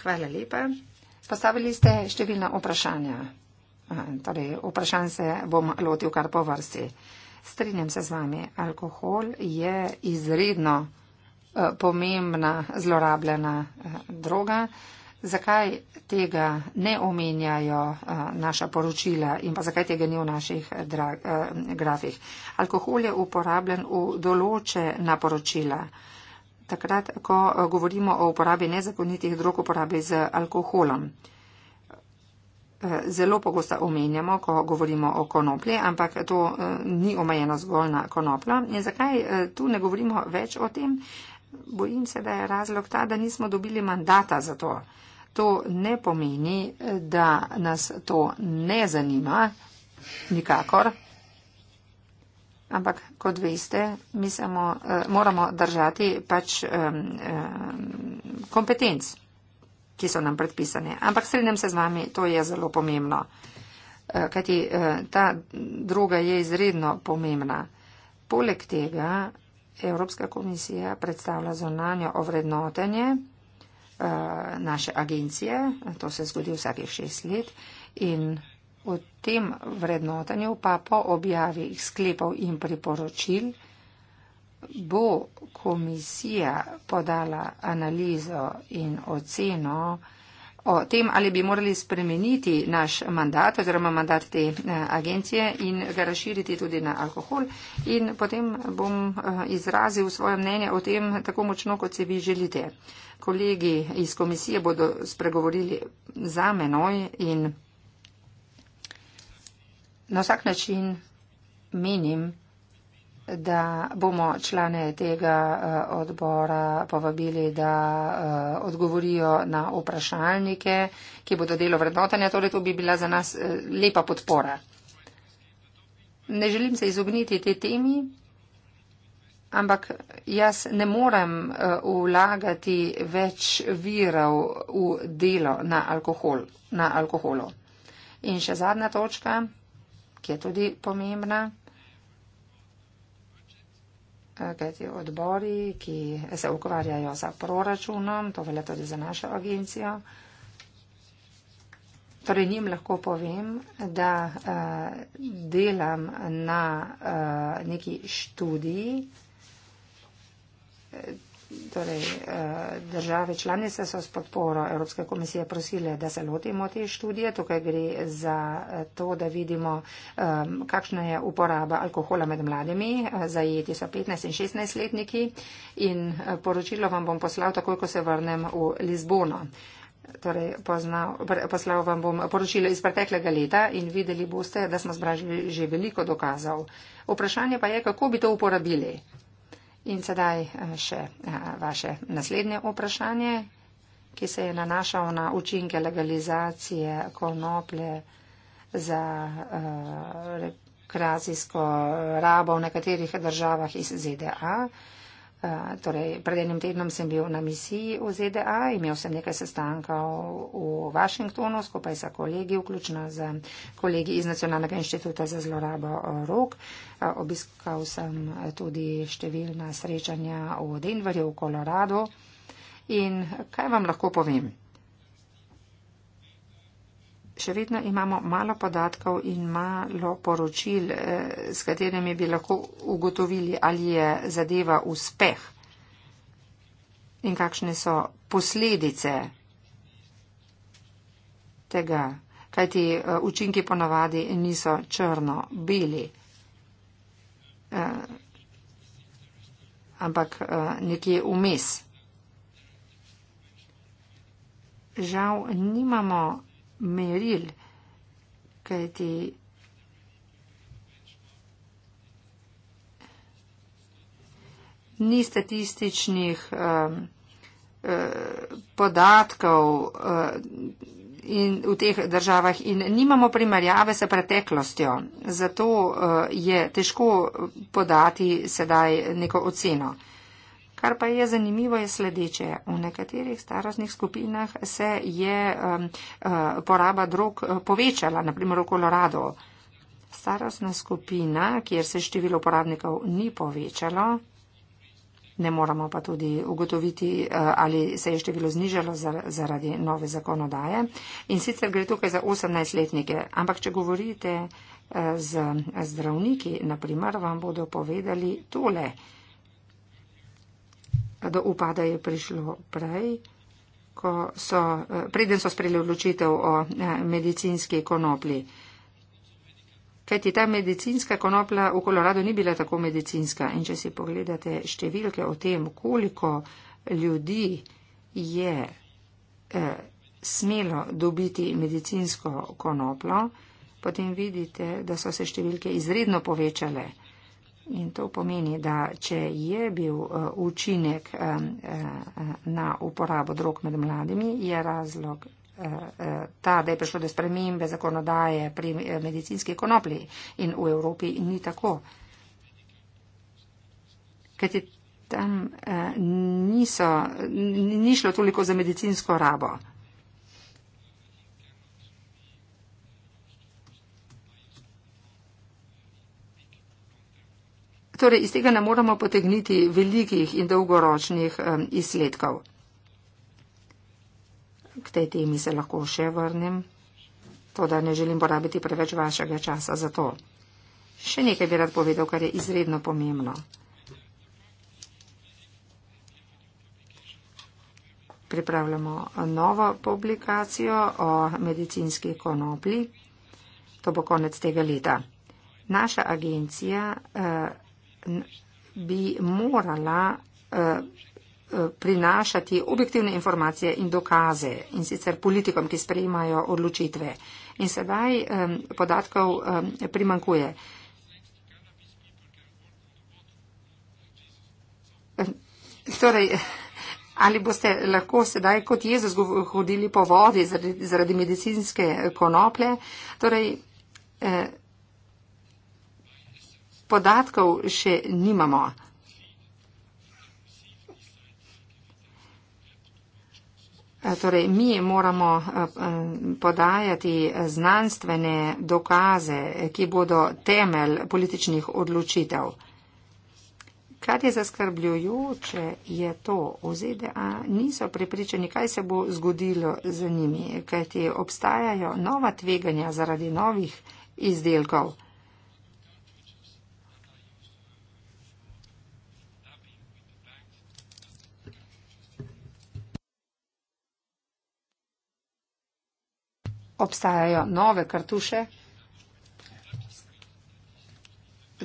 Hvala lepa. Postavili ste številna vprašanja. Torej, vprašanj se bom lotil kar po vrsti. Strinjam se z vami, alkohol je izredno e, pomembna, zlorabljena e, droga. Zakaj tega ne omenjajo e, naša poročila in pa zakaj tega ni v naših grafih? Alkohol je uporabljen v določena poročila takrat, ko eh, govorimo o uporabi nezakonitih drog, uporabi z alkoholom. Eh, zelo pogosto omenjamo, ko govorimo o konoplji, ampak to eh, ni omejeno zgolj na konopla. In zakaj tu ne govorimo več o tem? Bojim se, da je razlog ta, da nismo dobili mandata za to. To ne pomeni, da nas to ne zanima, nikakor. Ampak, kot veste, mi samo uh, moramo držati pač um, um, kompetenc, ki so nam predpisane. Ampak strinjam se z vami, to je zelo pomembno. Uh, kajti uh, ta druga je izredno pomembna. Poleg tega Evropska komisija predstavlja zonanjo ovrednotenje uh, naše agencije, to se zgodi vsakih šest let. In O tem vrednotanju pa po objavi sklepov in priporočil bo komisija podala analizo in oceno o tem, ali bi morali spremeniti naš mandat oziroma mandat te eh, agencije in ga razširiti tudi na alkohol. In potem bom eh, izrazil svoje mnenje o tem tako močno, kot se vi želite. Kolegi iz komisije bodo spregovorili za menoj in. Na vsak način menim, da bomo člane tega eh, odbora povabili, da eh, odgovorijo na vprašalnike, ki bodo delo vrednotanja, torej to bi bila za nas eh, lepa podpora. Ne želim se izogniti te temi, ampak jaz ne morem vlagati več virov v delo na, alkohol, na alkoholu. In še zadnja točka ki je tudi pomembna. Eh, Kajti odbori, ki se ukvarjajo za proračunom, to velja tudi za našo agencijo. Torej njim lahko povem, da uh, delam na uh, neki študiji torej, eh, države članice so s podporo Evropske komisije prosile, da se lotimo te študije. Tukaj gre za eh, to, da vidimo, eh, kakšna je uporaba alkohola med mladimi. Zajeti so 15 in 16 letniki in poročilo vam bom poslal takoj, ko se vrnem v Lizbono. Torej, poznal, poslal vam bom poročilo iz preteklega leta in videli boste, da smo zbrali že veliko dokazov. Vprašanje pa je, kako bi to uporabili. In sedaj eh, še eh, vaše naslednje vprašanje, ki se je nanašal na učinke legalizacije konoplje za eh, rekreacijsko rabo v nekaterih državah iz ZDA. Eh, torej, pred enim tednom sem bil na misiji v ZDA, imel sem nekaj sestankov v Vašingtonu skupaj sa kolegi, vključno z kolegi iz Nacionalnega inštituta za zlorabo rok. Eh, obiskal sem tudi številna srečanja v Denverju, v Koloradu. In kaj vam lahko povem? Mm še vedno imamo malo podatkov in malo poročil, eh, s katerimi bi lahko ugotovili, ali je zadeva uspeh in kakšne so posledice tega, kajti eh, učinki ponavadi niso črno-beli, eh, ampak nekje vmes. Žal nimamo meril, kajti ni statističnih um, uh, podatkov uh, in v teh državah in nimamo primerjave s preteklostjo. Zato uh, je težko podati sedaj neko oceno. Kar pa je zanimivo je sledeče. V nekaterih starostnih skupinah se je um, uh, poraba drog uh, povečala, naprimer v Koloradu. Starostna skupina, kjer se število uporabnikov ni povečalo, ne moramo pa tudi ugotoviti, uh, ali se je število znižalo zaradi nove zakonodaje. In sicer gre tukaj za 18-letnike, ampak če govorite uh, z zdravniki, naprimer, vam bodo povedali tole do upada je prišlo prej, ko so, eh, preden so sprejeli odločitev o eh, medicinski konoplji. Kajti ta medicinska konoplja v Koloradu ni bila tako medicinska. In če si pogledate številke o tem, koliko ljudi je eh, smelo dobiti medicinsko konoplo, potem vidite, da so se številke izredno povečale. In to pomeni, da če je bil eh, učinek eh, eh, na uporabo drog med mladimi, je razlog ta, da je prišlo do spremembe zakonodaje pri medicinski konoplji in v Evropi ni tako. Kajti tam niso, ni šlo toliko za medicinsko rabo. torej iz tega ne moramo potegniti velikih in dolgoročnih izsledkov. K tej temi se lahko še vrnem, to da ne želim porabiti preveč vašega časa za to. Še nekaj bi rad povedal, kar je izredno pomembno. Pripravljamo novo publikacijo o medicinski konoplji. To bo konec tega leta. Naša agencija. Uh, bi morala eh, eh, prinašati objektivne informacije in dokaze in sicer politikom, ki sprejemajo odločitve. In sedaj podatkov primankuje. Torej, ali boste lahko sedaj kot Jezus hodili po vodi zaradi, zaradi medicinske konople? Torej, eh, podatkov še nimamo. E, torej, mi moramo e, e, podajati znanstvene dokaze, ki bodo temelj političnih odločitev. Kar je zaskrbljujoče, je to, v ZDA niso prepričani, kaj se bo zgodilo z njimi, kajti obstajajo nova tveganja zaradi novih izdelkov. obstajajo nove kartuše.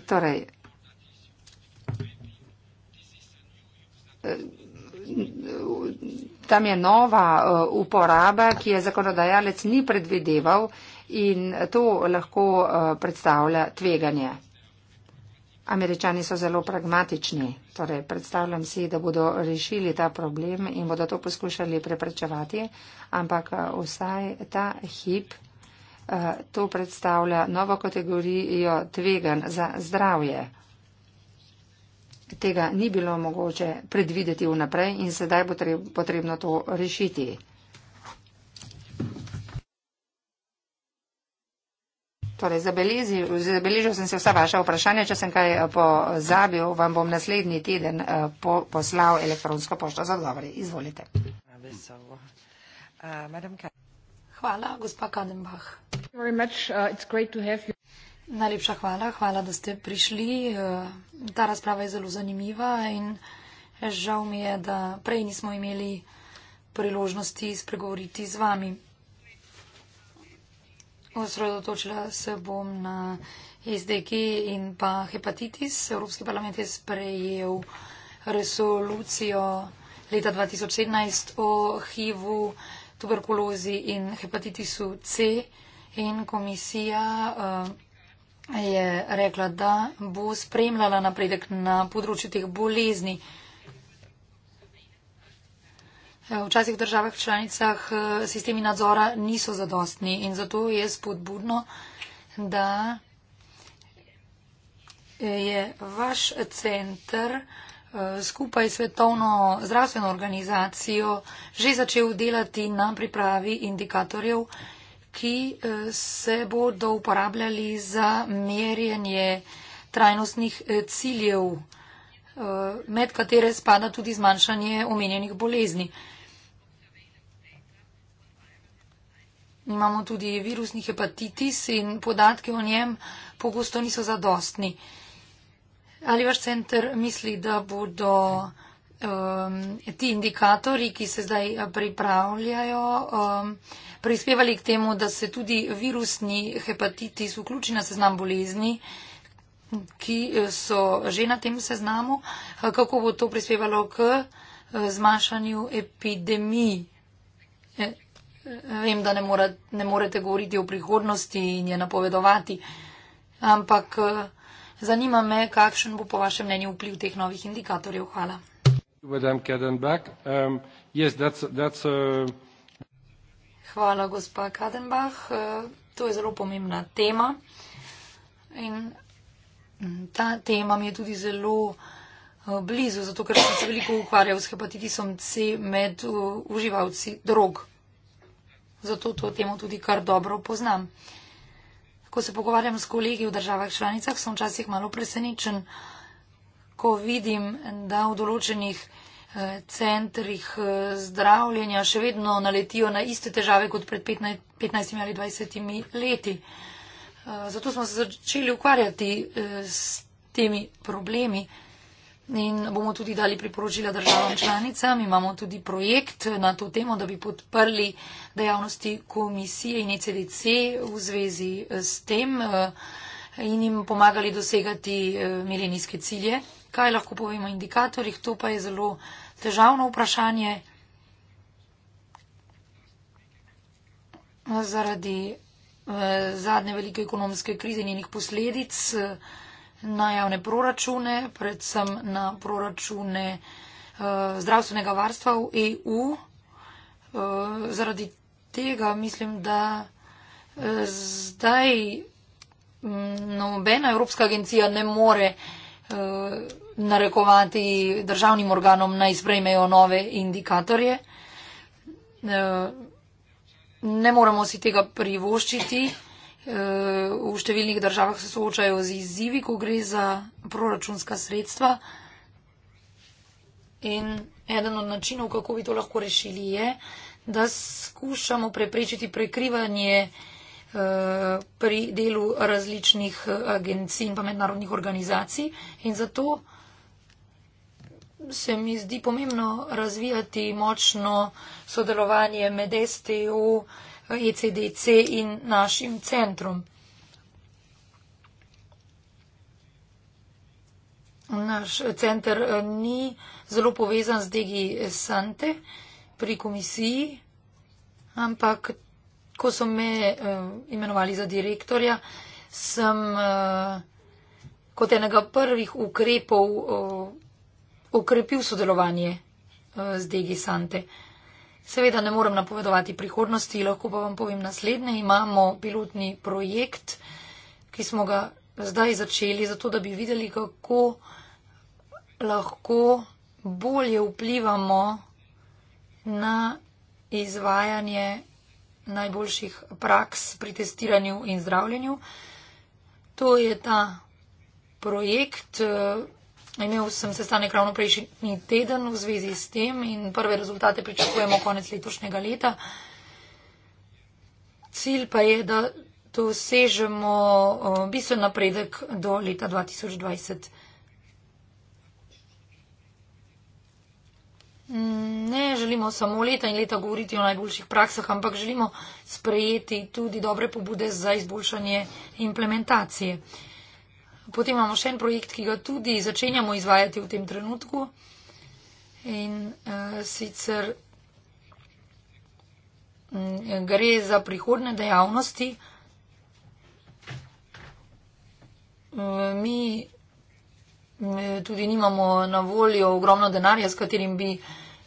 Torej, eh, tam je nova eh, uporaba, ki je zakonodajalec ni predvideval in to lahko eh, predstavlja tveganje. Američani so zelo pragmatični, torej predstavljam si, da bodo rešili ta problem in bodo to poskušali preprečevati, ampak eh, vsaj ta hip eh, to predstavlja novo kategorijo tvegan za zdravje. Tega ni bilo mogoče predvideti vnaprej in sedaj bo potrebno to rešiti. Torej, zabeležil, zabeležil sem se vsa vaša vprašanja. Če sem kaj eh, pozabil, vam bom naslednji teden eh, po, poslal elektronsko pošto za odgovore. Izvolite. Hvala, gospa Kadenbach. Uh, Najlepša hvala, hvala, da ste prišli. Eh, ta razprava je zelo zanimiva in žal mi je, da prej nismo imeli priložnosti spregovoriti z vami. Osredotočila se bom na SDG in pa hepatitis. Evropski parlament je sprejel resolucijo leta 2017 o HIV-u, tuberkulozi in hepatitisu C in komisija uh, je rekla, da bo spremljala napredek na področju teh bolezni. Uh, Eh, včasih v državah članicah eh, sistemi nadzora niso zadostni in zato je spodbudno, da eh, je vaš center skupaj s svetovno zdravstveno organizacijo že začel delati na pripravi indikatorjev, ki se bodo uporabljali za merjenje trajnostnih ciljev, med katere spada tudi zmanjšanje omenjenih bolezni. imamo tudi virusni hepatitis in podatki o njem pogosto niso zadostni. Ali vaš center misli, da bodo um, ti indikatori, ki se zdaj pripravljajo, um, prispevali k temu, da se tudi virusni hepatitis vključi na seznam bolezni, ki so že na tem seznamu, kako bo to prispevalo k uh, zmanjšanju epidemiji? E, vem, da ne, mora, ne morete govoriti o prihodnosti in je napovedovati, ampak eh, zanima me, kakšen bo po vašem mnenju vpliv teh novih indikatorjev. Hvala. Um, uh, Hvala, gospa Kadenbach. Eh, to je zelo pomembna tema. In mm, ta tema mi je tudi zelo eh, blizu, zato ker sem se veliko ukvarjal s hepatitisom C med uživalci drog zato to temo tudi kar dobro poznam. Ko se pogovarjam s kolegi v državah članicah, sem včasih malo presenečen, ko vidim, da v določenih eh, centrih eh, zdravljenja še vedno naletijo na iste težave kot pred 15, 15 ali 20 leti. Eh, zato smo se začeli ukvarjati s temi problemi. In bomo tudi dali priporočila državam članicam. Imamo tudi projekt na to temo, da bi podprli dejavnosti komisije in ECDC v zvezi eh, s tem eh, in jim pomagali dosegati eh, milenijske cilje. Kaj lahko povemo o indikatorjih? To pa je zelo težavno vprašanje zaradi zadnje velike ekonomske krize in njenih posledic na javne proračune, predvsem na proračune uh, zdravstvenega varstva v EU. Uh, eh, zaradi tega mislim, da uh, zdaj mm, nobena Evropska agencija ne more uh, narekovati državnim organom naj sprejmejo nove indikatorje. Uh, ne moremo si tega privoščiti. Uh, v številnih državah se soočajo z izzivi, ko gre za proračunska sredstva. In eden od načinov, kako bi to lahko rešili, je, da skušamo preprečiti prekrivanje eh, pri delu različnih eh, agencij in pa mednarodnih organizacij. In zato se mi zdi pomembno razvijati močno sodelovanje med STO, ECDC in našim centrom. Naš center eh, ni zelo povezan z Digi Sante pri komisiji, ampak ko so me eh, imenovali za direktorja, sem eh, kot enega prvih ukrepov okrepil sodelovanje z Digi Sante. Seveda ne morem napovedovati prihodnosti, lahko pa vam povem naslednje. Imamo pilotni projekt, ki smo ga zdaj začeli, zato da bi videli, kako lahko bolje vplivamo na izvajanje najboljših praks pri testiranju in zdravljenju. To je ta projekt, Imel sem sestanek ravno prejšnji teden v zvezi s tem in prve rezultate pričakujemo konec letošnjega leta. Cilj pa je, da dosežemo eh, bistven napredek do leta 2020. Ne želimo samo leta in leta govoriti o najboljših praksah, ampak želimo sprejeti tudi dobre pobude za izboljšanje implementacije. Potem imamo še en projekt, ki ga tudi začenjamo izvajati v tem trenutku. In uh, sicer mm, gre za prihodne dejavnosti. Eh, mi eh, tudi nimamo na voljo ogromno denarja, s katerim bi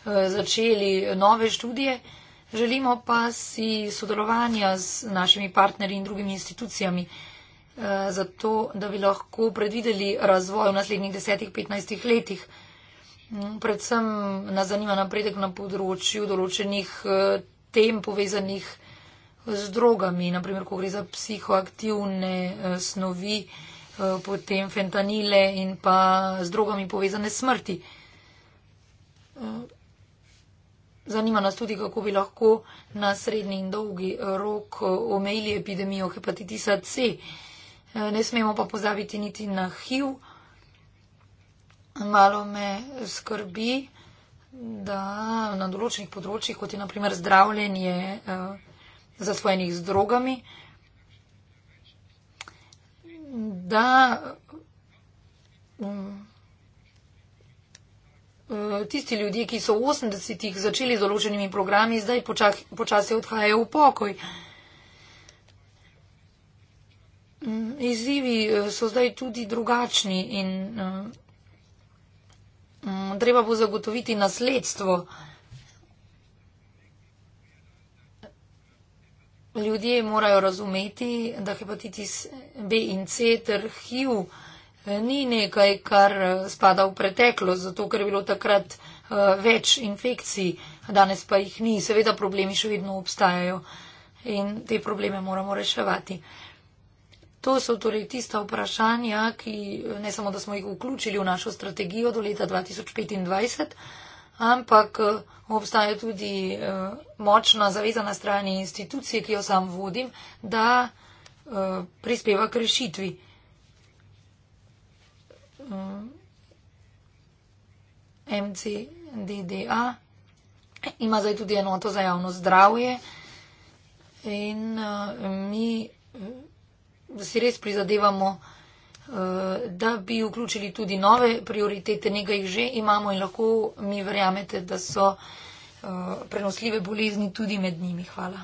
začeli nove študije. Želimo pa si sodelovanja z našimi partnerji in drugimi institucijami. Uh, Eh, zato da bi lahko predvideli razvoj v naslednjih 10-15 letih. Mm, predvsem nas zanima napredek na področju določenih eh, tem povezanih eh, z drogami, naprimer, ko gre za psihoaktivne snovi, potem fentanile in pa z drogami povezane smrti. Zanima nas tudi, kako bi lahko na srednji in dolgi rok omejili epidemijo hepatitisa C. Eh, ne smemo pa pozabiti niti na HIV. Malo me skrbi, da na določenih področjih, kot je naprimer zdravljenje eh, zasvojenih z drogami, da mm, eh, tisti ljudje, ki so v 80-ih začeli z določenimi programi, zdaj počasi odhajajo v pokoj. izzivi eh, so zdaj tudi drugačni in um, treba bo zagotoviti nasledstvo. Ljudje morajo razumeti, da hepatitis B in C ter HIV eh, ni nekaj, kar spada v preteklost, zato ker je bilo takrat uh, več infekcij, danes pa jih ni. Seveda problemi še vedno obstajajo in te probleme moramo reševati. To so torej tista vprašanja, ki ne samo, da smo jih vključili v našo strategijo do leta 2025, ampak obstaja tudi eh, močna zaveza na strani institucije, ki jo sam vodim, da eh, prispeva k rešitvi. Eh, MCDDA ima zdaj tudi enoto za javno zdravje in mi da si res prizadevamo, eh, da bi vključili tudi nove prioritete, nekaj jih že imamo in lahko mi verjamete, da so eh, prenosljive bolezni tudi med njimi. Hvala.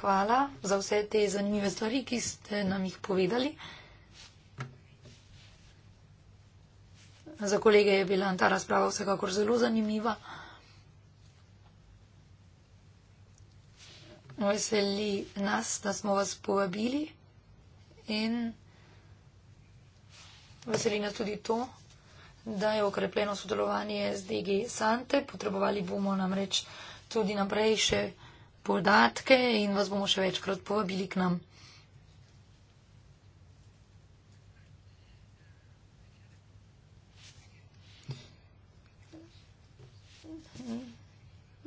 Hvala za vse te zanimive stvari, ki ste nam jih povedali. Za kolege je bila ta razprava vsekakor zelo zanimiva. veseli nas, da smo vas povabili in veseli nas tudi to, da je okrepljeno sodelovanje z DG Sante. Potrebovali bomo namreč tudi naprej še podatke in vas bomo še večkrat povabili k nam.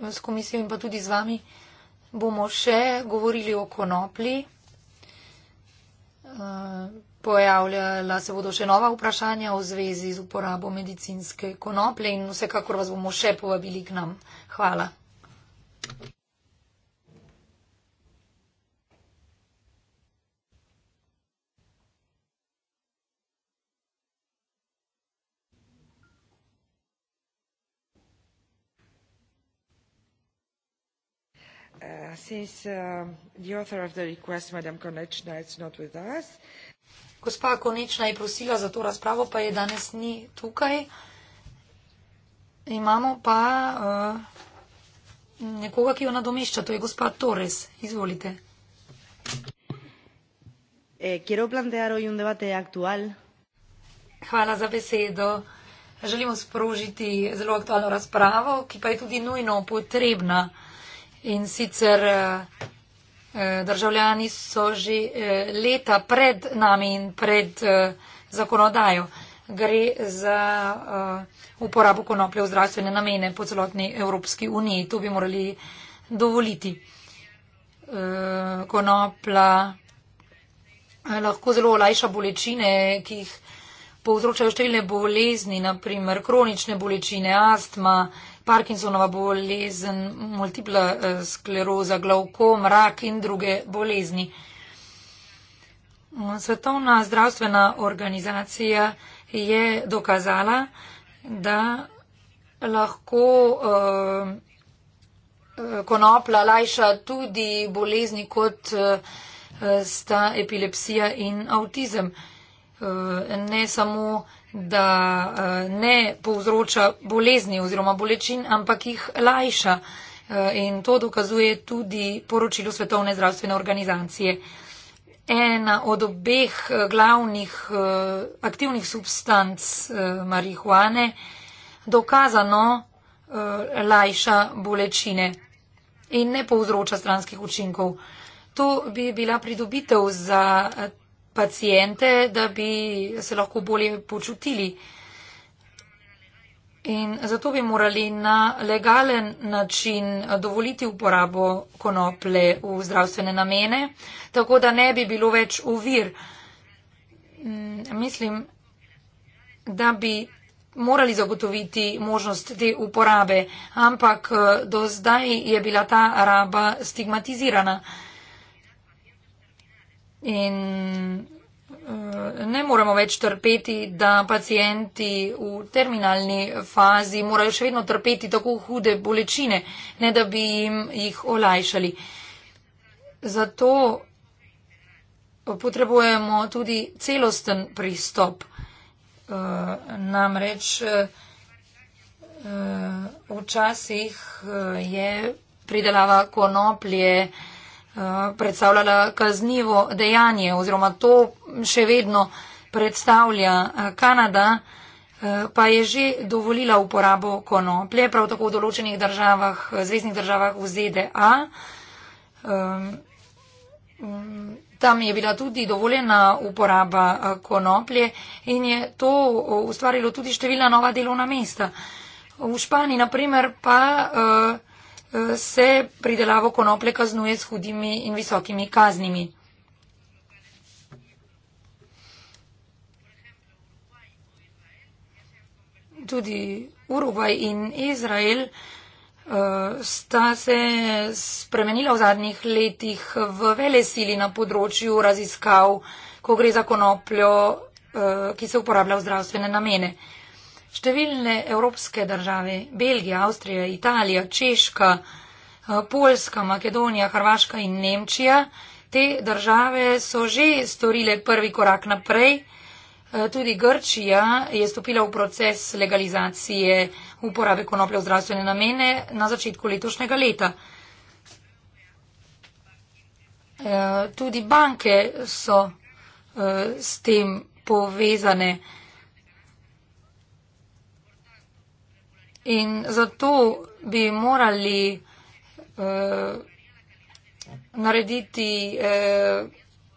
S komisijo in pa tudi z vami bomo še govorili o konoplji. Eh, pojavljala se bodo še nova vprašanja v zvezi z uporabo medicinske konoplje in vsekakor vas bomo še povabili k nam. Hvala. Uh, since um, the author of the request, Madam Konečna, is not with us. Gospa Konečna je prosila za to razpravo, pa je danes ni tukaj. Imamo pa uh, nekoga, ki jo nadomešča, to je gospa Torres. Izvolite. Eh, quiero plantear hoy un debate actual. Hvala za besedo. Želimo sprožiti zelo aktualno razpravo, ki pa je tudi nujno potrebna razpravo. In sicer eh, eh, državljani so že eh, leta pred nami in pred zakonodajo. Gre za uporabo konoplje v zdravstvene namene po celotni Evropski uniji. To bi morali dovoliti. Konopla lahko zelo olajša bolečine, ki jih povzročajo številne bolezni, naprimer kronične bolečine, astma, kronične bolečine, Parkinsonova bolezen, multipla eh, skleroza, glavkom, rak in druge bolezni. Svetovna zdravstvena organizacija je dokazala, da lahko eh, eh, konopla lajša tudi bolezni, kot sta epilepsija in avtizem. Ne samo da eh, ne povzroča bolezni oziroma bolečin, ampak jih lajša. Eh, in to dokazuje tudi poročilo Svetovne zdravstvene organizacije. Ena od obeh eh, glavnih aktivnih substanc marihuane dokazano lajša bolečine in ne povzroča stranskih učinkov. To bi bila pridobitev za pacijente, da bi se lahko bolje počutili. In zato bi morali na legalen način dovoliti uporabo konople v zdravstvene namene, tako da ne bi bilo več uvir. Mm, mislim, da bi morali zagotoviti možnost te uporabe, ampak eh, do zdaj je bila ta raba stigmatizirana. In ne moremo več trpeti, da pacijenti v terminalni fazi morajo še vedno trpeti tako hude bolečine, ne da bi jim jih olajšali. Zato potrebujemo tudi celosten pristop. Eh, namreč eh, včasih eh, je pridelava konoplje. Eh, predstavljala kaznivo dejanje oziroma to še vedno predstavlja eh, Kanada, eh, pa je že dovolila uporabo konoplje, prav tako v določenih državah, zvezdnih državah v ZDA. Tam je bila tudi dovoljena uporaba konoplje in je to ustvarilo tudi številna nova delovna mesta. V Španiji, naprimer, pa se pridelavo konoplje kaznuje s hudimi in visokimi kaznimi. Tudi Urugvaj in Izrael eh, sta se spremenila v zadnjih letih v velesili na področju raziskav, ko gre za konopljo, eh, ki se uporablja v zdravstvene namene. Številne evropske države, Belgija, Avstrija, Italija, Češka, eh, Poljska, Makedonija, Hrvaška in Nemčija, te države so že storile prvi korak naprej. Eh, tudi Grčija je stopila v proces legalizacije uporabe konoplje v zdravstvene namene na začetku letošnjega leta. Eh, tudi banke so s tem povezane. In zato bi morali eh, narediti eh,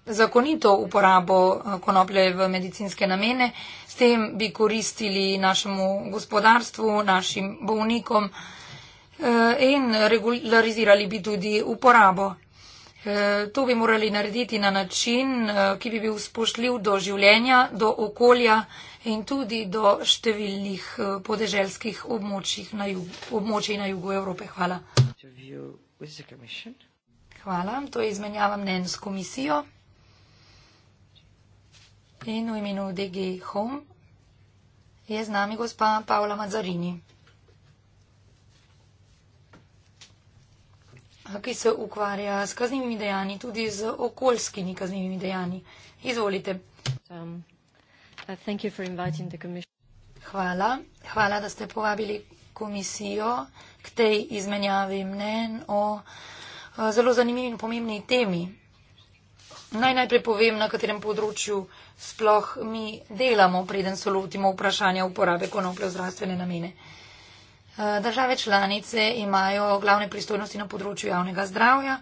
zakonito uporabo eh, konoplje v medicinske namene. S tem bi koristili našemu gospodarstvu, našim bolnikom eh, in regularizirali bi tudi uporabo. Eh, to bi morali narediti na način, eh, ki bi bil spoštljiv do življenja, do okolja in tudi do številnih eh, podeželskih območij na jugu Evrope. Hvala. Hvala. To je izmenjava mnen s komisijo. In v imenu DG Home je z nami gospa Paola Mazzarini. ki se ukvarja s kaznimi dejanji, tudi z okoljskimi kaznimi dejanji. Izvolite. Um, uh, Hvala. Hvala, da ste povabili komisijo k tej izmenjavi mnen o uh, zelo zanimivi in pomembni temi. Naj najprej povem, na katerem področju sploh mi delamo, preden se lotimo vprašanja uporabe konoplje v zdravstvene namene. Države članice imajo glavne pristojnosti na področju javnega zdravja,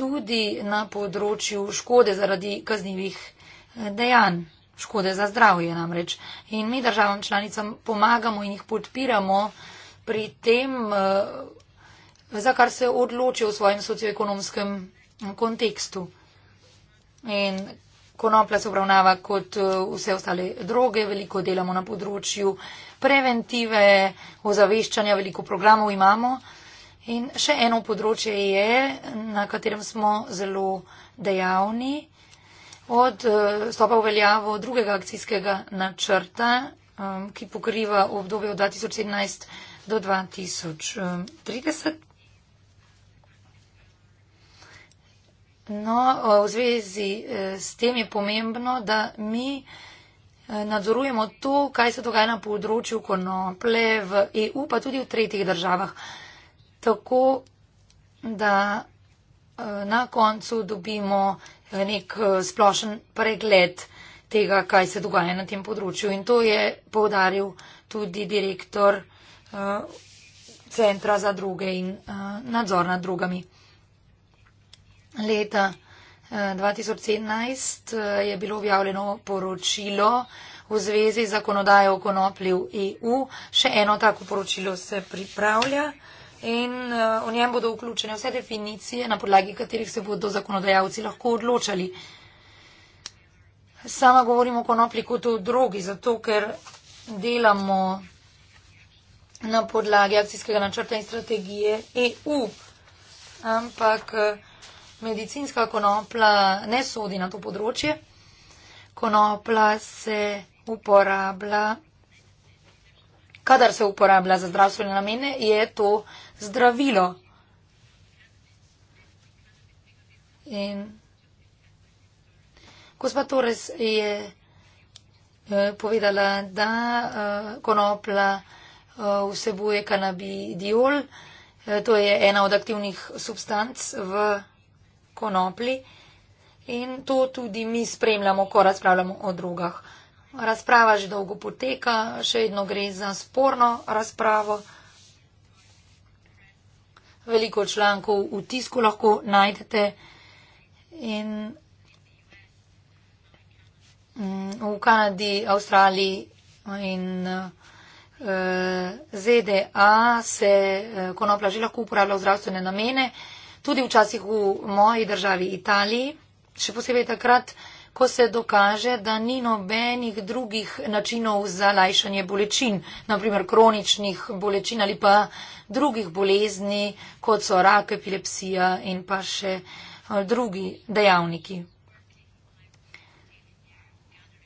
tudi na področju škode zaradi kaznjivih eh, dejanj. Škode za zdravje namreč. In mi državam članicam pomagamo in jih podpiramo pri tem, eh, za kar se odločijo v svojem socioekonomskem eh, kontekstu. In Konoplja se obravnava kot eh, vse ostale droge, veliko delamo na področju preventive, ozaveščanja, veliko programov imamo. In še eno področje je, na katerem smo zelo dejavni. Od eh, stopa v veljavo drugega akcijskega načrta, eh, ki pokriva obdobje od 2017 do 2030, No, v zvezi e, s tem je pomembno, da mi e, nadzorujemo to, kaj se dogaja na področju konoplje v EU, pa tudi v tretjih državah. Tako, da e, na koncu dobimo nek splošen pregled tega, kaj se dogaja na tem področju. In to je povdaril tudi direktor centra za druge in nadzor nad drugami leta 2017 eh, eh, je bilo objavljeno poročilo v zvezi z zakonodajo o konoplji v EU. Še eno tako poročilo se pripravlja in eh, v njem bodo vključene vse definicije, na podlagi katerih se bodo zakonodajalci lahko odločali. Sama govorim o konoplji kot o drogi, zato ker delamo na podlagi akcijskega načrta in strategije EU. Ampak medicinska konoplja ne sodi na to področje. Konoplja se uporablja, kadar se uporablja za zdravstvene namene, je to zdravilo. In gospa Torres je eh, povedala, da eh, konoplja eh, vsebuje kanabidiol, to je ena od aktivnih substanc v konoplji in to tudi mi spremljamo, ko razpravljamo o drogah. Razprava že dolgo poteka, še vedno gre za sporno razpravo. Veliko člankov v tisku lahko najdete in mm, v Kanadi, Avstraliji in eh, ZDA se eh, konoplja že lahko uporablja v zdravstvene namene tudi včasih v moji državi Italiji, še posebej takrat, ko se dokaže, da ni nobenih drugih načinov za lajšanje bolečin, naprimer kroničnih bolečin ali pa drugih bolezni, kot so rak, epilepsija in pa še eh, drugi dejavniki.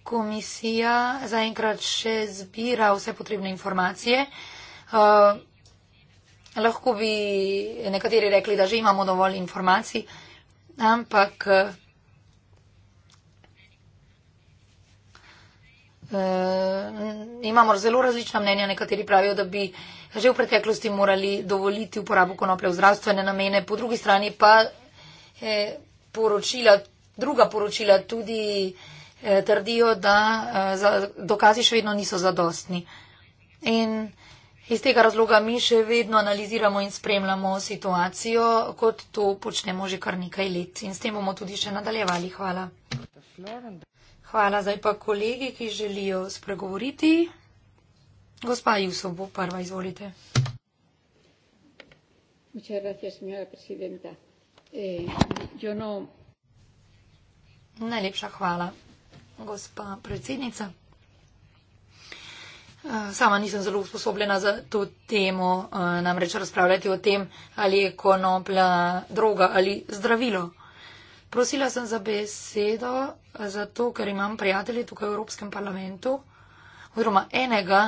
Komisija zaenkrat še zbira vse potrebne informacije. Eh, lahko bi nekateri rekli, da že imamo dovolj informacij, ampak uh, imamo zelo različna mnenja. Nekateri pravijo, da bi že v preteklosti morali dovoliti uporabo konoplje v zdravstvene namene, po drugi strani pa eh, poročila, druga poročila tudi eh, trdijo, da eh, dokazi še vedno niso zadostni. In, Iz tega razloga mi še vedno analiziramo in spremljamo situacijo, kot to počnemo že kar nekaj let in s tem bomo tudi še nadaljevali. Hvala. Hvala zdaj pa kolegi, ki želijo spregovoriti. Gospa Jusov bo prva, izvolite. Eh, no- Najlepša hvala, gospa predsednica. Eh, sama nisem zelo usposobljena za to temo, eh, namreč razpravljati o tem, ali je konoplja droga ali zdravilo. Prosila sem za besedo, eh, zato ker imam prijatelje tukaj v Evropskem parlamentu, oziroma enega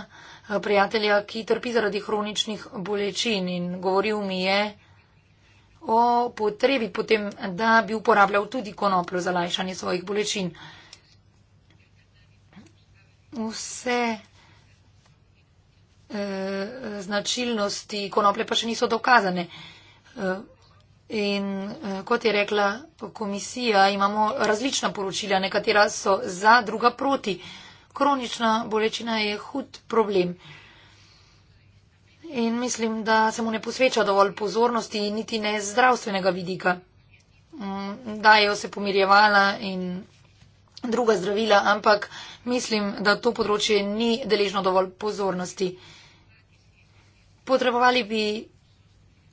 prijatelja, ki trpi zaradi kroničnih bolečin in govoril mi je o potrebi potem, da bi uporabljal tudi konopljo za lajšanje svojih bolečin. Vse Eh, značilnosti konoplje pa še niso dokazane. Eh, in eh, kot je rekla komisija, imamo različna poročila, nekatera so za, druga proti. Kronična bolečina je hud problem. In mislim, da se mu ne posveča dovolj pozornosti, niti ne zdravstvenega vidika. Mm, Dajo se pomirjevala in druga zdravila, ampak mislim, da to področje ni deležno dovolj pozornosti potrebovali bi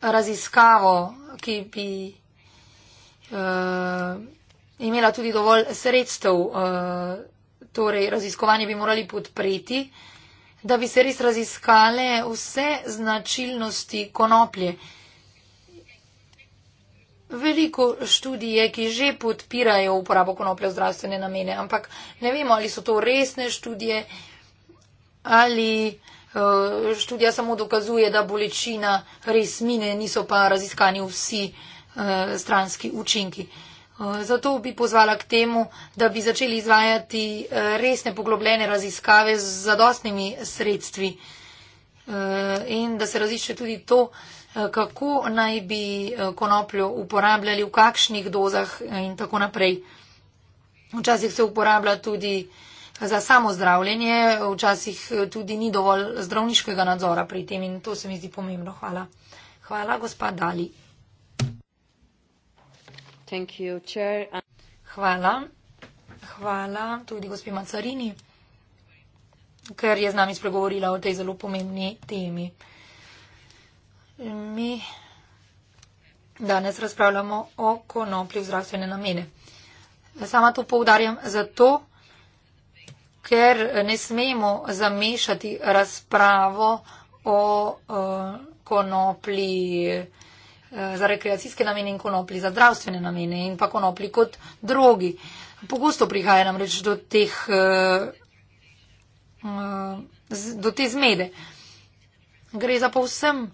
raziskavo, ki bi uh, imela tudi dovolj sredstev, uh, torej raziskovanje bi morali podpreti, da bi se res raziskale vse značilnosti konoplje. Veliko študije, ki že podpirajo uporabo konoplje v zdravstvene namene, ampak ne vemo, ali so to resne študije ali. Eh, študija samo dokazuje, da bolečina res mine, niso pa raziskani vsi eh, stranski učinki. Eh, zato bi pozvala k temu, da bi začeli izvajati resne poglobljene raziskave z zadostnimi sredstvi in da se razišče tudi to, kako naj bi konopljo uporabljali, v kakšnih dozah in tako naprej. Včasih se uporablja tudi uh, za samo zdravljenje, včasih tudi ni dovolj zdravniškega nadzora pri tem in to se mi zdi pomembno. Hvala. Hvala, gospa Dali. You, Hvala. Hvala tudi gospe Macarini, ker je z nami spregovorila o tej zelo pomembni temi. Mi danes razpravljamo o konoplju zdravstvene namene. Sama to poudarjam zato, ker ne smemo zamešati razpravo o eh, konoplji eh, za rekreacijske namene in konoplji za zdravstvene namene in pa konoplji kot drogi. Pogosto prihaja namreč do, teh, eh, do te zmede. Gre za povsem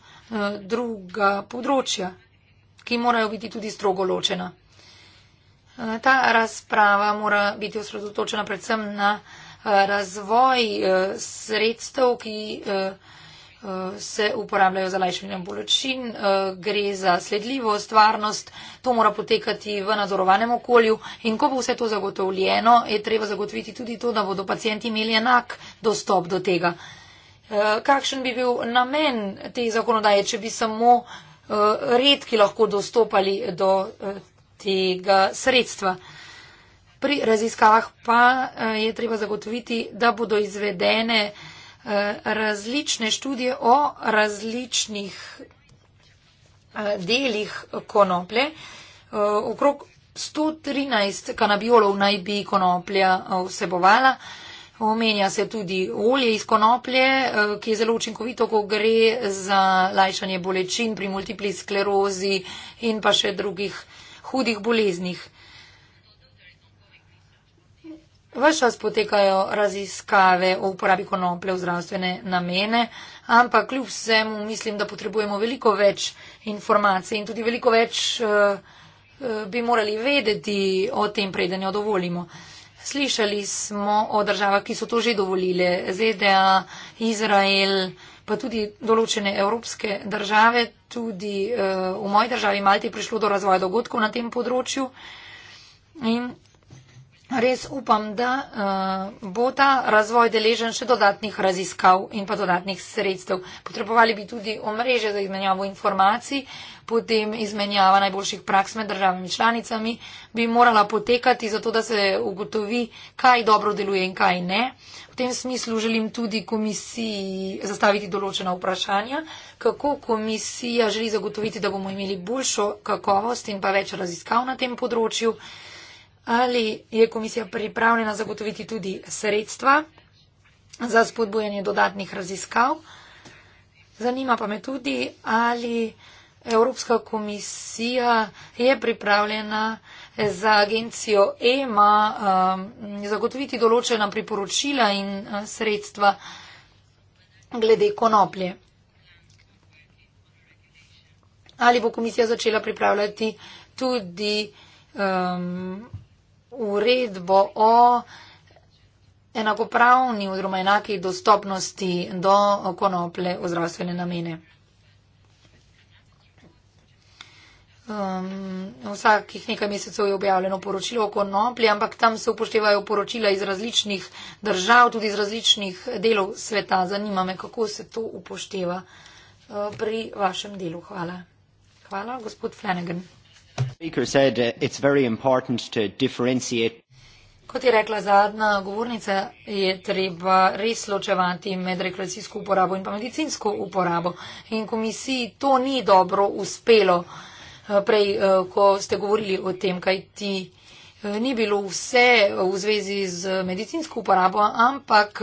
druga področja, ki morajo biti tudi strogo ločena. Ta razprava mora biti osredotočena predvsem na razvoj eh, sredstev, ki eh, eh, se uporabljajo za lajšanje bolečin, gre za sledljivost, varnost, to mora potekati v nadzorovanem okolju in ko bo vse to zagotovljeno, je treba zagotoviti tudi to, da bodo pacijenti imeli enak dostop do tega. Kakšen bi bil namen te zakonodaje, če bi samo redki lahko dostopali do tega sredstva? pri raziskavah pa eh, je treba zagotoviti, da bodo izvedene eh, različne študije o različnih eh, delih konoplje. Okrog 113 kanabiolov naj bi konoplja vsebovala. Omenja se tudi olje iz konoplje, ki je zelo učinkovito, ko gre za lajšanje bolečin pri multipli sklerozi in pa še drugih hudih boleznih. Ves čas potekajo raziskave o uporabi konoplje v zdravstvene namene, ampak kljub vsemu mislim, da potrebujemo veliko več informacij in tudi veliko več eh, eh, bi morali vedeti o tem, preden jo dovolimo. Slišali smo o državah, ki so to že dovolile, ZDA, Izrael, pa tudi določene evropske države. Tudi eh, v moji državi Malti je prišlo do razvoja dogodkov na tem področju. In res upam, da uh, bo ta razvoj deležen še dodatnih raziskav in pa dodatnih sredstev. Potrebovali bi tudi omrežje za izmenjavo informacij, potem izmenjava najboljših praks med državami članicami bi morala potekati, zato da se ugotovi, kaj dobro deluje in kaj ne. V tem smislu želim tudi komisiji zastaviti določena vprašanja, kako komisija želi zagotoviti, da bomo imeli boljšo kakovost in pa več raziskav na tem področju. Ali je komisija pripravljena zagotoviti tudi sredstva za spodbujanje dodatnih raziskav? Zanima pa me tudi, ali Evropska komisija je pripravljena za agencijo EMA um, zagotoviti določena priporočila in uh, sredstva glede konoplje. Ali bo komisija začela pripravljati tudi um, uredbo o enakopravni oziroma enaki dostopnosti do konople v zdravstvene namene. Um, vsakih nekaj mesecev je objavljeno poročilo o konoplji, ampak tam se upoštevajo poročila iz različnih držav, tudi iz različnih delov sveta. Zanima me, kako se to upošteva uh, pri vašem delu. Hvala. Hvala, gospod Flanagan speaker said uh, it's very important to differentiate Kot je rekla zadnja govornica, je treba res ločevati med rekreacijsko uporabo in pa medicinsko uporabo. In komisiji to ni dobro uspelo eh, prej, eh, ko ste govorili o tem, kaj ti eh, ni bilo vse v zvezi z medicinsko uporabo, ampak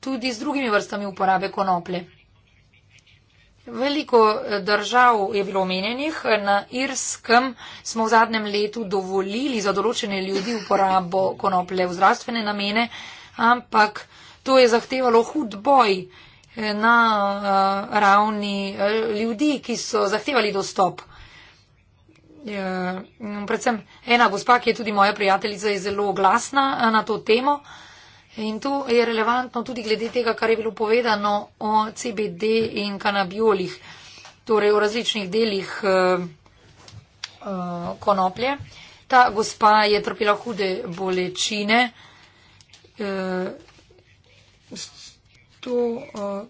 tudi z drugimi vrstami uporabe konoplje. Veliko eh, držav je bilo omenjenih. Na Irskem smo v zadnjem letu dovolili za določene ljudi uporabo konoplje v zdravstvene namene, ampak to je zahtevalo hud boj eh, na uh, ravni uh, ljudi, ki so zahtevali dostop. Uh, predvsem ena gospa, ki je tudi moja prijateljica, je zelo glasna na to temo. Uh, In to je relevantno tudi glede tega, kar je bilo povedano o CBD in kanabiolih, torej o različnih delih uh, uh, konoplje. Ta gospa je trpela hude bolečine. Uh, eh, 150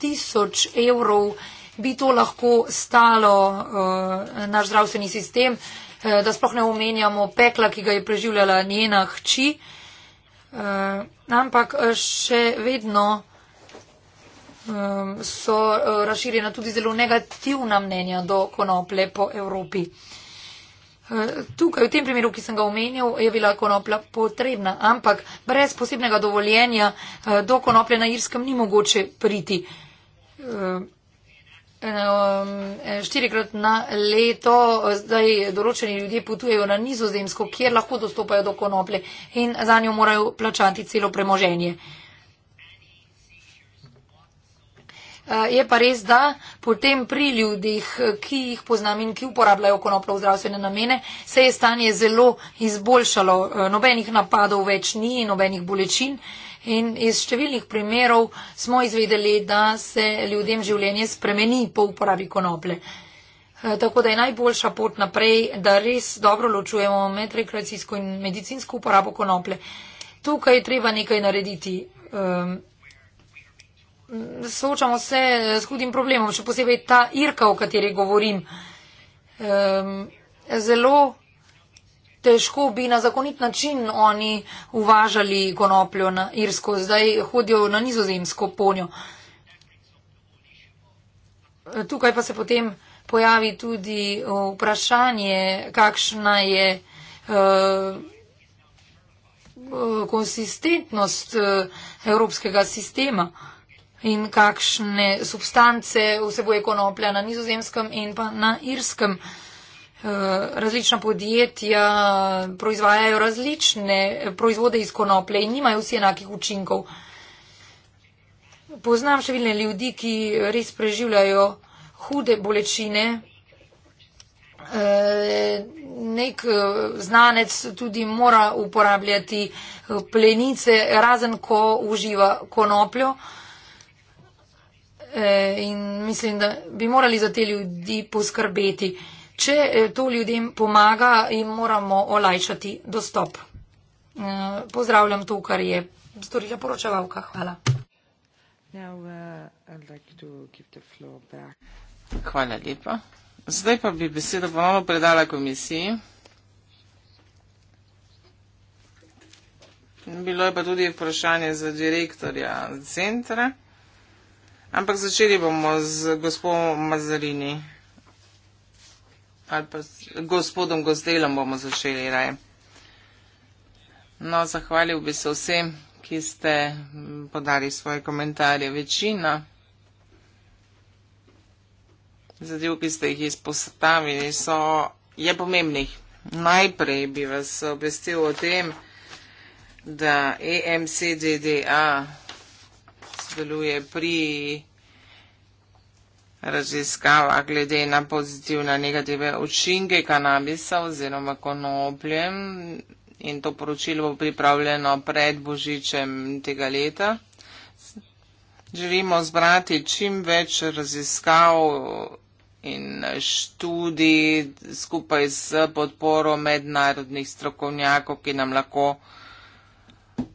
tisoč evrov bi to lahko stalo uh, naš zdravstveni sistem, uh, da sploh ne omenjamo pekla, ki ga je preživljala njena hči. Uh, Eh, ampak eh, še vedno um, so razširjena tudi zelo negativna mnenja do konople po Evropi. Tukaj, v tem primeru, ki sem ga omenil, je bila konoplja potrebna, ampak brez posebnega dovoljenja do konoplje na Irskem ni mogoče priti. Um, Ehm, eh, štirikrat na leto eh, zdaj določeni ljudje potujejo na nizozemsko, kjer lahko dostopajo do konoplje in za njo morajo plačati celo premoženje. Eh, je pa res, da potem pri ljudih, ki jih poznam in ki uporabljajo konopljo v zdravstvene namene, se je stanje zelo izboljšalo. Nobenih napadov več ni, nobenih bolečin. In iz številnih primerov smo izvedeli, da se ljudem življenje spremeni po uporabi konoplje. Eh, tako da je najboljša pot naprej, da res dobro ločujemo med rekreacijsko in medicinsko uporabo konoplje. Tukaj je treba nekaj narediti. Ehm, soočamo se eh, s hudim problemom, še posebej ta irka, o kateri govorim. Ehm, zelo težko bi na zakonit način oni uvažali konopljo na Irsko, zdaj hodijo na nizozemsko ponjo. Tukaj pa se potem pojavi tudi uh, vprašanje, kakšna je uh, uh konsistentnost uh, evropskega sistema in kakšne substance vsebuje konoplja na nizozemskem in pa na irskem. Uh, Eh, različna podjetja proizvajajo različne proizvode iz konoplje in nimajo vsi enakih učinkov. Poznam številne ljudi, ki res preživljajo hude bolečine. Eh, nek eh, znanec tudi mora uporabljati plenice, razen ko uživa konopljo. In mislim, da bi morali za te ljudi poskrbeti. Če eh, to ljudem pomaga, jim moramo olajšati dostop. Eh, pozdravljam to, kar je storila poročevalka. Hvala. Now, uh, like Hvala lepa. Zdaj pa bi besedo ponovno predala komisiji. Bilo je pa tudi vprašanje za direktorja centra. Ampak začeli bomo z gospodom Mazarini ali pa z gospodom Gozdelom bomo začeli raje. No, zahvalil bi se vsem, ki ste podali svoje komentarje. Večina zadev, ki ste jih izpostavili, so, je pomembnih. Najprej bi vas obvestil o tem, da EMCDDA sodeluje pri raziskava glede na pozitivne in negative učinke kanabisa oziroma konoplje in to poročilo bo pripravljeno pred božičem tega leta. Želimo zbrati čim več raziskav in študij skupaj z podporo mednarodnih strokovnjakov, ki nam lahko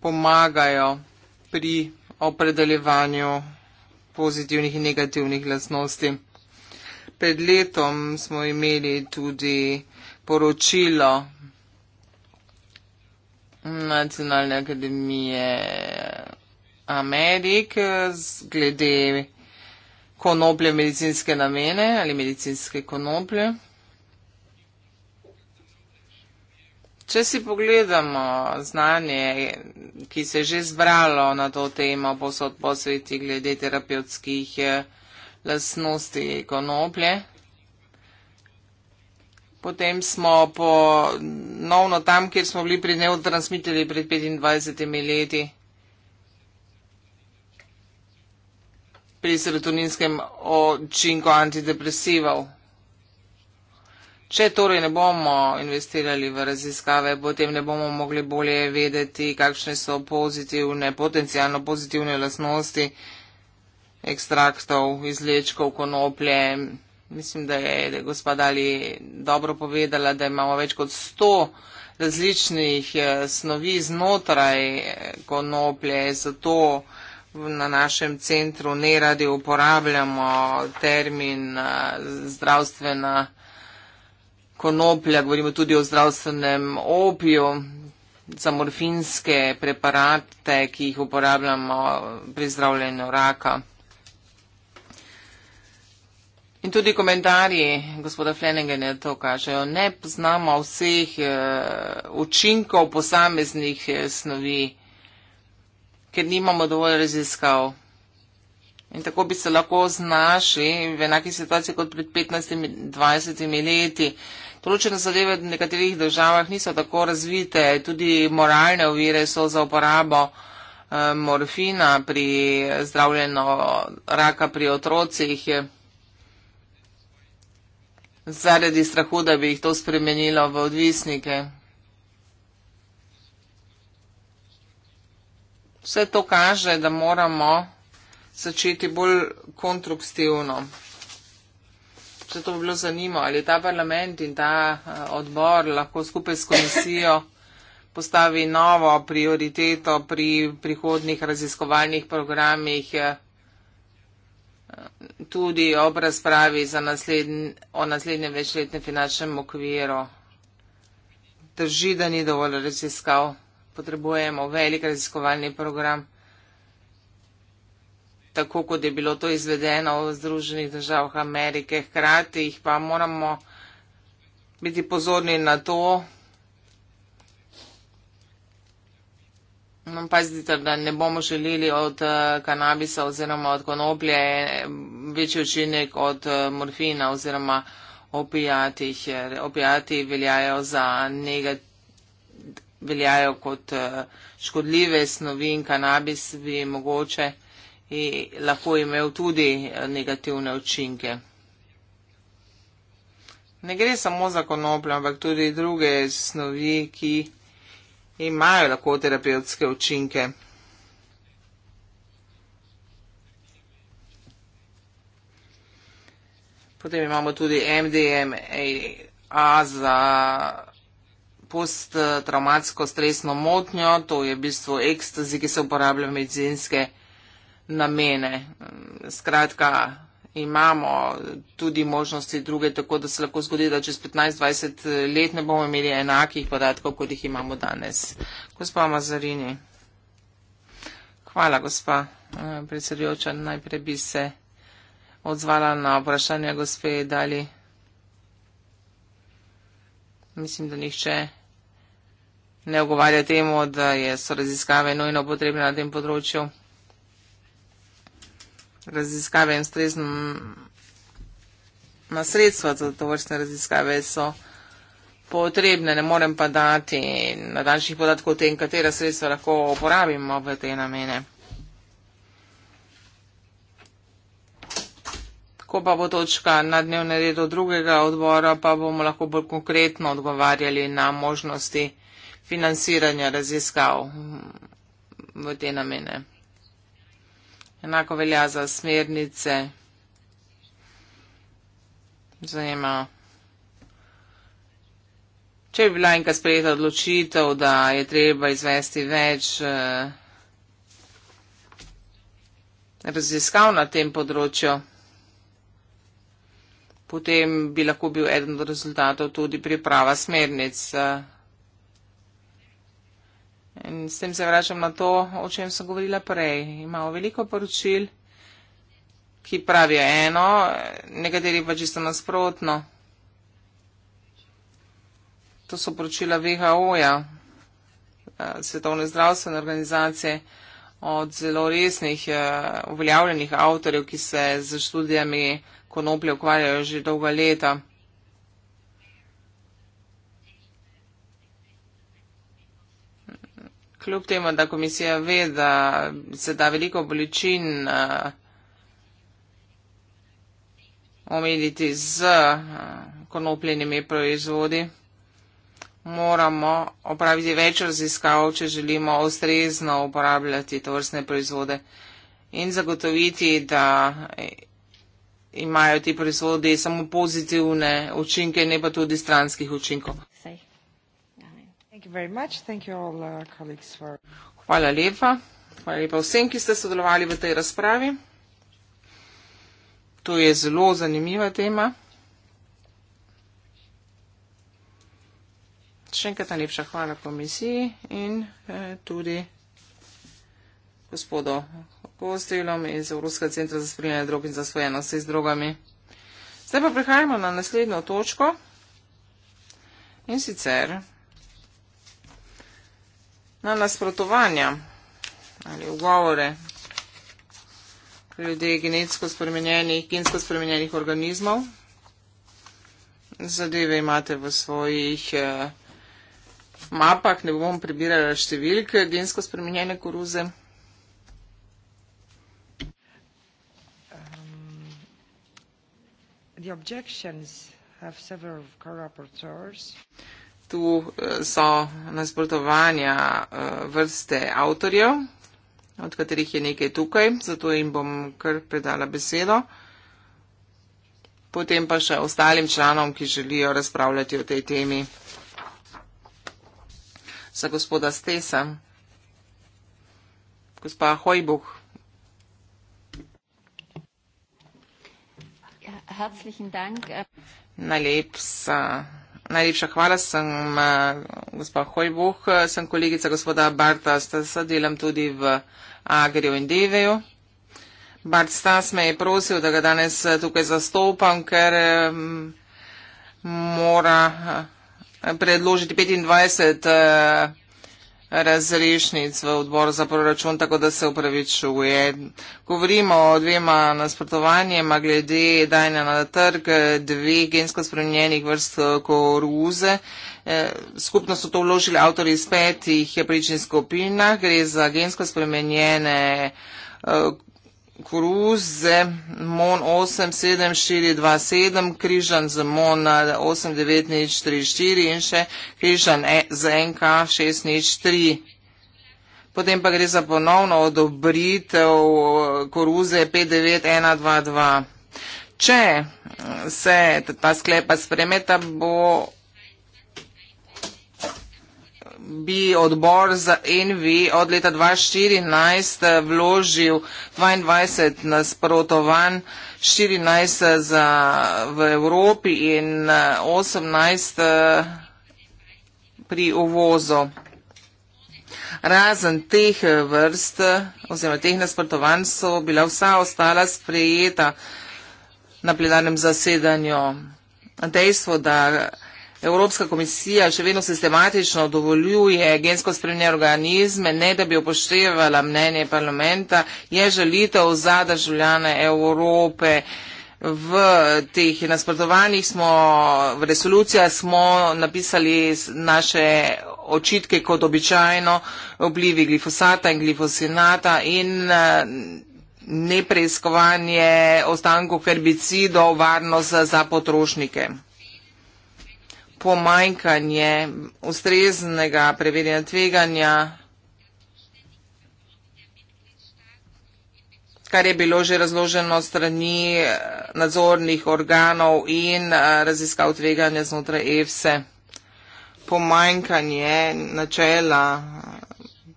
pomagajo pri opredeljevanju pozitivnih in negativnih lasnosti. Pred letom smo imeli tudi poročilo Nacionalne akademije Amerik glede konoplje medicinske namene ali medicinske konoplje. Če si pogledamo znanje, ki se je že zbralo na to temo posod po sveti glede terapevtskih eh, lasnosti konoplje, potem smo ponovno tam, kjer smo bili pri neotransmitelji pred 25 leti, pri serotoninskem očinku antidepresivov. Če torej ne bomo investirali v raziskave, potem ne bomo mogli bolje vedeti, kakšne so pozitivne, potencijalno pozitivne lasnosti ekstraktov, izlečkov, konoplje. Mislim, da je gospodali dobro povedala, da imamo več kot 100 različnih eh, snovi znotraj eh, konoplje, zato na našem centru ne radi uporabljamo termin eh, zdravstvena konoplja, govorimo tudi o zdravstvenem opiju, za morfinske preparate, ki jih uporabljamo pri zdravljenju raka. In tudi komentarji gospoda Flenegena to kažejo. Ne poznamo vseh uh, učinkov posameznih eh, snovi, ker nimamo dovolj raziskav. In tako bi se lahko znašli v enaki situaciji kot pred 15-20 leti, Določene zadeve v nekaterih državah niso tako razvite, tudi moralne ovire so za uporabo eh, morfina pri zdravljeno raka pri otrocih eh, zaradi strahu, da bi jih to spremenilo v odvisnike. Vse to kaže, da moramo začeti bolj konstruktivno. Če to bi bilo zanimivo, ali ta parlament in ta eh, odbor lahko skupaj s komisijo postavi novo prioriteto pri prihodnih raziskovalnih programih, eh, tudi ob razpravi nasledn, o naslednjem večletnem finančnem okviru. Drži, da ni dovolj raziskav, potrebujemo velik raziskovalni program tako kot je bilo to izvedeno v Združenih državah Amerike. Hkrati jih pa moramo biti pozorni na to. Nam no, pazite, da ne bomo želeli od eh, kanabisa oziroma od konoplje večji učinek od eh, morfina oziroma opijatih. Opijati veljajo za negativno veljajo kot eh, škodljive snovi in kanabis bi mogoče in lahko imel tudi eh, negativne učinke. Ne gre samo za konopljo, ampak tudi druge snovi, ki imajo lahko terapevtske učinke. Potem imamo tudi MDMA za posttraumatsko stresno motnjo, to je v bistvu ekstazi, ki se uporablja v medicinske učinke namene. Skratka, imamo tudi možnosti druge, tako da se lahko zgodi, da čez 15-20 let ne bomo imeli enakih podatkov, kot jih imamo danes. Gospa Mazarini. Hvala, gospa eh, predsedujoča. Najprej bi se odzvala na vprašanje gospe Dali. Mislim, da nihče ne ogovarja temu, da so raziskave nujno potrebne na tem področju raziskave in ustrezno na sredstva za to vrstne raziskave so potrebne. Ne morem pa dati nadaljših podatkov o tem, katera sredstva lahko uporabimo v te namene. Ko pa bo točka na dnevne redu drugega odbora, pa bomo lahko bolj konkretno odgovarjali na možnosti financiranja raziskav v te namene. Enako velja za smernice, zanima. Če bi bila enkrat sprejeta odločitev, da je treba izvesti več eh, raziskav na tem področju, potem bi lahko bil eden od rezultatov tudi priprava smernic. Eh, In s tem se vračam na to, o čem sem govorila prej. Imamo veliko poročil, ki pravijo eno, nekateri pa čisto nasprotno. To so poročila WHO-ja, eh, Svetovne zdravstvene organizacije, od zelo resnih eh, uveljavljenih avtorjev, ki se z študijami konoplje ukvarjajo že dolga leta. kljub temu, da komisija ve, da se da veliko bolečin eh, omediti z eh, konopljenimi proizvodi, moramo opraviti več raziskav, če želimo ustrezno uporabljati to vrstne proizvode in zagotoviti, da eh, imajo ti proizvodi samo pozitivne učinke, ne pa tudi stranskih učinkov very much. Thank you all uh, colleagues for Hvala lepa. Hvala lepa vsem, ki ste sodelovali v tej razpravi. To je zelo zanimiva tema. Še enkrat najlepša hvala komisiji in eh, tudi gospodu Kostelom iz Evropskega centra za spremljanje drog in zasvojenosti z drogami. Zdaj pa prihajamo na naslednjo točko in sicer na nasprotovanja ali ugovore glede genetsko spremenjenih, gensko spremenjenih organizmov. Zadeve imate v svojih eh, mapah, ne bom prebirala številke gensko spremenjene koruze. Um, the objections have several co-rapporteurs tu eh, so nasprotovanja eh, vrste avtorjev, od katerih je nekaj tukaj, zato jim bom kar predala besedo. Potem pa še ostalim članom, ki želijo razpravljati o tej temi. Za gospoda Stesa. Gospa Hojbuh. Ja, Najlepša Najlepša hvala, sem eh, gospa Hojboh, eh, sem kolegica gospoda Barta Stasa, delam tudi v Agriju in Deveju. Bart Stas me je prosil, da ga danes eh, tukaj zastopam, ker mora predložiti 25 razrešnic v odbor za proračun, tako da se upravičuje. Govorimo o dvema nasprotovanjema glede dajna na trg dveh gensko spremenjenih vrst koruze. Eh, skupno so to vložili avtori iz petih pričnih skupinah, gre za gensko spremenjene koruze eh, Kruze, Mon 87427, Križan z Mona 89034 in še Križan e z NK 603. Potem pa gre za ponovno odobritev eh, Kruze 59122. Če se ta sklepa spremeta, bo bi odbor za NV od leta 2014 vložil 22 nasprotovanj, 14 eh, za, v Evropi in 18 eh, eh, pri uvozu. Razen teh vrst oziroma teh nasprotovanj so bila vsa ostala sprejeta na plenarnem zasedanju. Dejstvo, da Evropska komisija še vedno sistematično dovoljuje gensko spremljene organizme, ne da bi upoštevala mnenje parlamenta, je želitev za državljane Evrope. V teh nasprotovanjih smo, v resolucijah smo napisali naše očitke kot običajno vplivi glifosata in glifosinata in nepreiskovanje ostankov herbicidov, varnost za potrošnike pomanjkanje ustreznega preverjanja tveganja, kar je bilo že razloženo strani eh, nadzornih organov in eh, raziskav tveganja znotraj EFSE. E. Pomanjkanje načela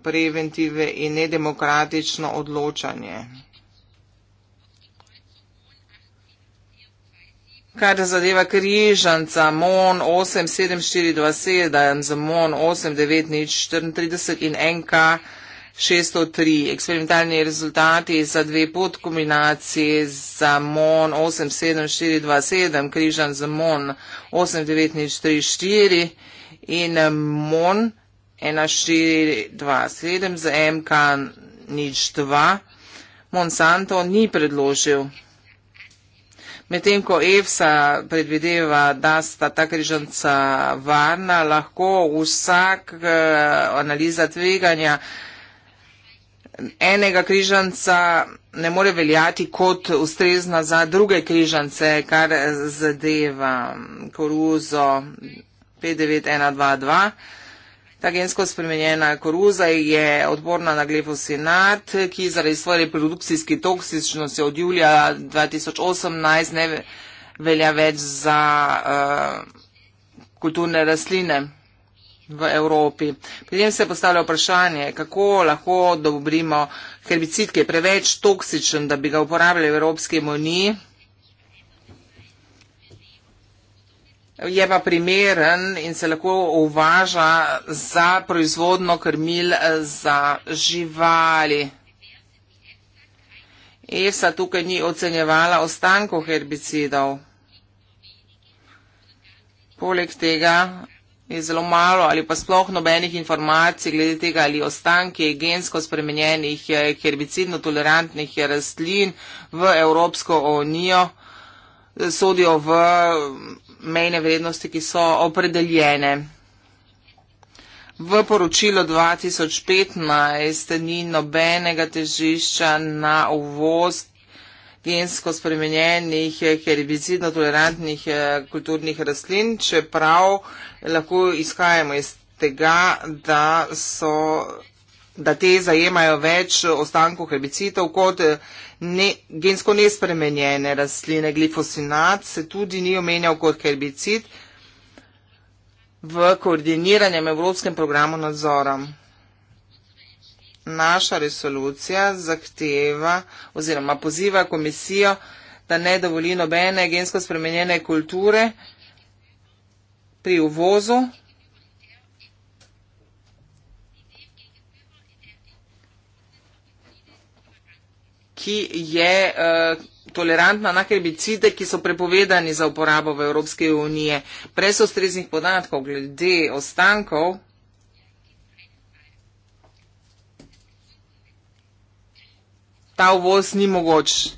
preventive in nedemokratično odločanje. kar zadeva križanca MON 87427 z MON 89034 in NK 603. Eksperimentalni rezultati za dve podkombinacije za MON 87427 križan z MON 89034 in MON 1427 z MK 02 Monsanto ni predložil. Medtem ko EFSA predvideva, da sta ta križanca varna, lahko vsak eh, analiza tveganja enega križanca ne more veljati kot ustrezna za druge križance, kar zadeva koruzo 59122. Ta gensko spremenjena koruza je odborna na glifosinat, ki zaradi svoje reprodukcijske toksičnosti od julija 2018 ne velja več za uh, kulturne rastline v Evropi. Pri tem se postavlja vprašanje, kako lahko dobrimo herbicid, ki je preveč toksičen, da bi ga uporabljali v Evropski uniji, je pa primeren in se lahko uvaža za proizvodno krmil eh, za živali. EFSA tukaj ni ocenjevala ostankov herbicidov. Poleg tega je zelo malo ali pa sploh nobenih informacij glede tega ali ostanki gensko spremenjenih eh, herbicidno tolerantnih rastlin v Evropsko unijo eh, sodijo v mejne vrednosti, ki so opredeljene. V poročilu 2015 ni nobenega težišča na uvoz gensko spremenjenih herbicidno tolerantnih eh, kulturnih rastlin, čeprav lahko izhajamo iz tega, da, so, da te zajemajo več ostankov herbicitov kot eh, ne, gensko nespremenjene rastline glifosinat se tudi ni omenjal kot herbicid v koordiniranjem Evropskem programu nadzora. Naša resolucija zahteva oziroma poziva komisijo, da ne dovoli nobene gensko spremenjene kulture pri uvozu ki je eh, tolerantna na herbicide, ki so prepovedani za uporabo v Evropske unije. Prez ostreznih podatkov glede ostankov. Ta uvoz ni mogoč.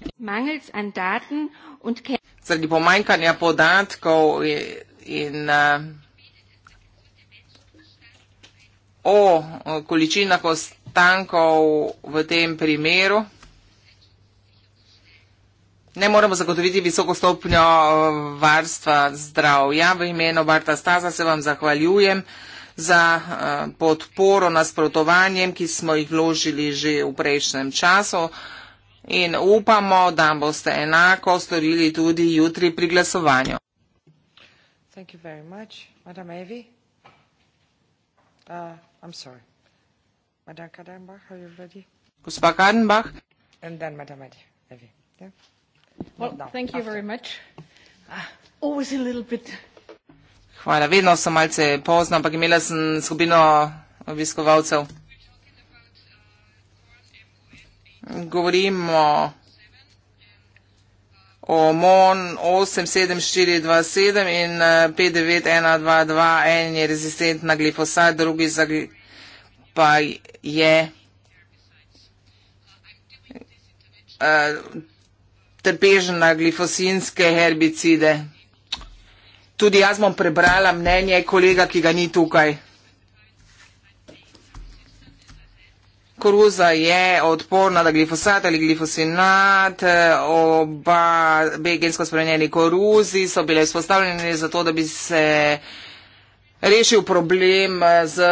Zaradi pomanjkanja podatkov in, in uh, eh, o eh, količinah ostankov v tem primeru ne moremo zagotoviti visoko stopnjo eh, varstva zdravja. V imenu Barta Staza se vam zahvaljujem za eh, podporo nasprotovanjem, ki smo jih vložili že v prejšnjem času in upamo, da boste enako storili tudi jutri pri glasovanju. Thank you very much. Madam Evi? Uh, I'm sorry. Madam Kadenbach, are you ready? Gospa Kadenbach? And then Madam Evi. Yeah? Well, no, no. thank you very much. Ah, always a little bit. Hvala, vedno sem malce pozno, ampak imela sem skupino obiskovalcev. Govorimo o MON 87427 in eh, P91221, en je rezistent na glifosat, drugi pa je eh, trpežen na glifosinske herbicide. Tudi jaz bom prebrala mnenje kolega, ki ga ni tukaj. Koruza je odporna na glifosat ali glifosinat, oba genetsko spremenjeni koruzi so bile izpostavljene zato, da bi se rešil problem z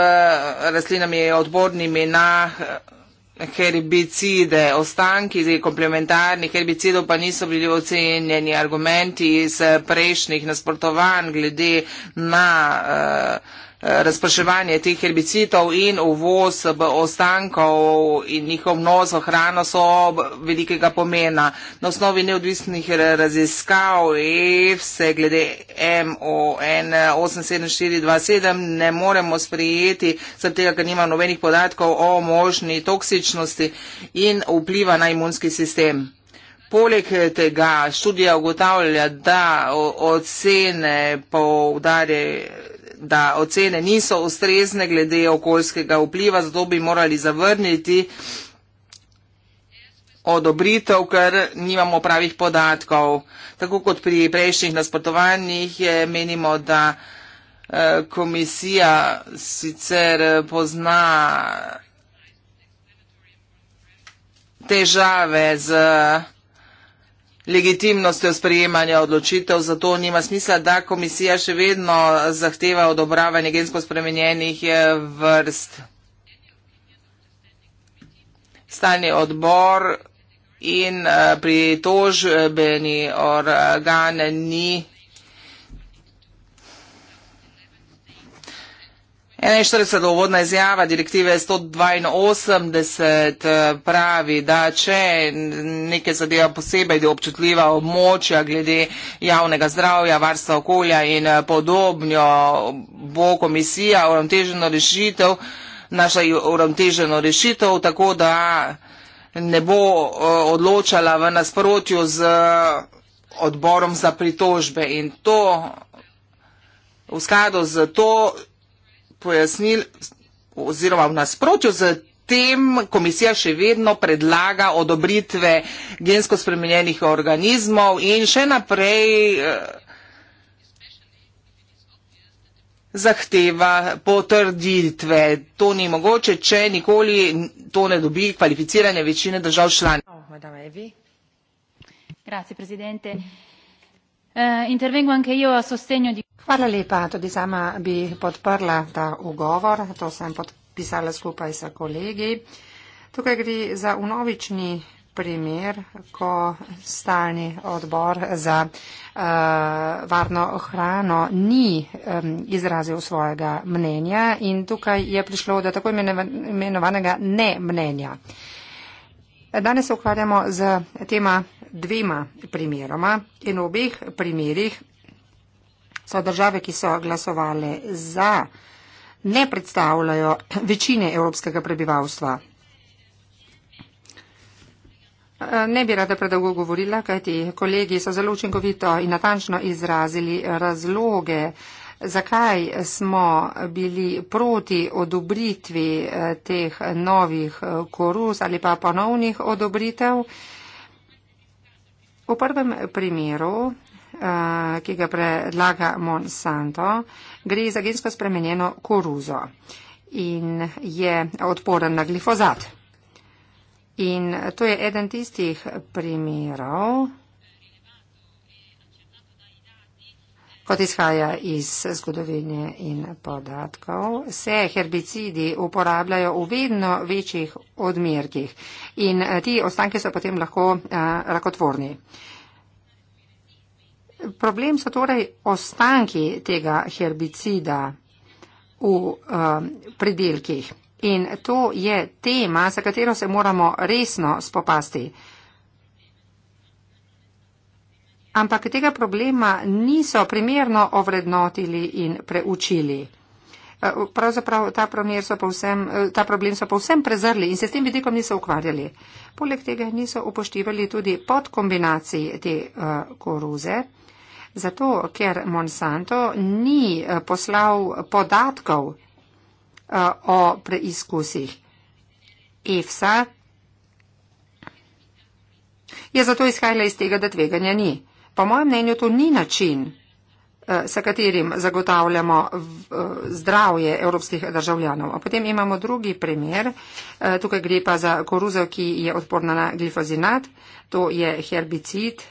rastlinami odbornimi na glifosat herbicide, ostanki komplementarnih herbicidov pa niso bili ocenjeni argumenti iz prejšnjih nasprotovanj glede na uh, razpraševanje teh herbicitov in uvoz ostankov in njihov vnos v hrano so velikega pomena. Na osnovi neodvisnih raziskav EF se glede MON 87427 ne moremo sprijeti, zaradi tega, ker nima nobenih podatkov o možni toksičnosti in vpliva na imunski sistem. Poleg tega študija ugotavlja, da ocene poudarje da ocene niso ustrezne glede okoljskega vpliva, zato bi morali zavrniti odobritev, ker nimamo pravih podatkov. Tako kot pri prejšnjih nasprotovanjih menimo, da eh, komisija sicer eh, pozna težave z vsega, legitimnostjo sprejemanja odločitev, zato nima smisla, da komisija še vedno zahteva odobravanje gensko spremenjenih eh, vrst. Stalni odbor in eh, pritožbeni organ ni 41 uvodna izjava direktive 182 eh, pravi, da če neke zadeva posebej je občutljiva območja glede javnega zdravja, varstva okolja in eh, podobno, bo komisija uravnoteženo rešitev, naša uravnoteženo rešitev, tako da ne bo eh, odločala v nasprotju z odborom za pritožbe in to v skladu z to pojasnil oziroma v nasprotju z tem komisija še vedno predlaga odobritve gensko spremenjenih organizmov in še naprej eh, zahteva potrditve. To ni mogoče, če nikoli to ne dobi kvalificiranje večine držav članic. Oh, Grazie, Presidente. Eh, intervengo anche io a sostegno di. Hvala lepa, tudi sama bi podprla ta ugovor, to sem podpisala skupaj s kolegi. Tukaj gre za unovični primer, ko stalni odbor za uh, varno hrano ni um, izrazil svojega mnenja in tukaj je prišlo do tako imenovanega ne mnenja. Danes se ukvarjamo z tema dvema primeroma. In v obeh primerih so države, ki so glasovale za, ne predstavljajo večine evropskega prebivalstva. Ne bi rada predolgo govorila, kajti kolegi so zelo učinkovito in natančno izrazili razloge, zakaj smo bili proti odobritvi eh, teh novih eh, korus ali pa ponovnih odobritev. V prvem primeru, eh, ki ga predlaga Monsanto, gre za gensko spremenjeno koruzo in je odporen na glifozat. In to je eden tistih primerov, Kot izhaja iz zgodovine in podatkov, se herbicidi uporabljajo v vedno večjih odmerkih in eh, ti ostanki so potem lahko uh, rakotvorni. Problem so torej ostanki tega herbicida v uh, eh, predelkih in to je tema, za katero se moramo resno spopasti ampak tega problema niso primerno ovrednotili in preučili. Eh, pravzaprav ta, povsem, eh, ta problem so povsem prezrli in se s tem vidikom niso ukvarjali. Poleg tega niso upoštevali tudi podkombinacij te uh, koruze, zato ker Monsanto ni poslal podatkov uh, o preizkusih EFSA, je zato izhajala iz tega, da tveganja ni. Po mojem mnenju to ni način, eh, s katerim zagotavljamo eh, zdravje evropskih državljanov. A potem imamo drugi primer, eh, tukaj gre pa za koruzo, ki je odporna na glifozinat, to je herbicid,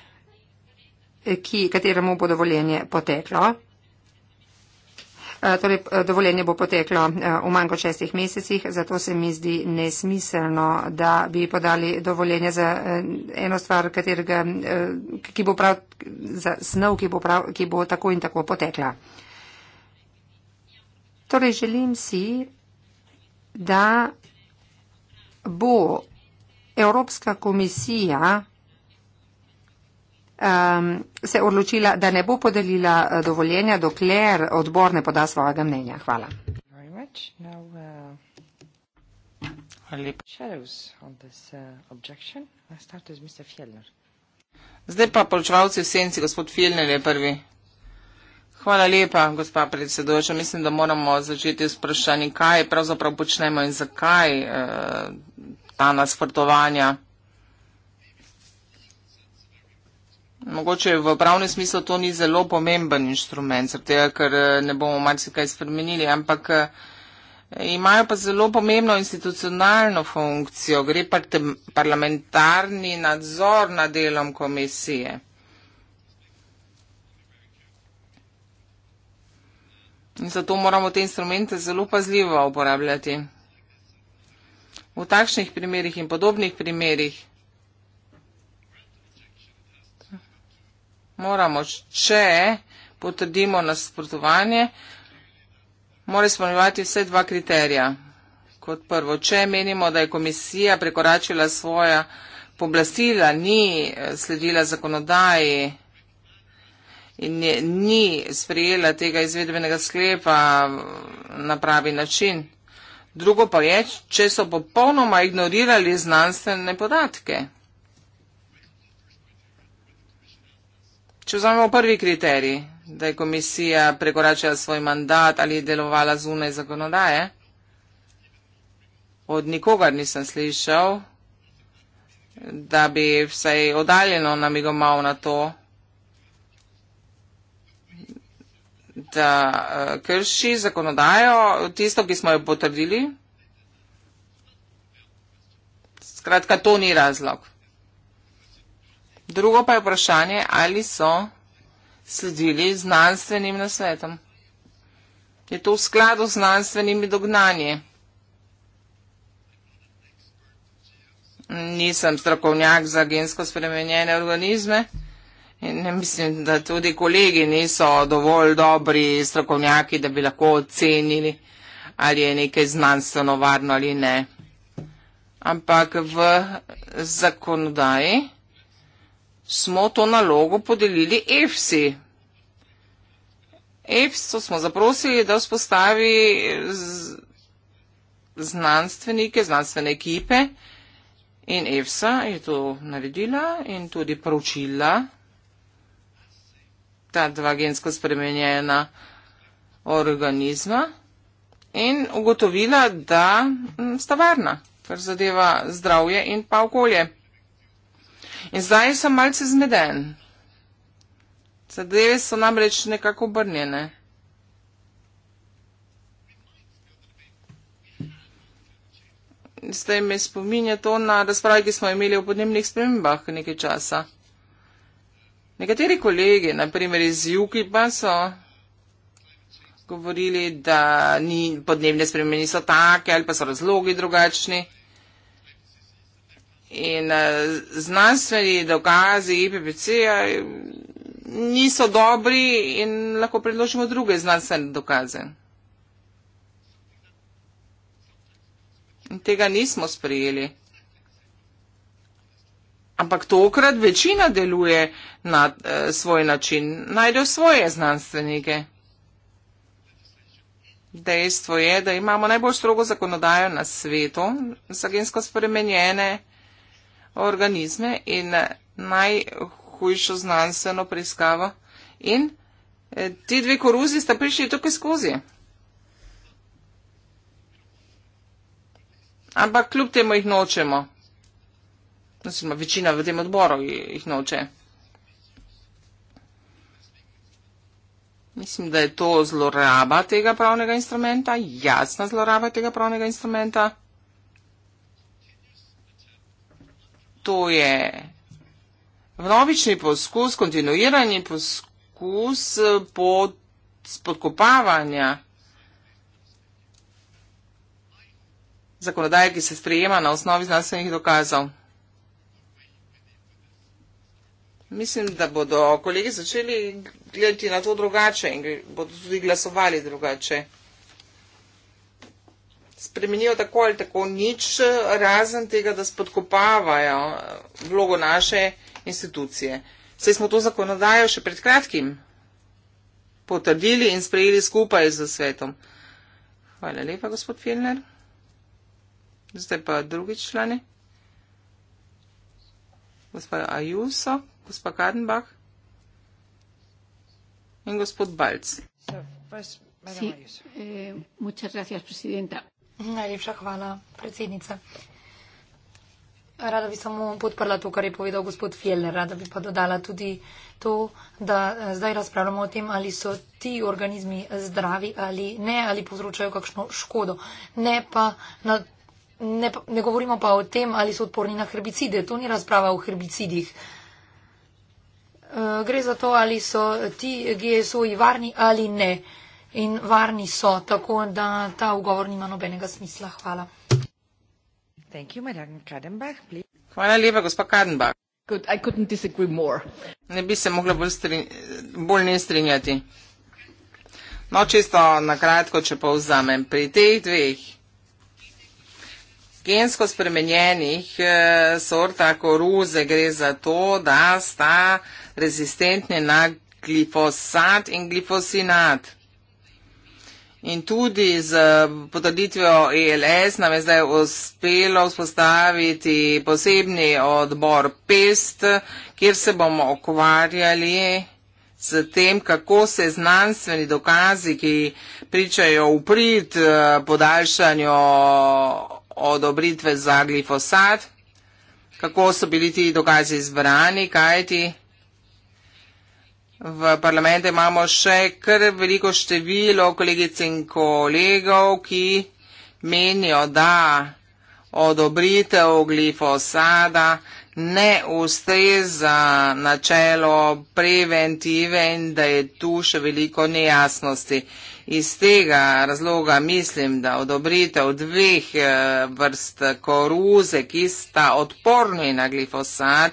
ki, kateremu bo dovoljenje poteklo. Eh, torej eh, dovoljenje bo poteklo eh, v manj kot šestih mesecih, zato se mi zdi nesmiselno, da bi podali dovoljenje za eno stvar, katerega, ki bo prav, za snov, ki bo, prav, ki bo tako in tako potekla. Torej želim si, da bo Evropska komisija um, se odločila, da ne bo podelila eh, dovoljenja, dokler odbor ne poda svojega mnenja. Hvala. Uh, uh, Zdaj pa polčevalci v senci, gospod Filner je prvi. Hvala lepa, gospa predsedujoča. Mislim, da moramo začeti s vprašanjem, kaj pravzaprav počnemo in zakaj eh, ta nasprotovanja. Mogoče v pravnem smislu to ni zelo pomemben inštrument, zato ker eh, ne bomo marsikaj spremenili, ampak eh, imajo pa zelo pomembno institucionalno funkcijo, gre pa parlamentarni nadzor nad delom komisije. In zato moramo te instrumente zelo pazljivo uporabljati. V takšnih primerih in podobnih primerih. moramo, če potrdimo nasprotovanje, mora izpolnjevati vse dva kriterija. Kot prvo, če menimo, da je komisija prekoračila svoja poblastila, ni eh, sledila zakonodaji in je, ni sprejela tega izvedbenega sklepa na pravi način. Drugo pa je, če so popolnoma ignorirali znanstvene podatke. Če vzamemo prvi kriterij, da je komisija prekoračila svoj mandat ali je delovala zunaj zakonodaje, od nikogar nisem slišal, da bi vsaj odaljeno namigomal na to, da eh, krši zakonodajo, tisto, ki smo jo potrdili. Skratka, to ni razlog. Drugo pa je vprašanje, ali so sledili znanstvenim nasvetom. Je to v skladu z znanstvenimi dognanji? Nisem strokovnjak za gensko spremenjene organizme in mislim, da tudi kolegi niso dovolj dobri strokovnjaki, da bi lahko ocenili, ali je nekaj znanstveno varno ali ne. Ampak v zakonodaji smo to nalogo podelili EFSI. EFSO smo zaprosili, da vzpostavi znanstvenike, znanstvene ekipe in EFSA je to naredila in tudi poročila ta dva gensko spremenjena organizma in ugotovila, da mm, sta varna, kar zadeva zdravje in pa okolje. In zdaj sem malce zmeden. Zadeve so namreč nekako obrnjene. Zdaj me spominja to na razpravi, ki smo imeli v podnebnih spremembah nekaj časa. Nekateri kolegi, naprimer iz Juki, pa so govorili, da ni, podnebne spremembe niso take ali pa so razlogi drugačni. In uh, znanstveni dokazi IPPC-ja niso dobri in lahko predložimo druge znanstvene dokaze. In tega nismo sprejeli. Ampak tokrat večina deluje na uh, svoj način, najde svoje znanstvenike. Dejstvo je, da imamo najbolj strogo zakonodajo na svetu za gensko spremenjene organizme in najhujšo znanstveno preiskavo. In eh, ti dve koruzi sta prišli tukaj skozi. Ampak kljub temu jih nočemo. Oziroma, večina v tem odboru jih noče. Mislim, da je to zloraba tega pravnega instrumenta, jasna zloraba tega pravnega instrumenta. to je vnovični poskus, kontinuirani poskus pod spodkopavanja zakonodaje, ki se sprejema na osnovi znanstvenih dokazov. Mislim, da bodo kolegi začeli gledati na to drugače in bodo tudi glasovali drugače spremenijo tako ali tako nič, razen tega, da spodkopavajo vlogo naše institucije. Saj smo to zakonodajo še pred kratkim potrdili in sprejeli skupaj z svetom. Hvala lepa, gospod Filner. Zdaj pa drugi člani. Gospod Ajuso, gospod Kardenbach in gospod Balc. Sí, eh, muchas gracias, presidenta. Najlepša hvala, predsednica. Rada bi samo podprla to, kar je povedal gospod Fjeller. Rada bi pa dodala tudi to, da eh, zdaj razpravljamo o tem, ali so ti organizmi zdravi ali ne, ali povzročajo kakšno škodo. Ne, pa na, ne, ne govorimo pa o tem, ali so odporni na herbicide. To ni razprava o herbicidih. Eh, gre za to, ali so ti GSO-ji varni ali ne in varni so, tako da ta ugovor nima nobenega smisla. Hvala. You, Kadenbach, Hvala lepa, gospa Kadenbach. Could, ne bi se mogla bolj, strin, bolj ne strinjati. No, čisto na kratko, če povzamem. Pri teh dveh gensko spremenjenih eh, sorta koruze gre za to, da sta rezistentni na glifosat in glifosinat. In tudi z potrditvijo ELS nam je zdaj uspelo vzpostaviti posebni odbor PEST, kjer se bomo okvarjali s tem, kako se znanstveni dokazi, ki pričajo uprit eh, podaljšanju odobritve za glifosat, kako so bili ti dokazi izbrani, kajti. V parlamente imamo še kar veliko število kolegic in kolegov, ki menijo, da odobritev glifosada ne ustreza načelo preventive in da je tu še veliko nejasnosti. Iz tega razloga mislim, da odobritev dveh eh, vrst koruze, ki sta odporni na glifosad,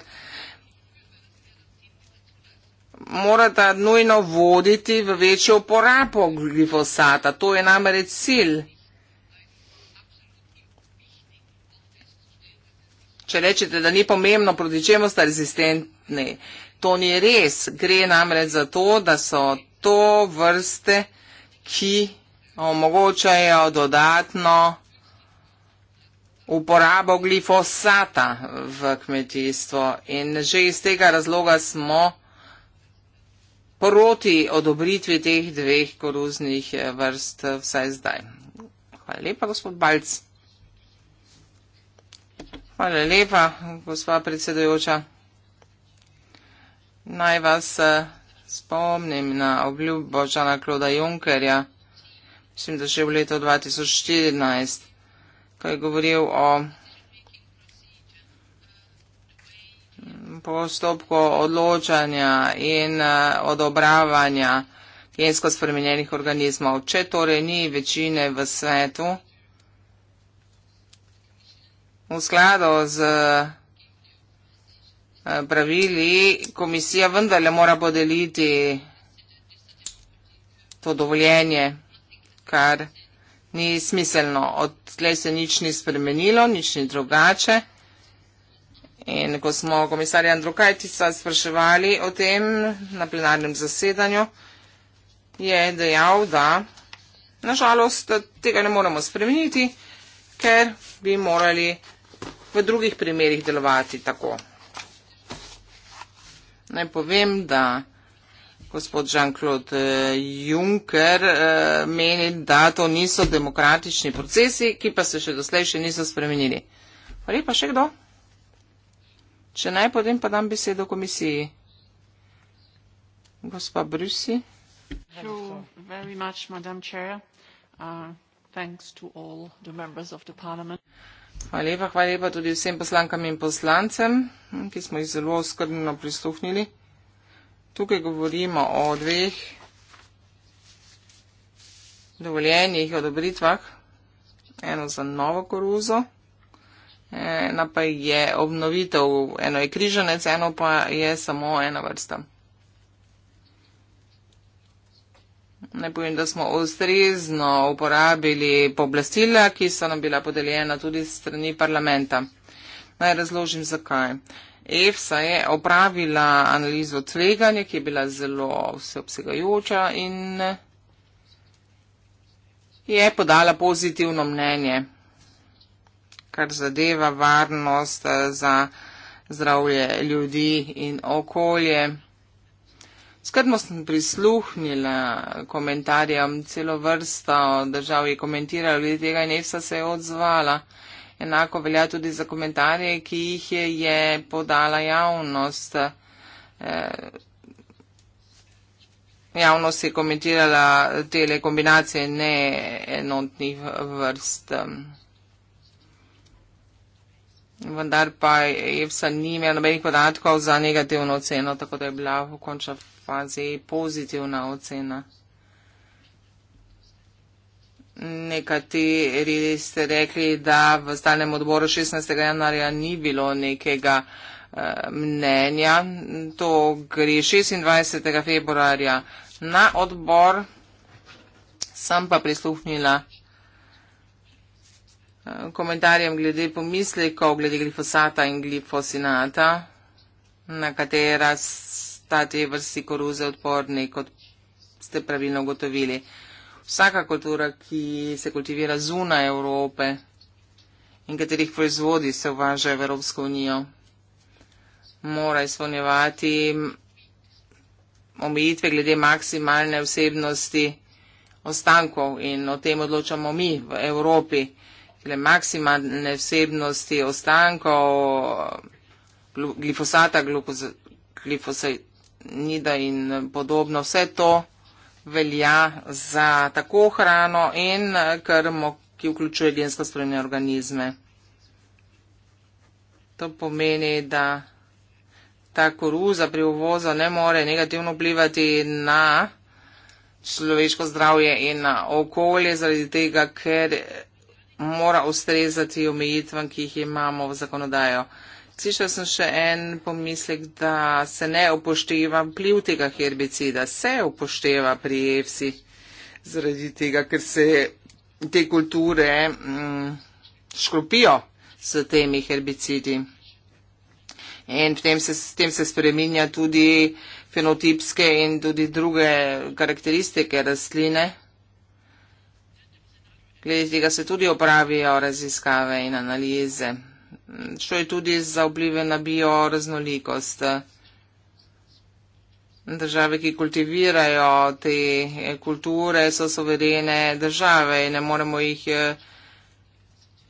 morata nujno voditi v večjo uporabo glifosata. To je namreč cilj. Če rečete, da ni pomembno, proti čemu ste rezistentni, to ni res. Gre namreč za to, da so to vrste, ki omogočajo dodatno uporabo glifosata v kmetijstvo. In že iz tega razloga smo proti odobritvi teh dveh koruznih eh, vrst eh, vsaj zdaj. Hvala lepa, gospod Balc. Hvala lepa, gospod predsedujoča. Naj vas eh, spomnim na obljubo Žana Kloda Junkerja, mislim, da že v letu 2014, ko je govoril o postopku odločanja in eh, odobravanja gensko spremenjenih organizmov. Če torej ni večine v svetu, v skladu z eh, pravili, komisija vendarle mora podeliti to dovoljenje, kar ni smiselno. Od tle se nič ni spremenilo, nič ni drugače. In ko smo komisarja Andrukajtica spraševali o tem na plenarnem zasedanju, je dejal, da nažalost tega ne moremo spremeniti, ker bi morali v drugih primerjih delovati tako. Naj povem, da gospod Jean-Claude eh, Juncker eh, meni, da to niso demokratični procesi, ki pa se še doslej še niso spremenili. Hvala lepa še kdo. Če naj, potem pa dam besedo komisiji. Gospa Brusi. Uh, hvala lepa, hvala lepa tudi vsem poslankam in poslancem, ki smo jih zelo skrbno prisluhnili. Tukaj govorimo o dveh dovoljenih odobritvah. Eno za novo koruzo ena pa je obnovitev, eno je križanec, eno pa je samo ena vrsta. Ne povem, da smo ustrezno uporabili poblastila, ki so nam bila podeljena tudi strani parlamenta. Naj razložim, zakaj. EFSA je opravila analizo tveganja, ki je bila zelo vseobsegajoča in je podala pozitivno mnenje kar zadeva varnost eh, za zdravje ljudi in okolje. Skrbno sem prisluhnila komentarjem, celo vrsta držav je komentirala, ljudi tega in EFSA se je odzvala. Enako velja tudi za komentarje, ki jih je, je podala javnost. E, javnost je komentirala tele kombinacije neenotnih vrst vendar pa EFSA ni imela nobenih podatkov za negativno oceno, tako da je bila v končni fazi pozitivna ocena. Nekateri ste rekli, da v stalnem odboru 16. januarja ni bilo nekega eh, mnenja. To gre 26. februarja na odbor. Sam pa prisluhnila komentarjem glede pomislekov glede glifosata in glifosinata, na katera sta te vrsti koruze odporni, kot ste pravilno ugotovili. Vsaka kultura, ki se kultivira zunaj Evrope in katerih proizvodi se uvažajo v Evropsko unijo, mora izpolnjevati omejitve glede maksimalne vsebnosti ostankov in o tem odločamo mi v Evropi le maksimalne vsebnosti ostankov glifosata, glifosanida in podobno. Vse to velja za tako hrano in krmo, ki vključuje gensko spremljene organizme. To pomeni, da ta koruza pri uvozu ne more negativno vplivati na človeško zdravje in na okolje, zaradi tega, ker mora ustrezati omejitvam, ki jih imamo v zakonodajo. Slišal sem še en pomislek, da se ne upošteva pliv tega herbicida, se upošteva pri EFSI, zaradi tega, ker se te kulture mm, škropijo s temi herbicidi. In s tem, tem se spreminja tudi fenotipske in tudi druge karakteristike rastline. Glede tega se tudi opravijo raziskave in analize. Šlo je tudi za vplive na bioraznolikost. Države, ki kultivirajo te kulture, so soverene države in ne moremo jih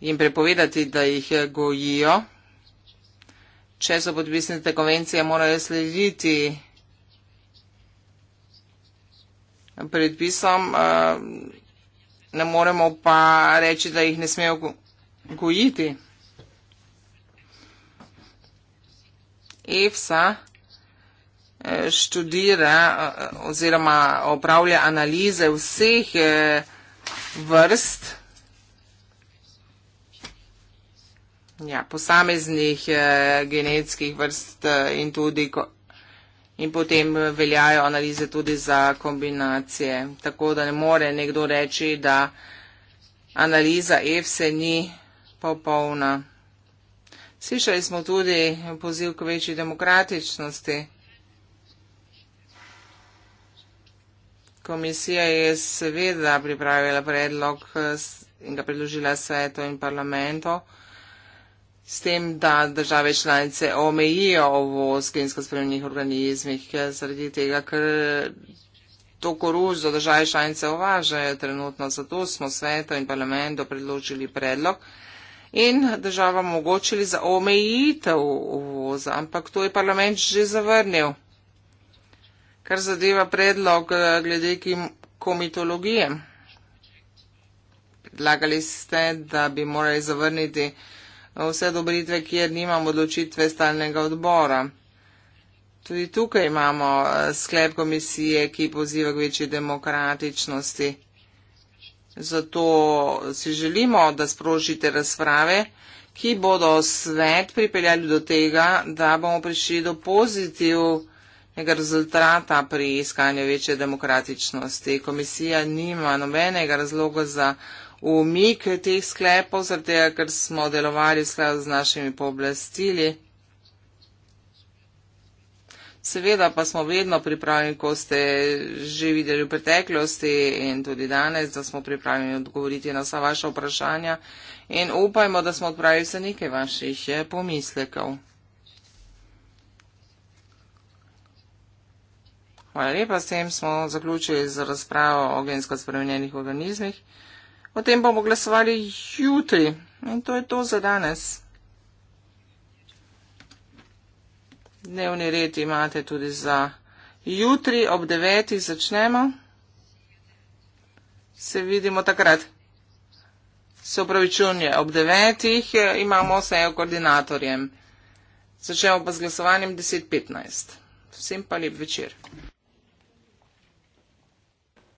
jim prepovedati, da jih gojijo. Če so podpisnite konvencije, morajo slediti predpisom. Uh, ne moremo pa reči, da jih ne smejo gojiti. EFSA eh, študira eh, oziroma opravlja analize vseh eh, vrst ja, posameznih genetskih vrst in tudi kot In potem veljajo analize tudi za kombinacije. Tako da ne more nekdo reči, da analiza EFSE ni popolna. Slišali smo tudi poziv k večji demokratičnosti. Komisija je seveda pripravila predlog in ga predložila svetu in parlamentu s tem, da države članice omejijo ovoz gensko spremenjenih organizmih eh, zaradi tega, ker to koruzo države članice uvažajo trenutno. Zato smo svetu in parlamentu predložili predlog in državam omogočili za omejitev uvoza, ampak to je parlament že zavrnil. Kar zadeva predlog eh, glede komitologije. Predlagali ste, da bi morali zavrniti vse dobritve, kjer nimamo odločitve stalnega odbora. Tudi tukaj imamo eh, sklep komisije, ki poziva k večji demokratičnosti. Zato si želimo, da sprožite razprave, ki bodo svet pripeljali do tega, da bomo prišli do pozitivnega rezultata pri iskanju večje demokratičnosti. Komisija nima nobenega razloga za umik teh sklepov, zato ker smo delovali v skladu z našimi pooblastili. Seveda pa smo vedno pripravljeni, ko ste že videli v preteklosti in tudi danes, da smo pripravljeni odgovoriti na vsa vaša vprašanja in upajmo, da smo odpravili vse nekaj vaših eh, pomislekov. Hvala lepa, s tem smo zaključili z razpravo o gensko spremenjenih organizmih. O tem bomo glasovali jutri in to je to za danes. Dnevni red imate tudi za jutri ob 9. začnemo. Se vidimo takrat. Se upravičujem, ob 9. Eh, imamo vse o koordinatorjem. Začnemo pa z glasovanjem 10.15. Vsem pa lep večer.